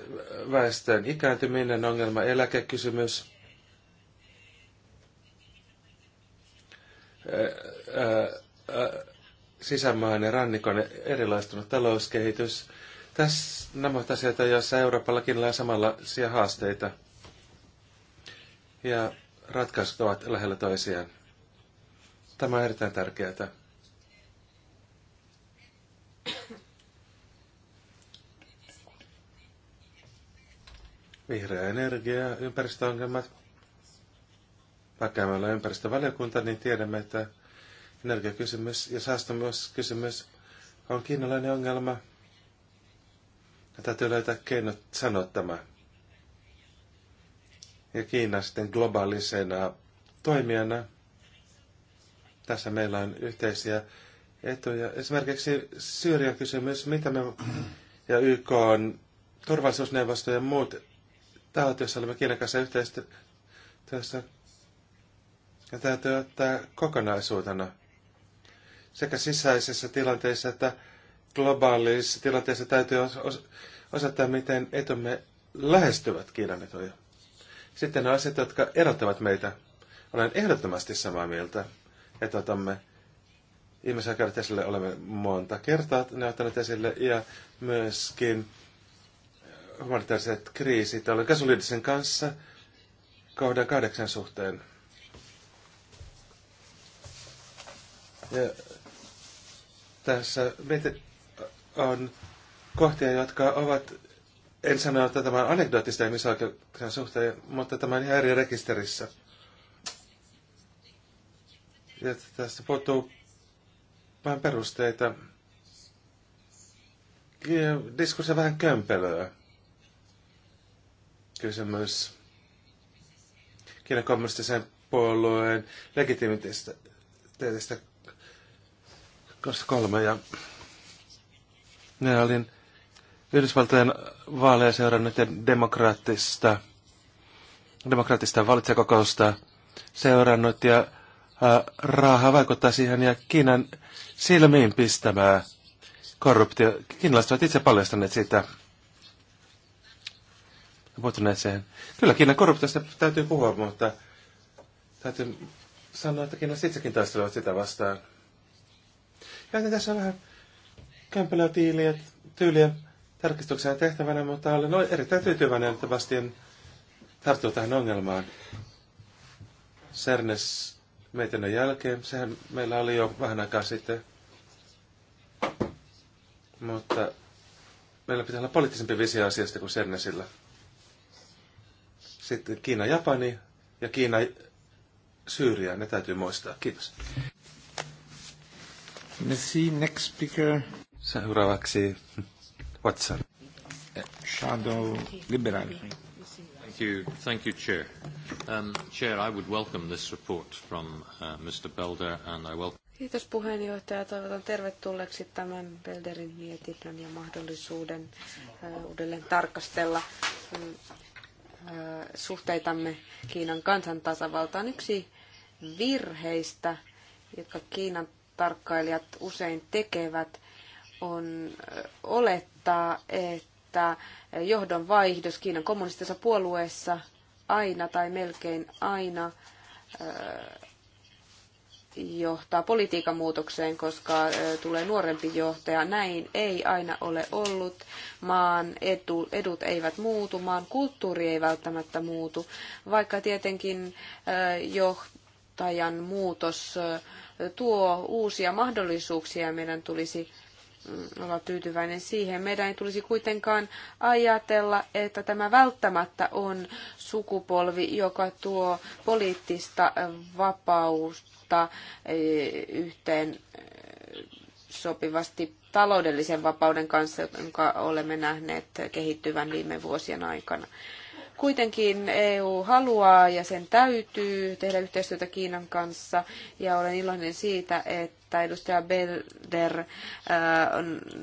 väestön ikääntyminen, ongelma, eläkekysymys, sisämaan ja rannikon erilaistunut talouskehitys. Tässä nämä ovat asioita, joissa Euroopallakin on samanlaisia haasteita. Ja ratkaisut ovat lähellä toisiaan. Tämä on erittäin tärkeää. Vihreä energia, ympäristöongelmat. Vaikka me ollaan ympäristövaliokunta, niin tiedämme, että energiakysymys ja saastumiskysymys on kiinalainen ongelma. Ja täytyy löytää keinot sanoa tämä. Ja Kiina sitten globaalisena toimijana. Tässä meillä on yhteisiä etuja. Esimerkiksi Syyrian kysymys, mitä me ja YK on turvallisuusneuvosto ja muut tahot, työssä olemme Kiinan kanssa yhteistyössä. Ja täytyy ottaa kokonaisuutena sekä sisäisessä tilanteessa että globaalissa tilanteessa täytyy osata, miten etumme lähestyvät Kiinan etuja. Sitten ne asiat, jotka erottavat meitä. Olen ehdottomasti samaa mieltä, että otamme ihmisoikeudet esille olemme monta kertaa ne ottaneet esille ja myöskin humanitaariset kriisit. Olen Kasulidisen kanssa kohdan kahdeksan suhteen. Ja tässä on kohtia, jotka ovat, en sano, että tämä on anekdoottista ihmisoikeuksien suhteen, mutta tämä on ihan eri rekisterissä. Ja tästä puuttuu vähän perusteita. Diskurssi vähän kömpelöä myös Kiinan kommunistisen puolueen legitimiteetistä kolme. Ja minä olin Yhdysvaltojen vaaleja seurannut demokraattista, demokraattista valitsekokousta seurannut ja raaha vaikuttaa siihen ja Kiinan silmiin pistämää korruptio. Kiinalaiset ovat itse paljastaneet siitä puuttuneeseen. Kyllä Kiinan korruptiosta täytyy puhua, mutta täytyy sanoa, että Kiinan itsekin taistelevat sitä vastaan. Ja tässä on vähän kämpelöä tiiliä, tyyliä tarkistuksena tehtävänä, mutta olen erittäin tyytyväinen, että Bastian tarttuu tähän ongelmaan. Sernes mietinnön jälkeen, sehän meillä oli jo vähän aikaa sitten. Mutta meillä pitää olla poliittisempi visio asiasta kuin Sernesillä. Sitten Kiina-Japani ja Kiina-Syyria, ne täytyy muistaa. Kiitos. Merci, next speaker. Seuraavaksi Watson. Shadow Liberal. Thank you, thank you Chair. Um, Chair, I would welcome this report from uh, Mr. Belder and I welcome Kiitos puheenjohtaja. Toivotan tervetulleeksi tämän Belderin mietinnön ja mahdollisuuden uh, uudelleen tarkastella um, suhteitamme Kiinan kansantasavaltaan. Yksi virheistä, jotka Kiinan tarkkailijat usein tekevät, on olettaa, että johdon vaihdos Kiinan kommunistisessa puolueessa aina tai melkein aina johtaa politiikan muutokseen, koska tulee nuorempi johtaja. Näin ei aina ole ollut. Maan etu, edut eivät muutu, maan kulttuuri ei välttämättä muutu, vaikka tietenkin johtajan muutos tuo uusia mahdollisuuksia meidän tulisi olla tyytyväinen siihen. Meidän ei tulisi kuitenkaan ajatella, että tämä välttämättä on sukupolvi, joka tuo poliittista vapautta e, yhteen e, sopivasti taloudellisen vapauden kanssa, jonka olemme nähneet kehittyvän viime vuosien aikana. Kuitenkin EU haluaa ja sen täytyy tehdä yhteistyötä Kiinan kanssa ja olen iloinen siitä, että että edustaja Belder äh,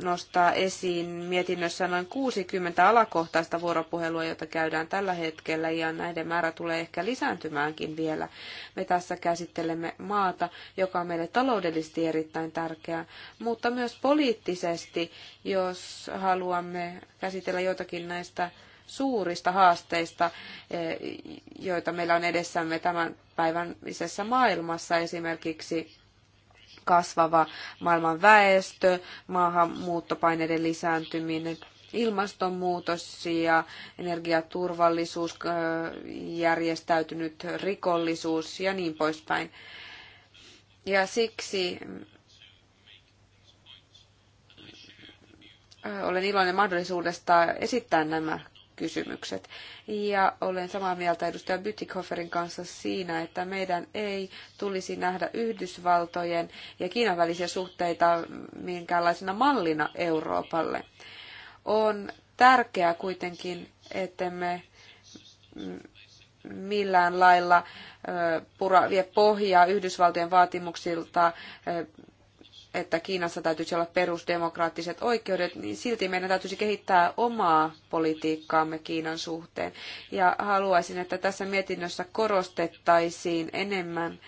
nostaa esiin mietinnössä noin 60 alakohtaista vuoropuhelua, jota käydään tällä hetkellä, ja näiden määrä tulee ehkä lisääntymäänkin vielä. Me tässä käsittelemme maata, joka on meille taloudellisesti erittäin tärkeää, mutta myös poliittisesti, jos haluamme käsitellä joitakin näistä suurista haasteista, e, joita meillä on edessämme tämän päivän maailmassa, esimerkiksi kasvava maailman väestö, maahanmuuttopaineiden lisääntyminen, ilmastonmuutos ja energiaturvallisuus, järjestäytynyt rikollisuus ja niin poispäin. Ja siksi olen iloinen mahdollisuudesta esittää nämä kysymykset. Ja olen samaa mieltä edustaja Bytikhoferin kanssa siinä, että meidän ei tulisi nähdä Yhdysvaltojen ja Kiinan välisiä suhteita minkäänlaisena mallina Euroopalle. On tärkeää kuitenkin, että me millään lailla pura, vie pohjaa Yhdysvaltojen vaatimuksilta että Kiinassa täytyisi olla perusdemokraattiset oikeudet, niin silti meidän täytyisi kehittää omaa politiikkaamme Kiinan suhteen. Ja haluaisin, että tässä mietinnössä korostettaisiin enemmän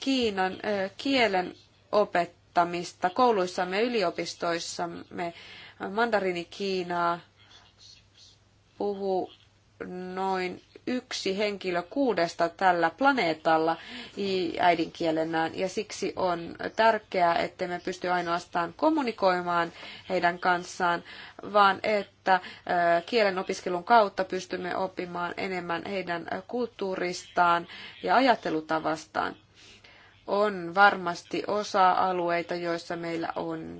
Kiinan kielen opettamista kouluissamme ja yliopistoissamme. Mandarini Kiinaa puhuu noin yksi henkilö kuudesta tällä planeetalla äidinkielenään ja siksi on tärkeää, että me pysty ainoastaan kommunikoimaan heidän kanssaan, vaan että kielen opiskelun kautta pystymme oppimaan enemmän heidän kulttuuristaan ja ajattelutavastaan. On varmasti osa-alueita, joissa meillä on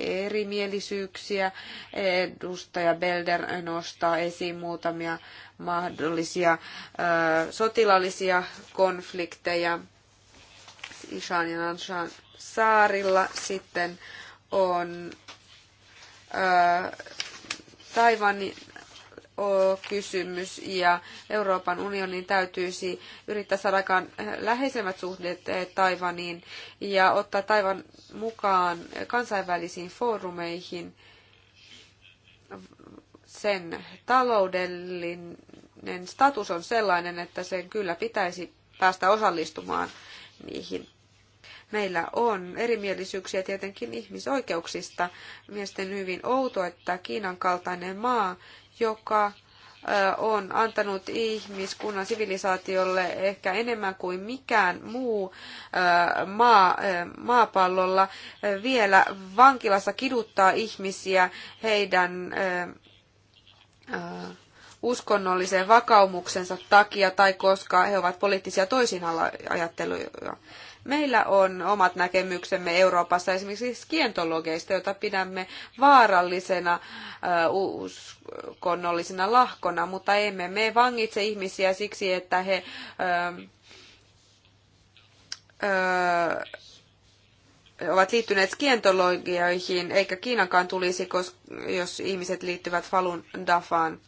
erimielisyyksiä. Edustaja Belder nostaa esiin muutamia mahdollisia sotilaallisia konflikteja Ishan ja Nanshan saarilla. Sitten on Taivanin kysymys ja Euroopan unionin täytyisi yrittää saada aikaan läheisemmät suhteet eh, Taivaniin ja ottaa Taivan mukaan kansainvälisiin foorumeihin sen taloudellinen status on sellainen, että sen kyllä pitäisi päästä osallistumaan niihin. Meillä on erimielisyyksiä tietenkin ihmisoikeuksista. Mielestäni hyvin outo, että Kiinan kaltainen maa, joka on antanut ihmiskunnan sivilisaatiolle ehkä enemmän kuin mikään muu maa, maapallolla, vielä vankilassa kiduttaa ihmisiä heidän uskonnollisen vakaumuksensa takia tai koska he ovat poliittisia toisinajatteluja Meillä on omat näkemyksemme Euroopassa esimerkiksi skientologeista, jota pidämme vaarallisena uskonnollisena lahkona, mutta emme me vangitse ihmisiä siksi, että he ovat liittyneet skientologioihin, eikä Kiinankaan tulisi, jos ihmiset liittyvät Falun Dafaan.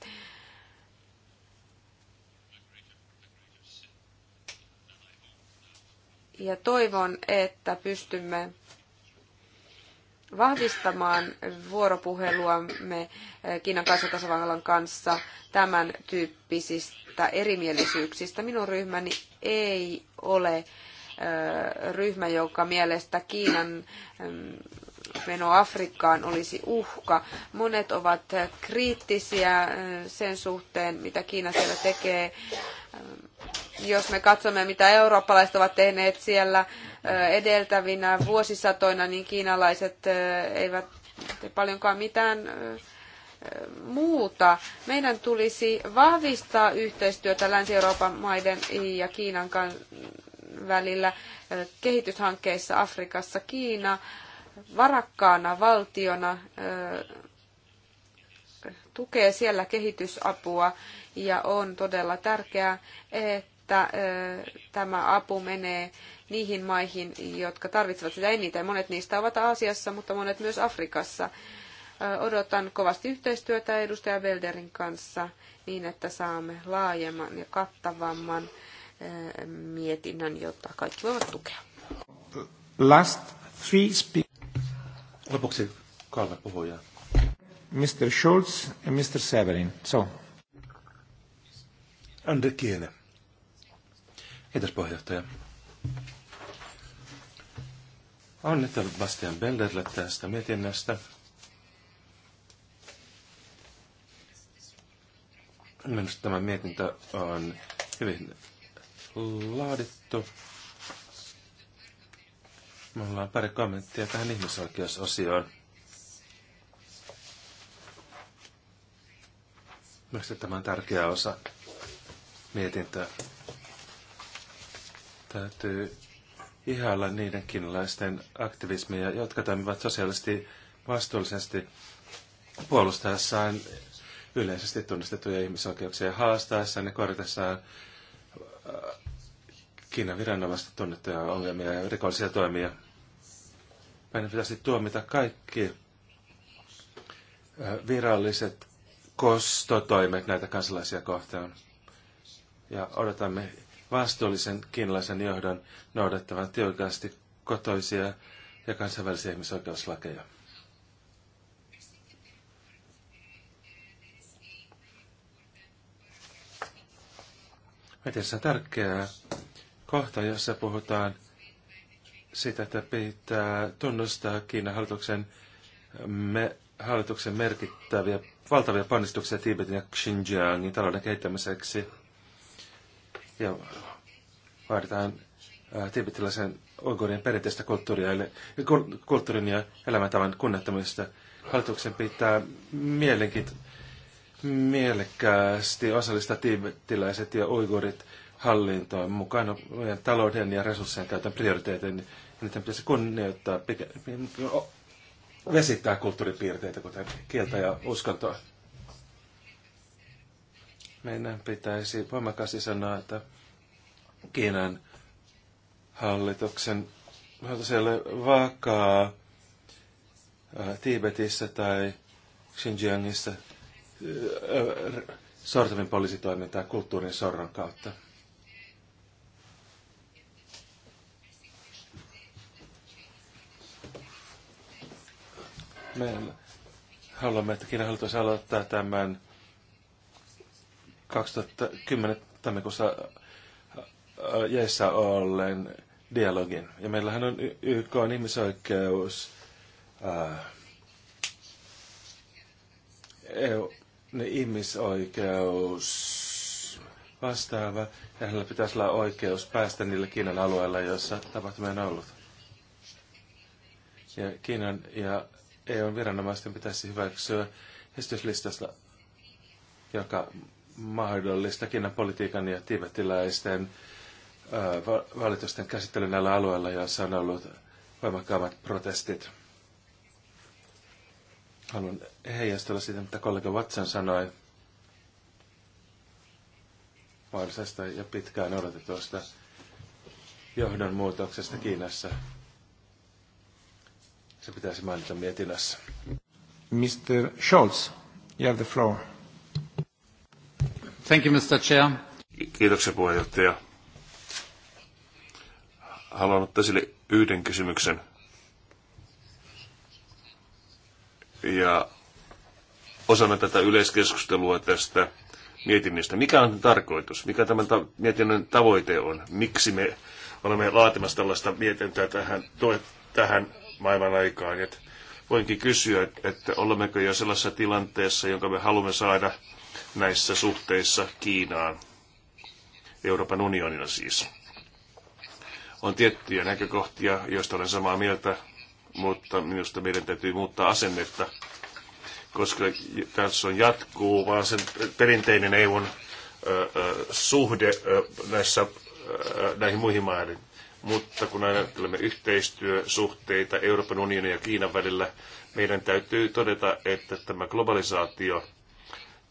Ja toivon, että pystymme vahvistamaan vuoropuheluamme eh, Kiinan kansantasavallan kanssa tämän tyyppisistä erimielisyyksistä. Minun ryhmäni ei ole eh, ryhmä, joka mielestä Kiinan meno Afrikkaan olisi uhka. Monet ovat kriittisiä eh, sen suhteen, mitä Kiina siellä tekee jos me katsomme, mitä eurooppalaiset ovat tehneet siellä edeltävinä vuosisatoina, niin kiinalaiset eivät tee paljonkaan mitään muuta. Meidän tulisi vahvistaa yhteistyötä Länsi-Euroopan maiden ja Kiinan välillä kehityshankkeissa Afrikassa. Kiina varakkaana valtiona tukee siellä kehitysapua ja on todella tärkeää, että tämä apu menee niihin maihin, jotka tarvitsevat sitä eniten. Monet niistä ovat Aasiassa, mutta monet myös Afrikassa. Odotan kovasti yhteistyötä edustaja Belderin kanssa niin, että saamme laajemman ja kattavamman mietinnön, jota kaikki voivat tukea. Last three speak- Lopuksi kolme puhujaa. Mr. Schulz ja Mr. Severin. So, Andre Kiene. Kiitos puheenjohtaja. Annetaan Bastian Belderille tästä mietinnästä. Minusta tämä mietintö on hyvin laadittu. Mulla on pari kommenttia tähän ihmisoikeusosioon. Miksi tämä on tärkeä osa? mietintöä. Täytyy ihailla niidenkinlaisten aktivismia, jotka toimivat sosiaalisesti vastuullisesti puolustaessaan yleisesti tunnistettuja ihmisoikeuksia haastaessaan ja korjatessaan äh, Kiinan viranomaista tunnettuja ongelmia ja rikollisia toimia. Meidän pitäisi tuomita kaikki äh, viralliset kostotoimet näitä kansalaisia kohtaan ja odotamme vastuullisen kiinalaisen johdon noudattavan tiukasti kotoisia ja kansainvälisiä ihmisoikeuslakeja. Tässä on tärkeää kohta, jossa puhutaan siitä, että pitää tunnustaa Kiinan hallituksen, me, hallituksen merkittäviä, valtavia ponnistuksia Tibetin ja Xinjiangin talouden kehittämiseksi – ja vaaditaan äh, tibetiläisen oikeuden perinteistä kulttuuria, eli kulttuurin ja elämäntavan kunnioittamista. Hallituksen pitää mielenkiintoista mielekkäästi osallistaa tiibettiläiset ja uigurit hallintoon mukaan meidän talouden ja resurssien käytön prioriteetin. Niin niiden pitäisi kunnioittaa, vesittää kulttuuripiirteitä, kuten kieltä ja uskontoa. Meidän pitäisi voimakkaasti sanoa, että Kiinan hallituksen hallitus vakaa Tiibetissä tai Xinjiangissa sortavin poliisitoimintaa kulttuurin sorron kautta. Me haluamme, että Kiinan hallitus aloittaa tämän 2010 tammikuussa äh, äh, jäissä ollen dialogin. Ja meillähän on YK on ihmisoikeus, ää, äh, EU, ne ihmisoikeus vastaava, ja hänellä pitäisi olla oikeus päästä niille Kiinan alueilla, joissa tapahtumia on ollut. Ja Kiinan ja EUn viranomaisten pitäisi hyväksyä esityslistasta, joka mahdollista Kiinan politiikan ja tibetiläisten valitusten käsittely näillä alueilla, joissa on ollut voimakkaammat protestit. Haluan heijastella sitä, mitä kollega Watson sanoi varsasta ja pitkään odotetusta johdonmuutoksesta Kiinassa. Se pitäisi mainita mietinnässä. Mr. Scholz, you have the floor. Thank you, Mr. Chair. Kiitoksia puheenjohtaja. Haluan ottaa esille yhden kysymyksen. Ja osana tätä yleiskeskustelua tästä mietinnöstä. Mikä on tarkoitus? Mikä tämän ta- mietinnön tavoite on? Miksi me olemme laatimassa tällaista mietintöä tähän, to- tähän maailman aikaan? Et voinkin kysyä, että olemmeko jo sellaisessa tilanteessa, jonka me haluamme saada näissä suhteissa Kiinaan, Euroopan unionina siis. On tiettyjä näkökohtia, joista olen samaa mieltä, mutta minusta meidän täytyy muuttaa asennetta, koska tässä on jatkuu vaan sen perinteinen EUn ö, ö, suhde ö, näissä, ö, näihin muihin maihin. Mutta kun ajattelemme yhteistyösuhteita Euroopan unionin ja Kiinan välillä, meidän täytyy todeta, että tämä globalisaatio –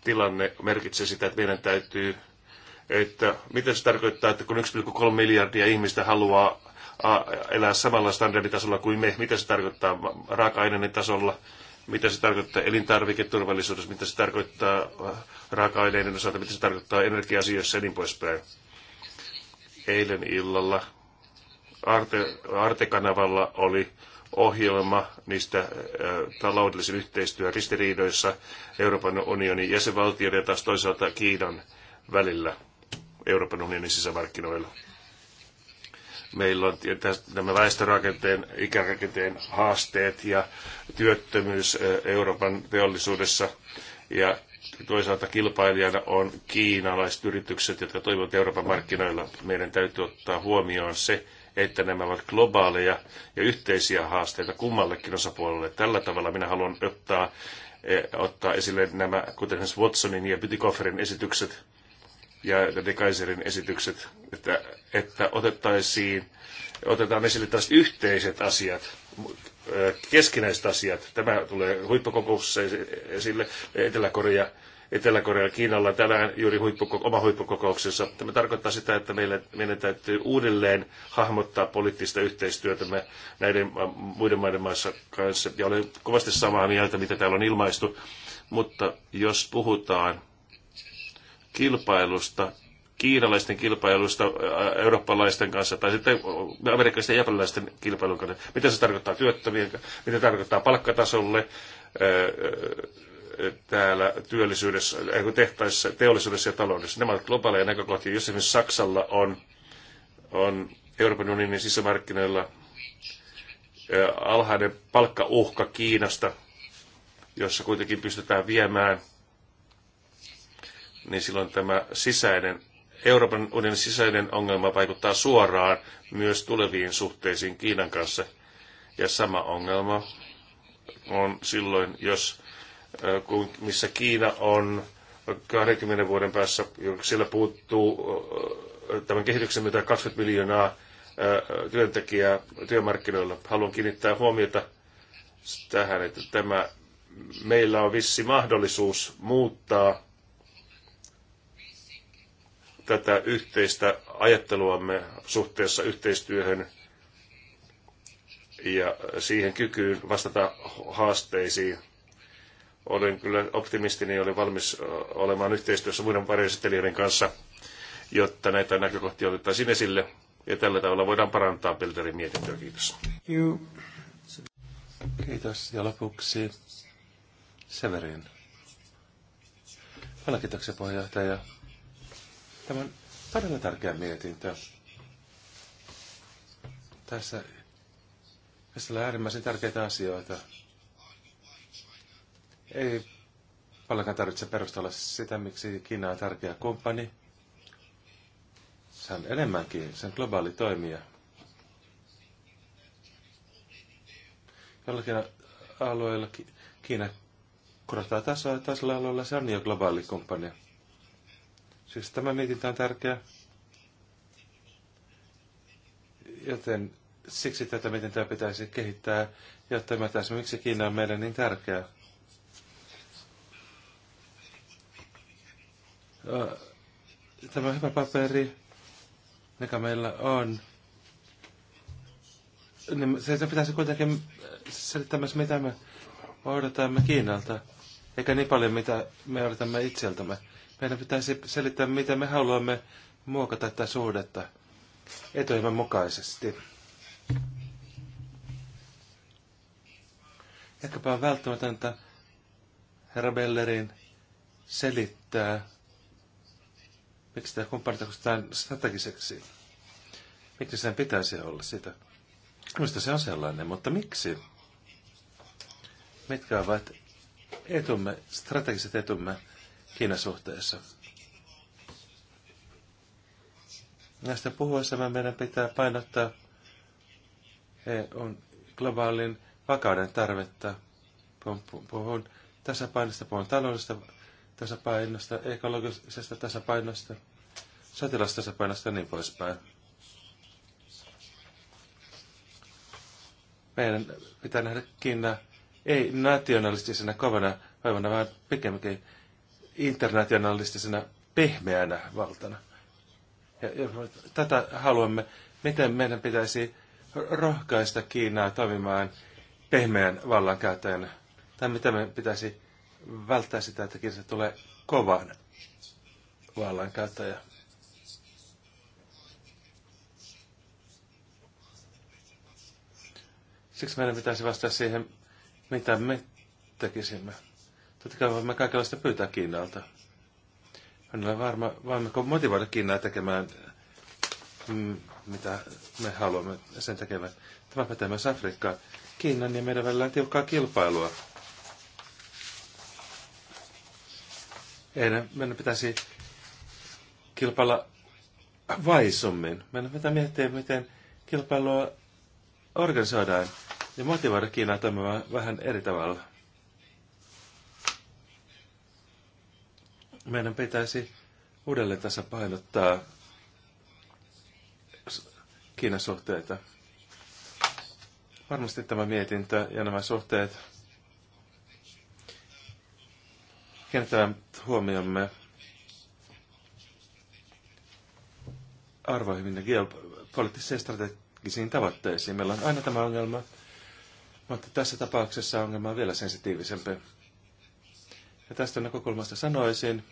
tilanne merkitsee sitä, että meidän täytyy, että mitä se tarkoittaa, että kun 1,3 miljardia ihmistä haluaa elää samalla standarditasolla kuin me, mitä se tarkoittaa raaka-aineiden tasolla, mitä se tarkoittaa elintarviketurvallisuudessa, mitä se tarkoittaa raaka-aineiden osalta, mitä se tarkoittaa energia-asioissa ja niin poispäin. Eilen illalla Arte, Arte-kanavalla oli ohjelma niistä äh, taloudellisen yhteistyön ristiriidoissa Euroopan unionin jäsenvaltioiden ja taas toisaalta Kiinan välillä Euroopan unionin sisämarkkinoilla. Meillä on nämä väestörakenteen, ikärakenteen haasteet ja työttömyys äh, Euroopan teollisuudessa ja toisaalta kilpailijana on kiinalaiset yritykset, jotka toimivat Euroopan markkinoilla. Meidän täytyy ottaa huomioon se, että nämä ovat globaaleja ja yhteisiä haasteita kummallekin osapuolelle. Tällä tavalla minä haluan ottaa, eh, ottaa esille nämä, kuten esimerkiksi Watsonin ja Bytikofferin esitykset ja De Kaiserin esitykset, että, että otettaisiin, otetaan esille taas yhteiset asiat, eh, keskinäiset asiat. Tämä tulee huippukokouksessa esille Etelä-Korea etelä korea ja Kiinalla tänään juuri huippukoko- oma huippukokouksensa. Tämä tarkoittaa sitä, että meille, meidän täytyy uudelleen hahmottaa poliittista yhteistyötämme näiden muiden maiden maissa kanssa. Ja olen kovasti samaa mieltä, mitä täällä on ilmaistu. Mutta jos puhutaan kilpailusta, kiinalaisten kilpailusta eurooppalaisten kanssa tai sitten amerikkalaisten ja japanilaisten kilpailun kanssa. Mitä se tarkoittaa työttömien, mitä tarkoittaa palkkatasolle, täällä työllisyydessä, tehtaissa, teollisuudessa ja taloudessa. Nämä ovat globaaleja näkökohtia. Jos esimerkiksi Saksalla on, on Euroopan unionin sisämarkkinoilla alhainen palkkauhka Kiinasta, jossa kuitenkin pystytään viemään, niin silloin tämä sisäinen, Euroopan unionin sisäinen ongelma vaikuttaa suoraan myös tuleviin suhteisiin Kiinan kanssa. Ja sama ongelma on silloin, jos missä Kiina on 20 vuoden päässä, sillä puuttuu tämän kehityksen myötä 20 miljoonaa työntekijää työmarkkinoilla. Haluan kiinnittää huomiota tähän, että tämä, meillä on vissi mahdollisuus muuttaa tätä yhteistä ajatteluamme suhteessa yhteistyöhön ja siihen kykyyn vastata haasteisiin – olen kyllä optimistinen ja olen valmis olemaan yhteistyössä muiden varjoesittelijöiden kanssa, jotta näitä näkökohtia otettaisiin esille. Ja tällä tavalla voidaan parantaa Pelterin mietintöä. Kiitos. Kiitos. Ja lopuksi Severin. Paljon kiitoksia puheenjohtaja. Tämä on todella tärkeä mietintö. Tässä on äärimmäisen tärkeitä asioita. Ei paljonkaan tarvitse perustella sitä, miksi Kiina on tärkeä kumppani. Se on enemmänkin, sen globaali toimija. Jollakin alueella Kiina korottaa tasoa, toisella alueella se on jo globaali kumppani. Siis tämä mietintä on tärkeä. Joten siksi tätä mietintää pitäisi kehittää, jotta ymmärtäisimme, miksi Kiina on meille niin tärkeä. Tämä hyvä paperi, mikä meillä on. Niin se, se pitäisi kuitenkin selittää myös, mitä me odotamme Kiinalta, eikä niin paljon, mitä me odotamme itseltämme. Meidän pitäisi selittää, mitä me haluamme muokata tätä suhdetta etujemme mukaisesti. Ehkäpä on välttämätöntä herra Bellerin selittää Miksi tämä kumppanit kutsutaan strategiseksi? Miksi sen pitäisi olla sitä? Minusta se on sellainen, mutta miksi? Mitkä ovat etumme, strategiset etumme Kiinan suhteessa? Näistä puhuessa meidän pitää painottaa on e globaalin vakauden tarvetta. Puhun, puhun tasapainosta, puhun taloudesta tasapainosta, ekologisesta tasapainosta, sotilastasapainosta ja niin poispäin. Meidän pitää nähdä Kiina ei nationalistisena kovana vaivana, vaan pikemminkin internationalistisena pehmeänä valtana. Ja, ja tätä haluamme, miten meidän pitäisi rohkaista Kiinaa toimimaan pehmeän vallankäyttäjänä. Tai mitä me pitäisi välttää sitä, että kirsi tulee kovan vallankäyttäjä. Siksi meidän pitäisi vastata siihen, mitä me tekisimme. Totta kai voimme kaikenlaista pyytää Kiinalta. En ole varma, voimmeko motivoida Kiinaa tekemään mm, mitä me haluamme sen tekemään. Tämä pätee myös Afrikkaan. Kiinan ja meidän välillä on tiukkaa kilpailua. Ei meidän pitäisi kilpailla vaisommin. Meidän pitää miettiä, miten kilpailua organisoidaan ja motivoida Kiinaa toimimaan vähän eri tavalla. Meidän pitäisi uudelleen painottaa Kiinan suhteita. Varmasti tämä mietintö ja nämä suhteet kiinnittävän huomiomme arvoihin ja geopoliittisiin strategisiin tavoitteisiin. Meillä on aina tämä ongelma, mutta tässä tapauksessa ongelma on vielä sensitiivisempi. Ja tästä näkökulmasta sanoisin,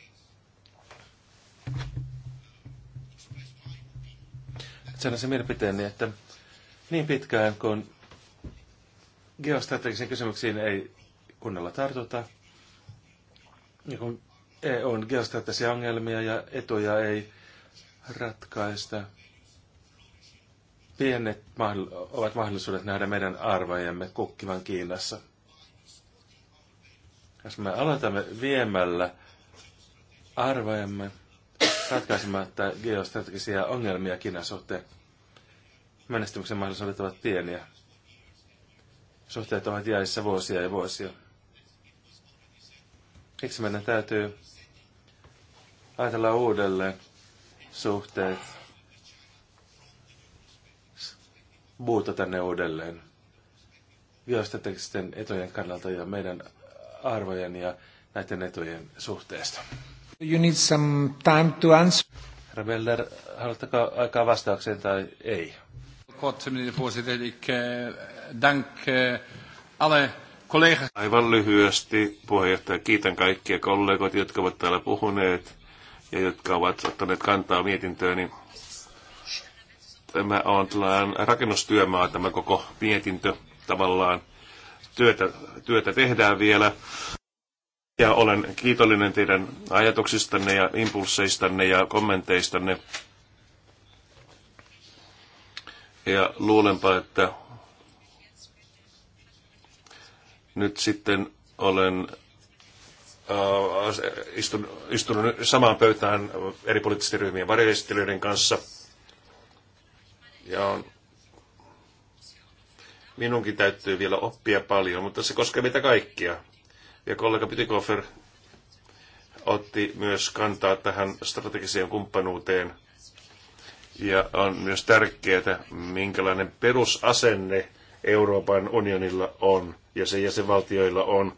että sanoisin mielipiteeni, että niin pitkään kun geostrategisiin kysymyksiin ei kunnolla tartuta, niin kun e on geostrategisia ongelmia ja etuja ei ratkaista. Pienet ovat mahdollisuudet nähdä meidän arvojemme kukkivan Kiinassa. Jos me aloitamme viemällä arvojemme ratkaisematta geostrategisia ongelmia Kiinan suhteen, menestymisen mahdollisuudet ovat pieniä. Suhteet ovat jäissä vuosia ja vuosia. Siksi meidän täytyy ajatella uudelleen suhteet, muuta ne uudelleen geostrategisten etojen kannalta ja meidän arvojen ja näiden etujen suhteesta. You need some time to answer. Rebeller, haluatteko aikaa vastaukseen tai ei? Kort, meneer voorzitter. Ik dank eh, alle kollega. Aivan lyhyesti, puheenjohtaja, kiitän kaikkia kollegoita, jotka ovat täällä puhuneet ja jotka ovat ottaneet kantaa mietintööni. Tämä on tällainen rakennustyömaa, tämä koko mietintö tavallaan. Työtä, työtä tehdään vielä. Ja olen kiitollinen teidän ajatuksistanne ja impulseistanne ja kommenteistanne. Ja luulenpa, että Nyt sitten olen istunut, äh, istun, istunut samaan pöytään eri poliittisten ryhmien varjoesittelijöiden kanssa. Ja on, minunkin täytyy vielä oppia paljon, mutta se koskee meitä kaikkia. Ja kollega Pytikofer otti myös kantaa tähän strategiseen kumppanuuteen. Ja on myös tärkeää, minkälainen perusasenne Euroopan unionilla on ja sen jäsenvaltioilla on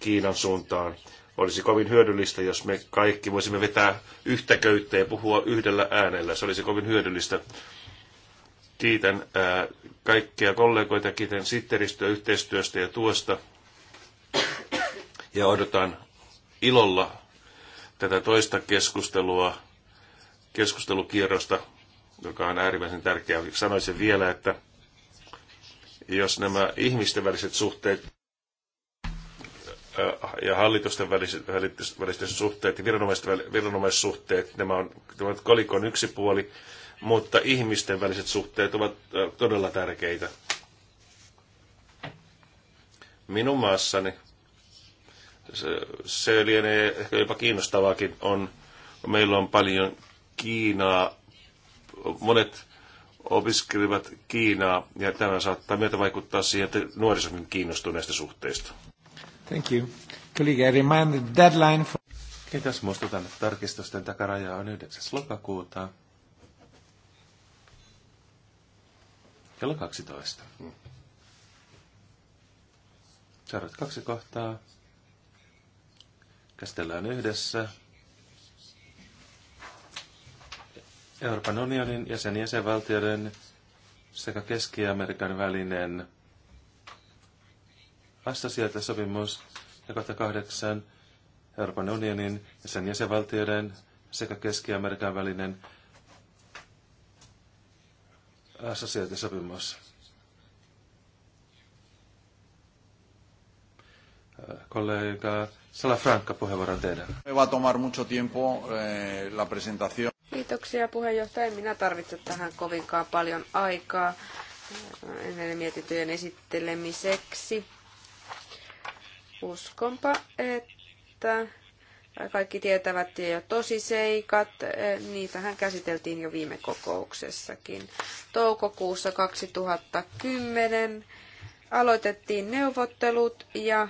Kiinan suuntaan. Olisi kovin hyödyllistä, jos me kaikki voisimme vetää yhtä köyttä ja puhua yhdellä äänellä. Se olisi kovin hyödyllistä. Kiitän ää, kaikkia kollegoita, kiitän sihteeristöä yhteistyöstä ja tuosta. Ja odotan ilolla tätä toista keskustelua, keskustelukierrosta, joka on äärimmäisen tärkeää. Sanoisin vielä, että jos nämä ihmisten väliset suhteet ja hallitusten väliset, väliset suhteet ja viranomaisten, viranomaissuhteet, nämä on, nämä on kolikon yksi puoli, mutta ihmisten väliset suhteet ovat todella tärkeitä. Minun maassani, se, se lienee ehkä jopa kiinnostavaakin, on, meillä on paljon Kiinaa, monet Opiskelivat Kiinaa, ja tämä saattaa myötä vaikuttaa siihen, että nuorisokin kiinnostuu näistä suhteista. Thank you. Colleague, I remind the deadline for... Kiitos. Muistutan, että tarkistusten takaraja on 9. lokakuuta. Kello 12. Mm. Saadat kaksi kohtaa. Käsitellään yhdessä. Euroopan unionin ja sen jäsenvaltioiden sekä Keski-Amerikan välinen sopimus ja kohta kahdeksan Euroopan unionin ja sen jäsenvaltioiden sekä Keski-Amerikan välinen sopimus. kollega Salafranca, puheenvuoro teidän. mucho tiempo eh, la presentación. Kiitoksia puheenjohtaja. En minä tarvitse tähän kovinkaan paljon aikaa eh, ennen mietityjen esittelemiseksi. Uskonpa, että kaikki tietävät jo seikat. Eh, niitähän käsiteltiin jo viime kokouksessakin. Toukokuussa 2010 aloitettiin neuvottelut ja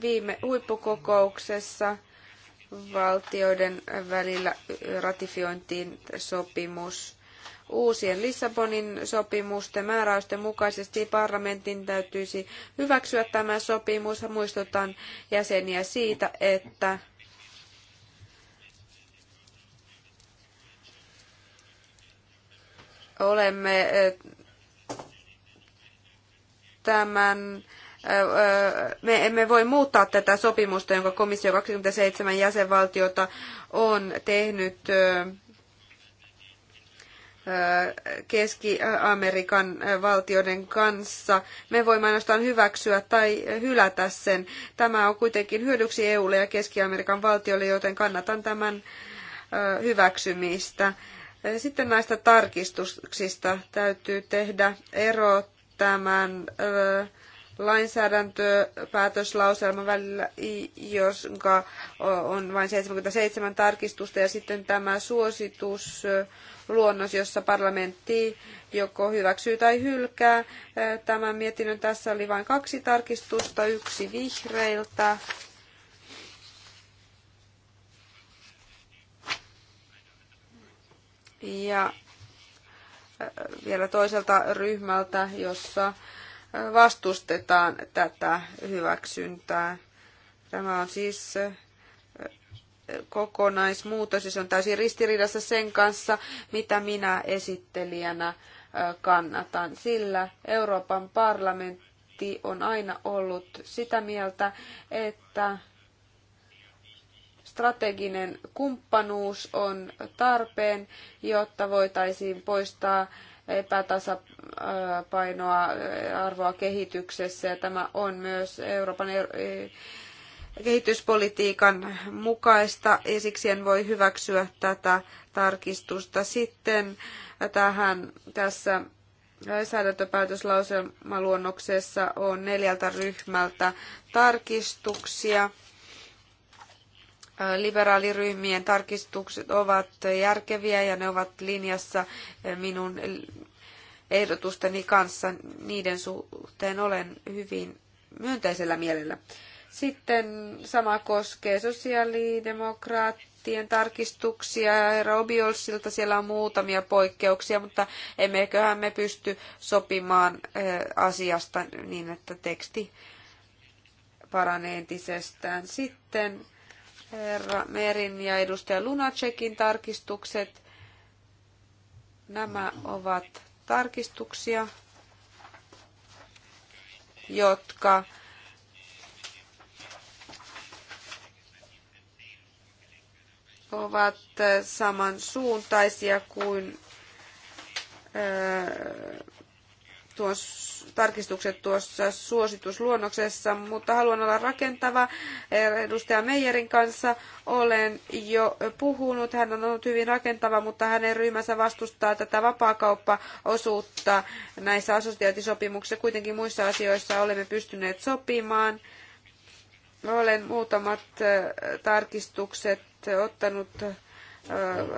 viime huippukokouksessa valtioiden välillä ratifiointiin sopimus. Uusien Lissabonin sopimusten määräysten mukaisesti parlamentin täytyisi hyväksyä tämä sopimus. Muistutan jäseniä siitä, että olemme eh, tämän me emme voi muuttaa tätä sopimusta, jonka komissio 27 jäsenvaltiota on tehnyt Keski-Amerikan valtioiden kanssa. Me voimme ainoastaan hyväksyä tai hylätä sen. Tämä on kuitenkin hyödyksi EUlle ja Keski-Amerikan valtiolle, joten kannatan tämän hyväksymistä. Sitten näistä tarkistuksista täytyy tehdä ero tämän lainsäädäntöpäätöslauselman välillä, jonka on vain 77 tarkistusta, ja sitten tämä suositusluonnos, jossa parlamentti joko hyväksyy tai hylkää. Tämän mietinnön tässä oli vain kaksi tarkistusta, yksi vihreiltä. Ja vielä toiselta ryhmältä, jossa vastustetaan tätä hyväksyntää. Tämä on siis kokonaismuutos, se on täysin ristiriidassa sen kanssa, mitä minä esittelijänä kannatan, sillä Euroopan parlamentti on aina ollut sitä mieltä, että strateginen kumppanuus on tarpeen, jotta voitaisiin poistaa epätasapainoa äh, arvoa kehityksessä ja tämä on myös Euroopan e- e- kehityspolitiikan mukaista ja siksi en voi hyväksyä tätä tarkistusta. Sitten tähän tässä lainsäädäntöpäätöslauselmaluonnoksessa on neljältä ryhmältä tarkistuksia liberaaliryhmien tarkistukset ovat järkeviä ja ne ovat linjassa minun ehdotusteni kanssa. Niiden suhteen olen hyvin myönteisellä mielellä. Sitten sama koskee sosiaalidemokraattien tarkistuksia. Robiolsilta siellä on muutamia poikkeuksia, mutta emmeköhän me pysty sopimaan eh, asiasta niin, että teksti paranee entisestään. Sitten herra Merin ja edustaja Lunacekin tarkistukset. Nämä ovat tarkistuksia, jotka ovat samansuuntaisia kuin tarkistukset tuossa suositusluonnoksessa, mutta haluan olla rakentava. Eh, edustaja Meijerin kanssa olen jo puhunut. Hän on ollut hyvin rakentava, mutta hänen ryhmänsä vastustaa tätä vapaakauppaosuutta näissä assosiaatisopimuksissa. Kuitenkin muissa asioissa olemme pystyneet sopimaan. Olen muutamat eh, tarkistukset ottanut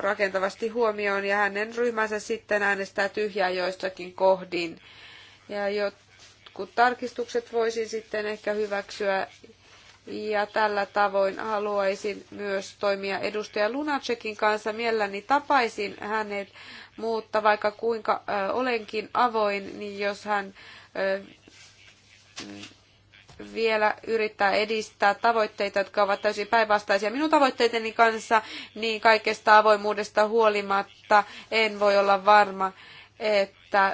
rakentavasti huomioon ja hänen ryhmänsä sitten äänestää tyhjää joistakin kohdin. Ja jotkut tarkistukset voisi sitten ehkä hyväksyä ja tällä tavoin haluaisin myös toimia edustaja Lunacekin kanssa. Mielelläni tapaisin hänet, mutta vaikka kuinka olenkin avoin, niin jos hän vielä yrittää edistää tavoitteita, jotka ovat täysin päinvastaisia minun tavoitteiteni kanssa, niin kaikesta avoimuudesta huolimatta en voi olla varma, että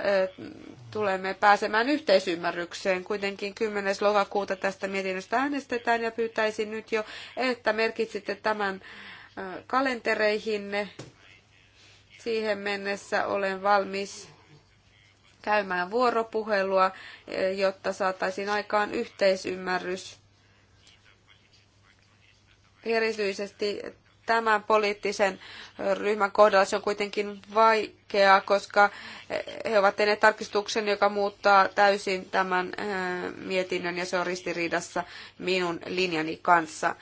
tulemme pääsemään yhteisymmärrykseen. Kuitenkin 10. lokakuuta tästä mietinnöstä äänestetään ja pyytäisin nyt jo, että merkitsitte tämän kalentereihinne. Siihen mennessä olen valmis käymään vuoropuhelua, eh, jotta saataisiin aikaan yhteisymmärrys. Erityisesti tämän poliittisen ryhmän kohdalla se on kuitenkin vaikeaa, koska eh, he ovat tehneet tarkistuksen, joka muuttaa täysin tämän eh, mietinnön ja se on ristiriidassa minun linjani kanssa.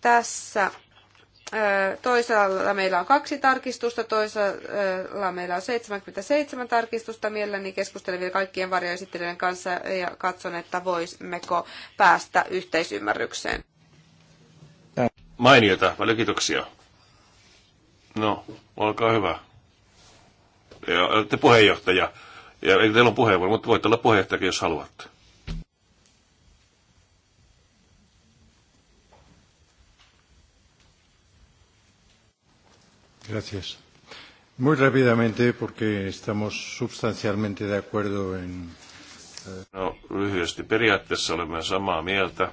Tässä Toisaalla meillä on kaksi tarkistusta, toisaalla meillä on 77 tarkistusta. Mielelläni keskustelen vielä kaikkien varjoesittelijöiden kanssa ja katson, että voisimmeko päästä yhteisymmärrykseen. Mainiota, paljon kiitoksia. No, olkaa hyvä. Ja, olette puheenjohtaja. Ja, teillä on puheenvuoro, mutta voitte olla puheenjohtaja, jos haluatte. Gracias. Muy rápidamente, porque estamos substancialmente de acuerdo en... Eh, no, lyhyesti. Periaatteessa olemme samaa mieltä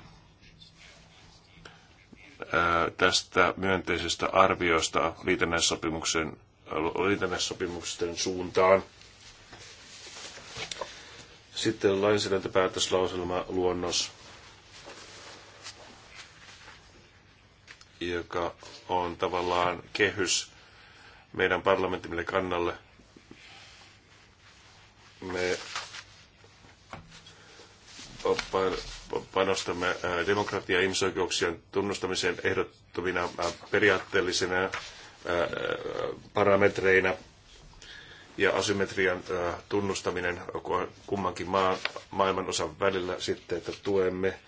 tästä myönteisestä arviosta liitännäissopimuksen, liitännäissopimuksen suuntaan. Sitten lainsäädäntöpäätöslauselma luonnos, joka on tavallaan kehys meidän parlamenttimme kannalle. Me panostamme äh, demokratia- ja ihmisoikeuksien tunnustamiseen ehdottomina äh, periaatteellisina äh, parametreina ja asymmetrian tunnustaminen kummankin maan, maailman osan välillä sitten, että tuemme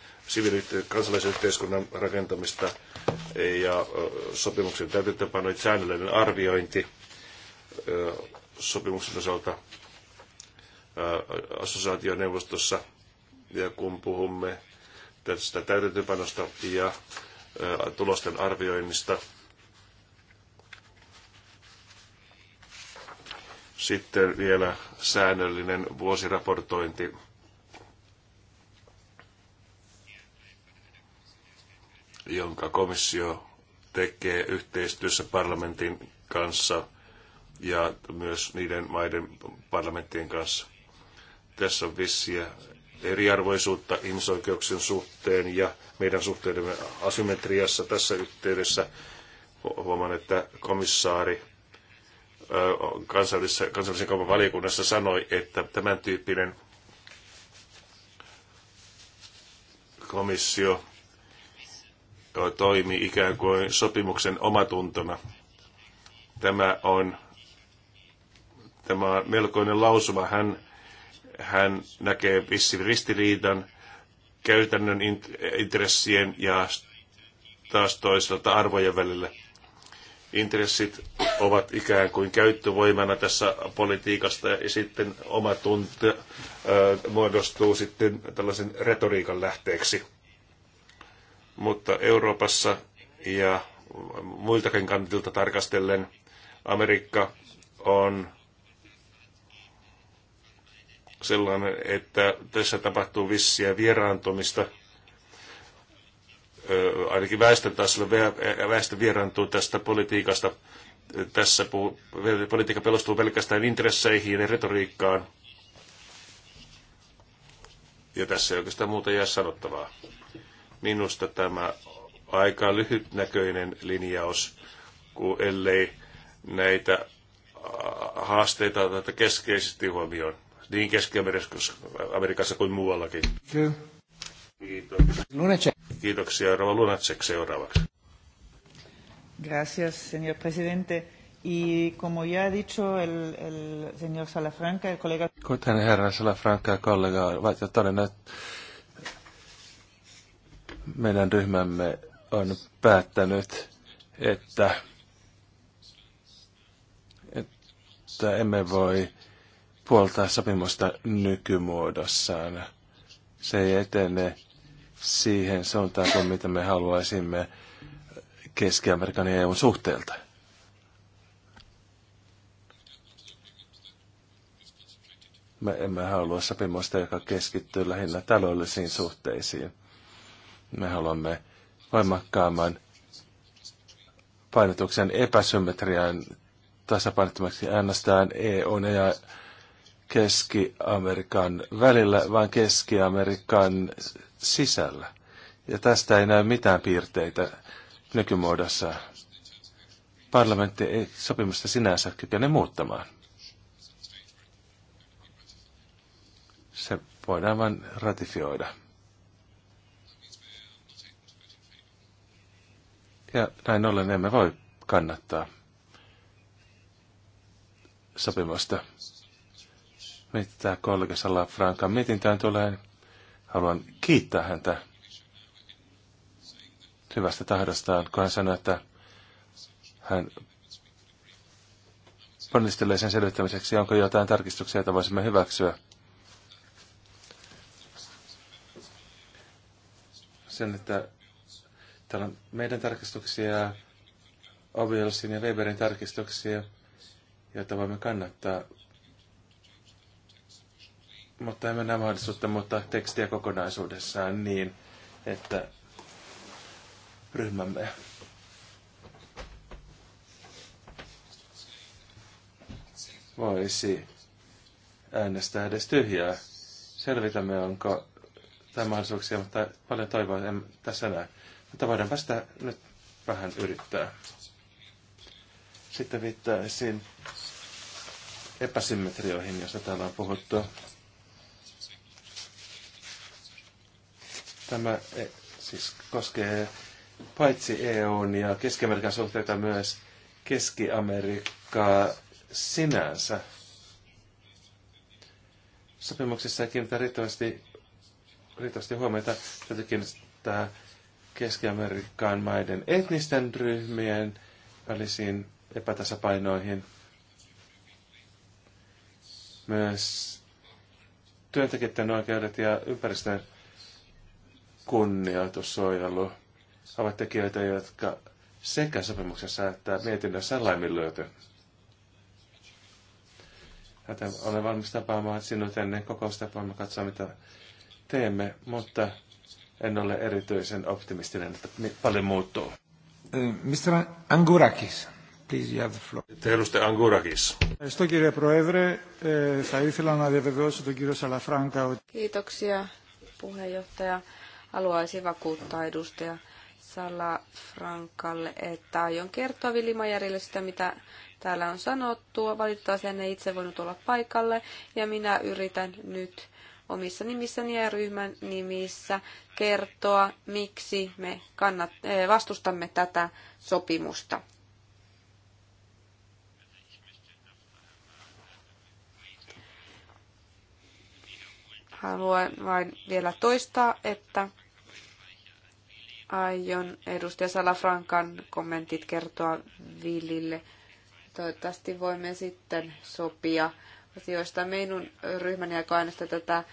kansalaisyhteiskunnan rakentamista ja sopimuksen täytäntöönpanoja säännöllinen arviointi sopimuksen osalta assosiaationeuvostossa. Ja kun puhumme tästä täytäntöpanosta ja tulosten arvioinnista, sitten vielä säännöllinen vuosiraportointi jonka komissio tekee yhteistyössä parlamentin kanssa ja myös niiden maiden parlamenttien kanssa. Tässä on vissiä eriarvoisuutta ihmisoikeuksien suhteen ja meidän suhteidemme asymmetriassa tässä yhteydessä. Huomaan, että komissaari kansallisessa, kansallisen kaupan valiokunnassa sanoi, että tämän tyyppinen komissio toimi ikään kuin sopimuksen omatuntona. Tämä on, tämä on melkoinen lausuma. Hän, hän näkee vissin ristiriidan käytännön intressien ja taas toiselta arvojen välillä. Intressit ovat ikään kuin käyttövoimana tässä politiikasta ja sitten oma tunte muodostuu sitten tällaisen retoriikan lähteeksi mutta Euroopassa ja muiltakin kantilta tarkastellen Amerikka on sellainen, että tässä tapahtuu vissiä vieraantumista. Ö, ainakin väestön tasolla väestö vieraantuu tästä politiikasta. Tässä puhu, politiikka pelostuu pelkästään intresseihin ja retoriikkaan. Ja tässä ei oikeastaan muuta jää sanottavaa. Minusta tämä aika lyhytnäköinen linjaus, kun ellei näitä äh, haasteita tätä keskeisesti huomioon, niin Keski-Amerikassa kuin muuallakin. Kyllä. Kiitoksia. Lunacek. Kiitoksia. Rova Lunacek seuraavaksi. Gracias, señor presidente. Y como ya ha dicho el, el señor Salafranca, el colega... Kuten herra Salafranca kollega vaikka todennäköisesti meidän ryhmämme on päättänyt, että, että emme voi puoltaa sopimusta nykymuodossaan. Se ei etene siihen suuntaan kuin mitä me haluaisimme Keski-Amerikan ja EUn suhteelta. Me emme halua sopimusta, joka keskittyy lähinnä taloudellisiin suhteisiin. Me haluamme voimakkaamman painotuksen epäsymmetrian tasapainottomaksi äänestään EU ja Keski-Amerikan välillä, vaan Keski-Amerikan sisällä. Ja tästä ei näy mitään piirteitä nykymuodossa. Parlamentti ei sopimusta sinänsä kykene muuttamaan. Se voidaan vain ratifioida. Ja näin ollen emme voi kannattaa sopimusta. Mitä kollega Frankan mietintään tulee, haluan kiittää häntä hyvästä tahdostaan, kun hän sanoi, että hän ponnistelee sen selvittämiseksi, onko jotain tarkistuksia, joita voisimme hyväksyä. Sen, että Täällä on meidän tarkistuksia, Obielsin ja Weberin tarkistuksia, joita voimme kannattaa. Mutta emme näe mahdollisuutta muuttaa tekstiä kokonaisuudessaan niin, että ryhmämme voisi äänestää edes tyhjää. Selvitämme, onko tämä mahdollisuuksia, mutta paljon toivoa en tässä näe. Mutta voidaan päästä nyt vähän yrittää. Sitten viittaisin epäsymmetrioihin, joista täällä on puhuttu. Tämä eh, siis koskee paitsi EUn ja Keski-Amerikan suhteita myös Keski-Amerikkaa sinänsä. Sopimuksissa ei kiinnitä riittävästi, riittävästi huomiota, täytyy tämä keski amerikkaan maiden etnisten ryhmien välisiin epätasapainoihin. Myös työntekijöiden oikeudet ja ympäristön kunnioitussuojelu ovat tekijöitä, jotka sekä sopimuksessa että mietinnössä laiminlyöty. Joten olen valmis tapaamaan sinut ennen kokousta, voimme katsoa mitä teemme, mutta en ole erityisen optimistinen, että paljon muuttuu. Eh, Mr. Angurakis, please you have the floor. Edustaja Angurakis. Ευχαριστώ κύριε Προέδρε. Θα ήθελα να διαβεβαιώσω τον κύριο Σαλαφράγκα ότι... Kiitoksia puheenjohtaja. Haluaisin vakuuttaa edustaja Salafrankalle, että aion kertoa Vilimajärille sitä, mitä täällä on sanottu. Valitettavasti en itse voinut olla paikalle ja minä yritän nyt omissa nimissäni ja ryhmän nimissä kertoa, miksi me kannat, eh, vastustamme tätä sopimusta. Haluan vain vielä toistaa, että aion edustaja Salafrankan kommentit kertoa Villille. Toivottavasti voimme sitten sopia joista meidän ryhmäni aika äänestää tätä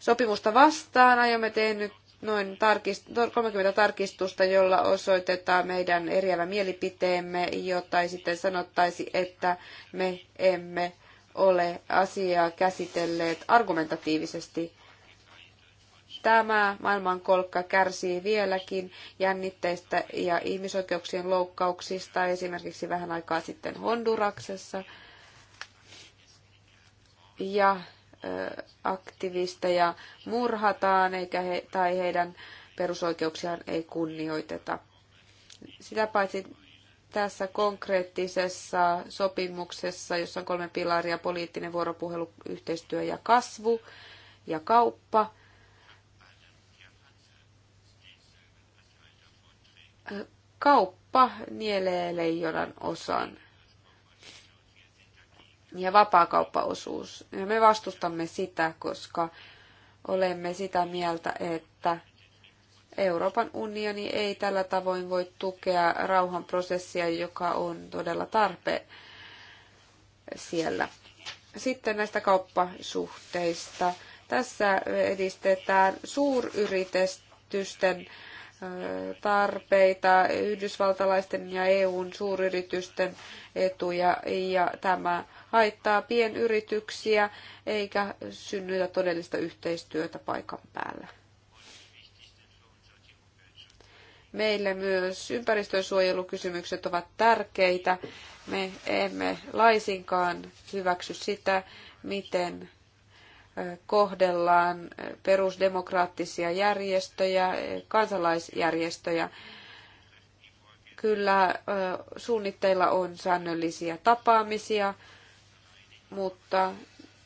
sopimusta vastaan. Aiomme tehnyt noin tarkist- 30 no, tarkistusta, jolla osoitetaan meidän eriävä mielipiteemme, jotta ei sitten sanottaisi, että me emme ole asiaa käsitelleet argumentatiivisesti. Tämä maailmankolkka kärsii vieläkin jännitteistä ja ihmisoikeuksien loukkauksista, esimerkiksi vähän aikaa sitten Honduraksessa – ja aktivisteja murhataan eikä he, tai heidän perusoikeuksiaan ei kunnioiteta. Sitä paitsi tässä konkreettisessa sopimuksessa, jossa on kolme pilaria, poliittinen vuoropuhelu, yhteistyö ja kasvu ja kauppa, kauppa nielee leijonan osan ja vapaakauppaosuus. Ja me vastustamme sitä, koska olemme sitä mieltä, että Euroopan unioni ei tällä tavoin voi tukea rauhanprosessia, joka on todella tarpeen siellä. Sitten näistä kauppasuhteista. Tässä edistetään suuryritysten tarpeita, yhdysvaltalaisten ja EUn suuryritysten etuja, ja tämä haittaa pienyrityksiä eikä synnytä todellista yhteistyötä paikan päällä. Meille myös ympäristönsuojelukysymykset ovat tärkeitä. Me emme laisinkaan hyväksy sitä, miten kohdellaan perusdemokraattisia järjestöjä, kansalaisjärjestöjä. Kyllä suunnitteilla on säännöllisiä tapaamisia mutta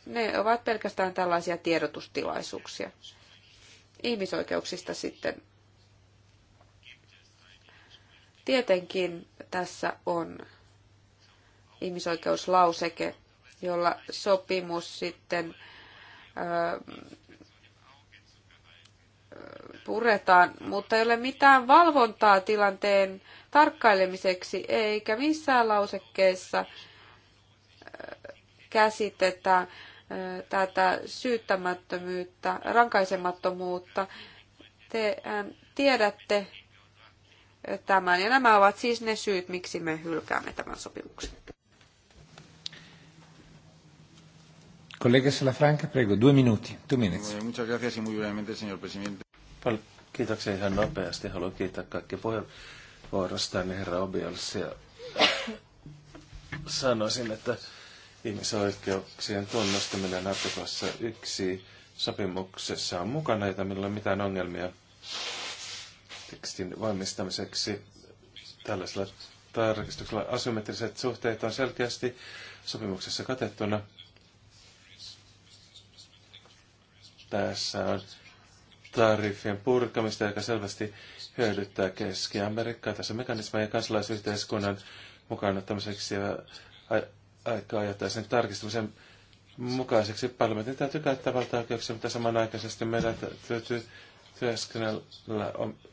ne ovat pelkästään tällaisia tiedotustilaisuuksia. Ihmisoikeuksista sitten. Tietenkin tässä on ihmisoikeuslauseke, jolla sopimus sitten puretaan, mutta ei ole mitään valvontaa tilanteen tarkkailemiseksi, eikä missään lausekkeessa käsitetään tätä syyttämättömyyttä, rankaisemattomuutta. Tehän ähm, tiedätte tämän, ja nämä ovat siis ne syyt, miksi me hylkäämme tämän sopimuksen. Collega Salafranca, prego, due minuti, two minutes. Muchas gracias y muy brevemente, señor presidente. kiitoksia ihan nopeasti. Haluan kiittää kaikki puheenvuorostani herra Obiolsia. Sanoisin, että ihmisoikeuksien tunnustaminen artiklassa 1 sopimuksessa on mukana, jota meillä ei ole mitään ongelmia tekstin valmistamiseksi tällaisella tarkistuksella. Asymmetriset suhteet on selkeästi sopimuksessa katettuna. Tässä on tariffien purkamista, joka selvästi hyödyttää Keski-Amerikkaa. Tässä mekanismeja kansalaisyhteiskunnan mukaan ottamiseksi ja aikaa jättää sen tarkistamisen mukaiseksi. Parlamentin täytyy käyttää valtaoikeuksia, mutta samanaikaisesti meillä täytyy työskennellä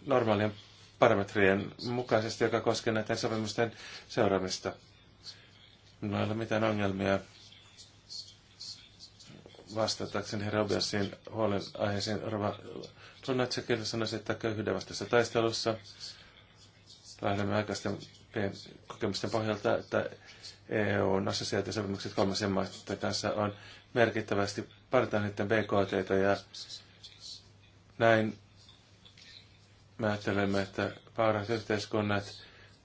normaalien parametrien mukaisesti, joka koskee näiden sopimusten seuraamista. Minulla ei ole mitään ongelmia vastatakseni herra Obiasin huolen aiheisiin. Rova Lunatsekille sanoisi, että köyhyyden vastaisessa taistelussa lähdemme aikaisten kokemusten pohjalta, että EUn assosiaatiosopimukset kolmasen maista kanssa on merkittävästi parantaa niiden BKT ja näin me ajattelemme, että vauraat yhteiskunnat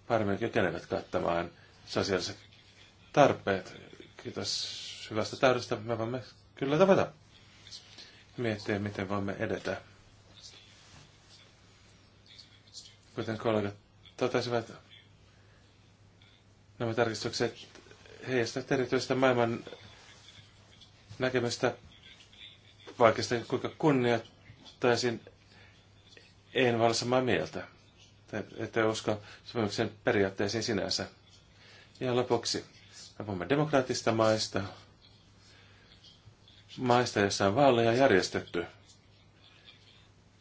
paremmin kykenevät kattamaan sosiaaliset tarpeet. Kiitos hyvästä täydestä. Me voimme kyllä tavata. Miettiä, miten voimme edetä. Kuten kollegat totesivat, Nämä tarkistukset heijastavat erityistä maailman näkemystä vaikeasta, kuinka kunnioittaisin en vaan samaa mieltä. että usko sopimuksen periaatteisiin sinänsä. Ja lopuksi me puhumme demokraattista maista, maista, jossa on vaaleja järjestetty,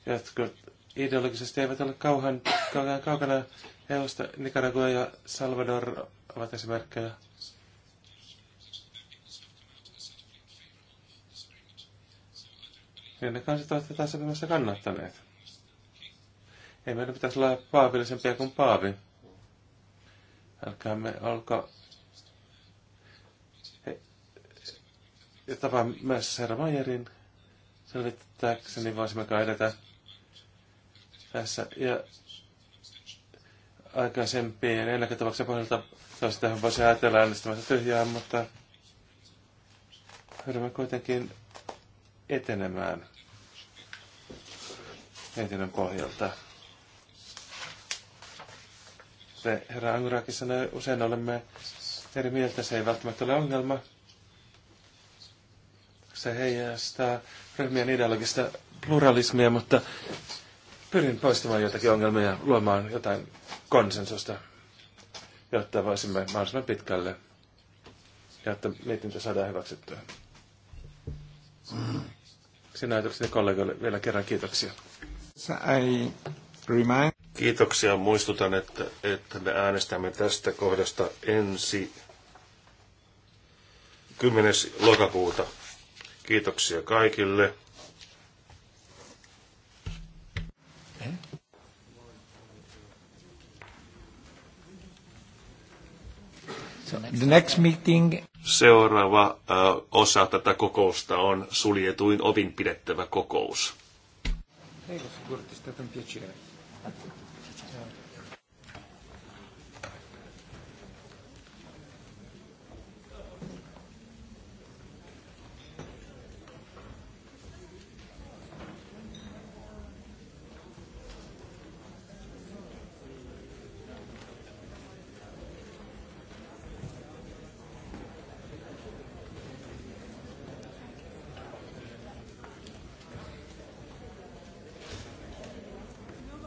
jotka ideologisesti eivät ole kauhan, kauhean kaukana EUsta, Nicaragua ja Salvador ovat esimerkkejä. Ja ne kansit ovat tässä sopimusta kannattaneet. Ei meidän pitäisi olla paavillisempia kuin paavi. Älkäämme olko... He... Ja tapaan myös herra Majerin selvittääkseni voisimmeko edetä tässä. Ja aikaisempien eläketavaksi pohjalta Tästähän voisi ajatella äänestämässä tyhjää, mutta pyrimme kuitenkin etenemään mietinnön pohjalta. Se herra Anguraki sanoi, usein olemme eri mieltä, se ei välttämättä ole ongelma. Se heijastaa ryhmien ideologista pluralismia, mutta pyrin poistamaan jotakin ongelmia ja luomaan jotain konsensusta jotta voisimme mahdollisimman pitkälle, jotta mietintö saadaan hyväksyttyä. Sinä ajatukseni kollegoille vielä kerran kiitoksia. Kiitoksia. Muistutan, että, että me äänestämme tästä kohdasta ensi 10. lokakuuta. Kiitoksia kaikille. The next meeting. Seuraava osa tätä kokousta on suljetuin ovin pidettävä kokous. Hei,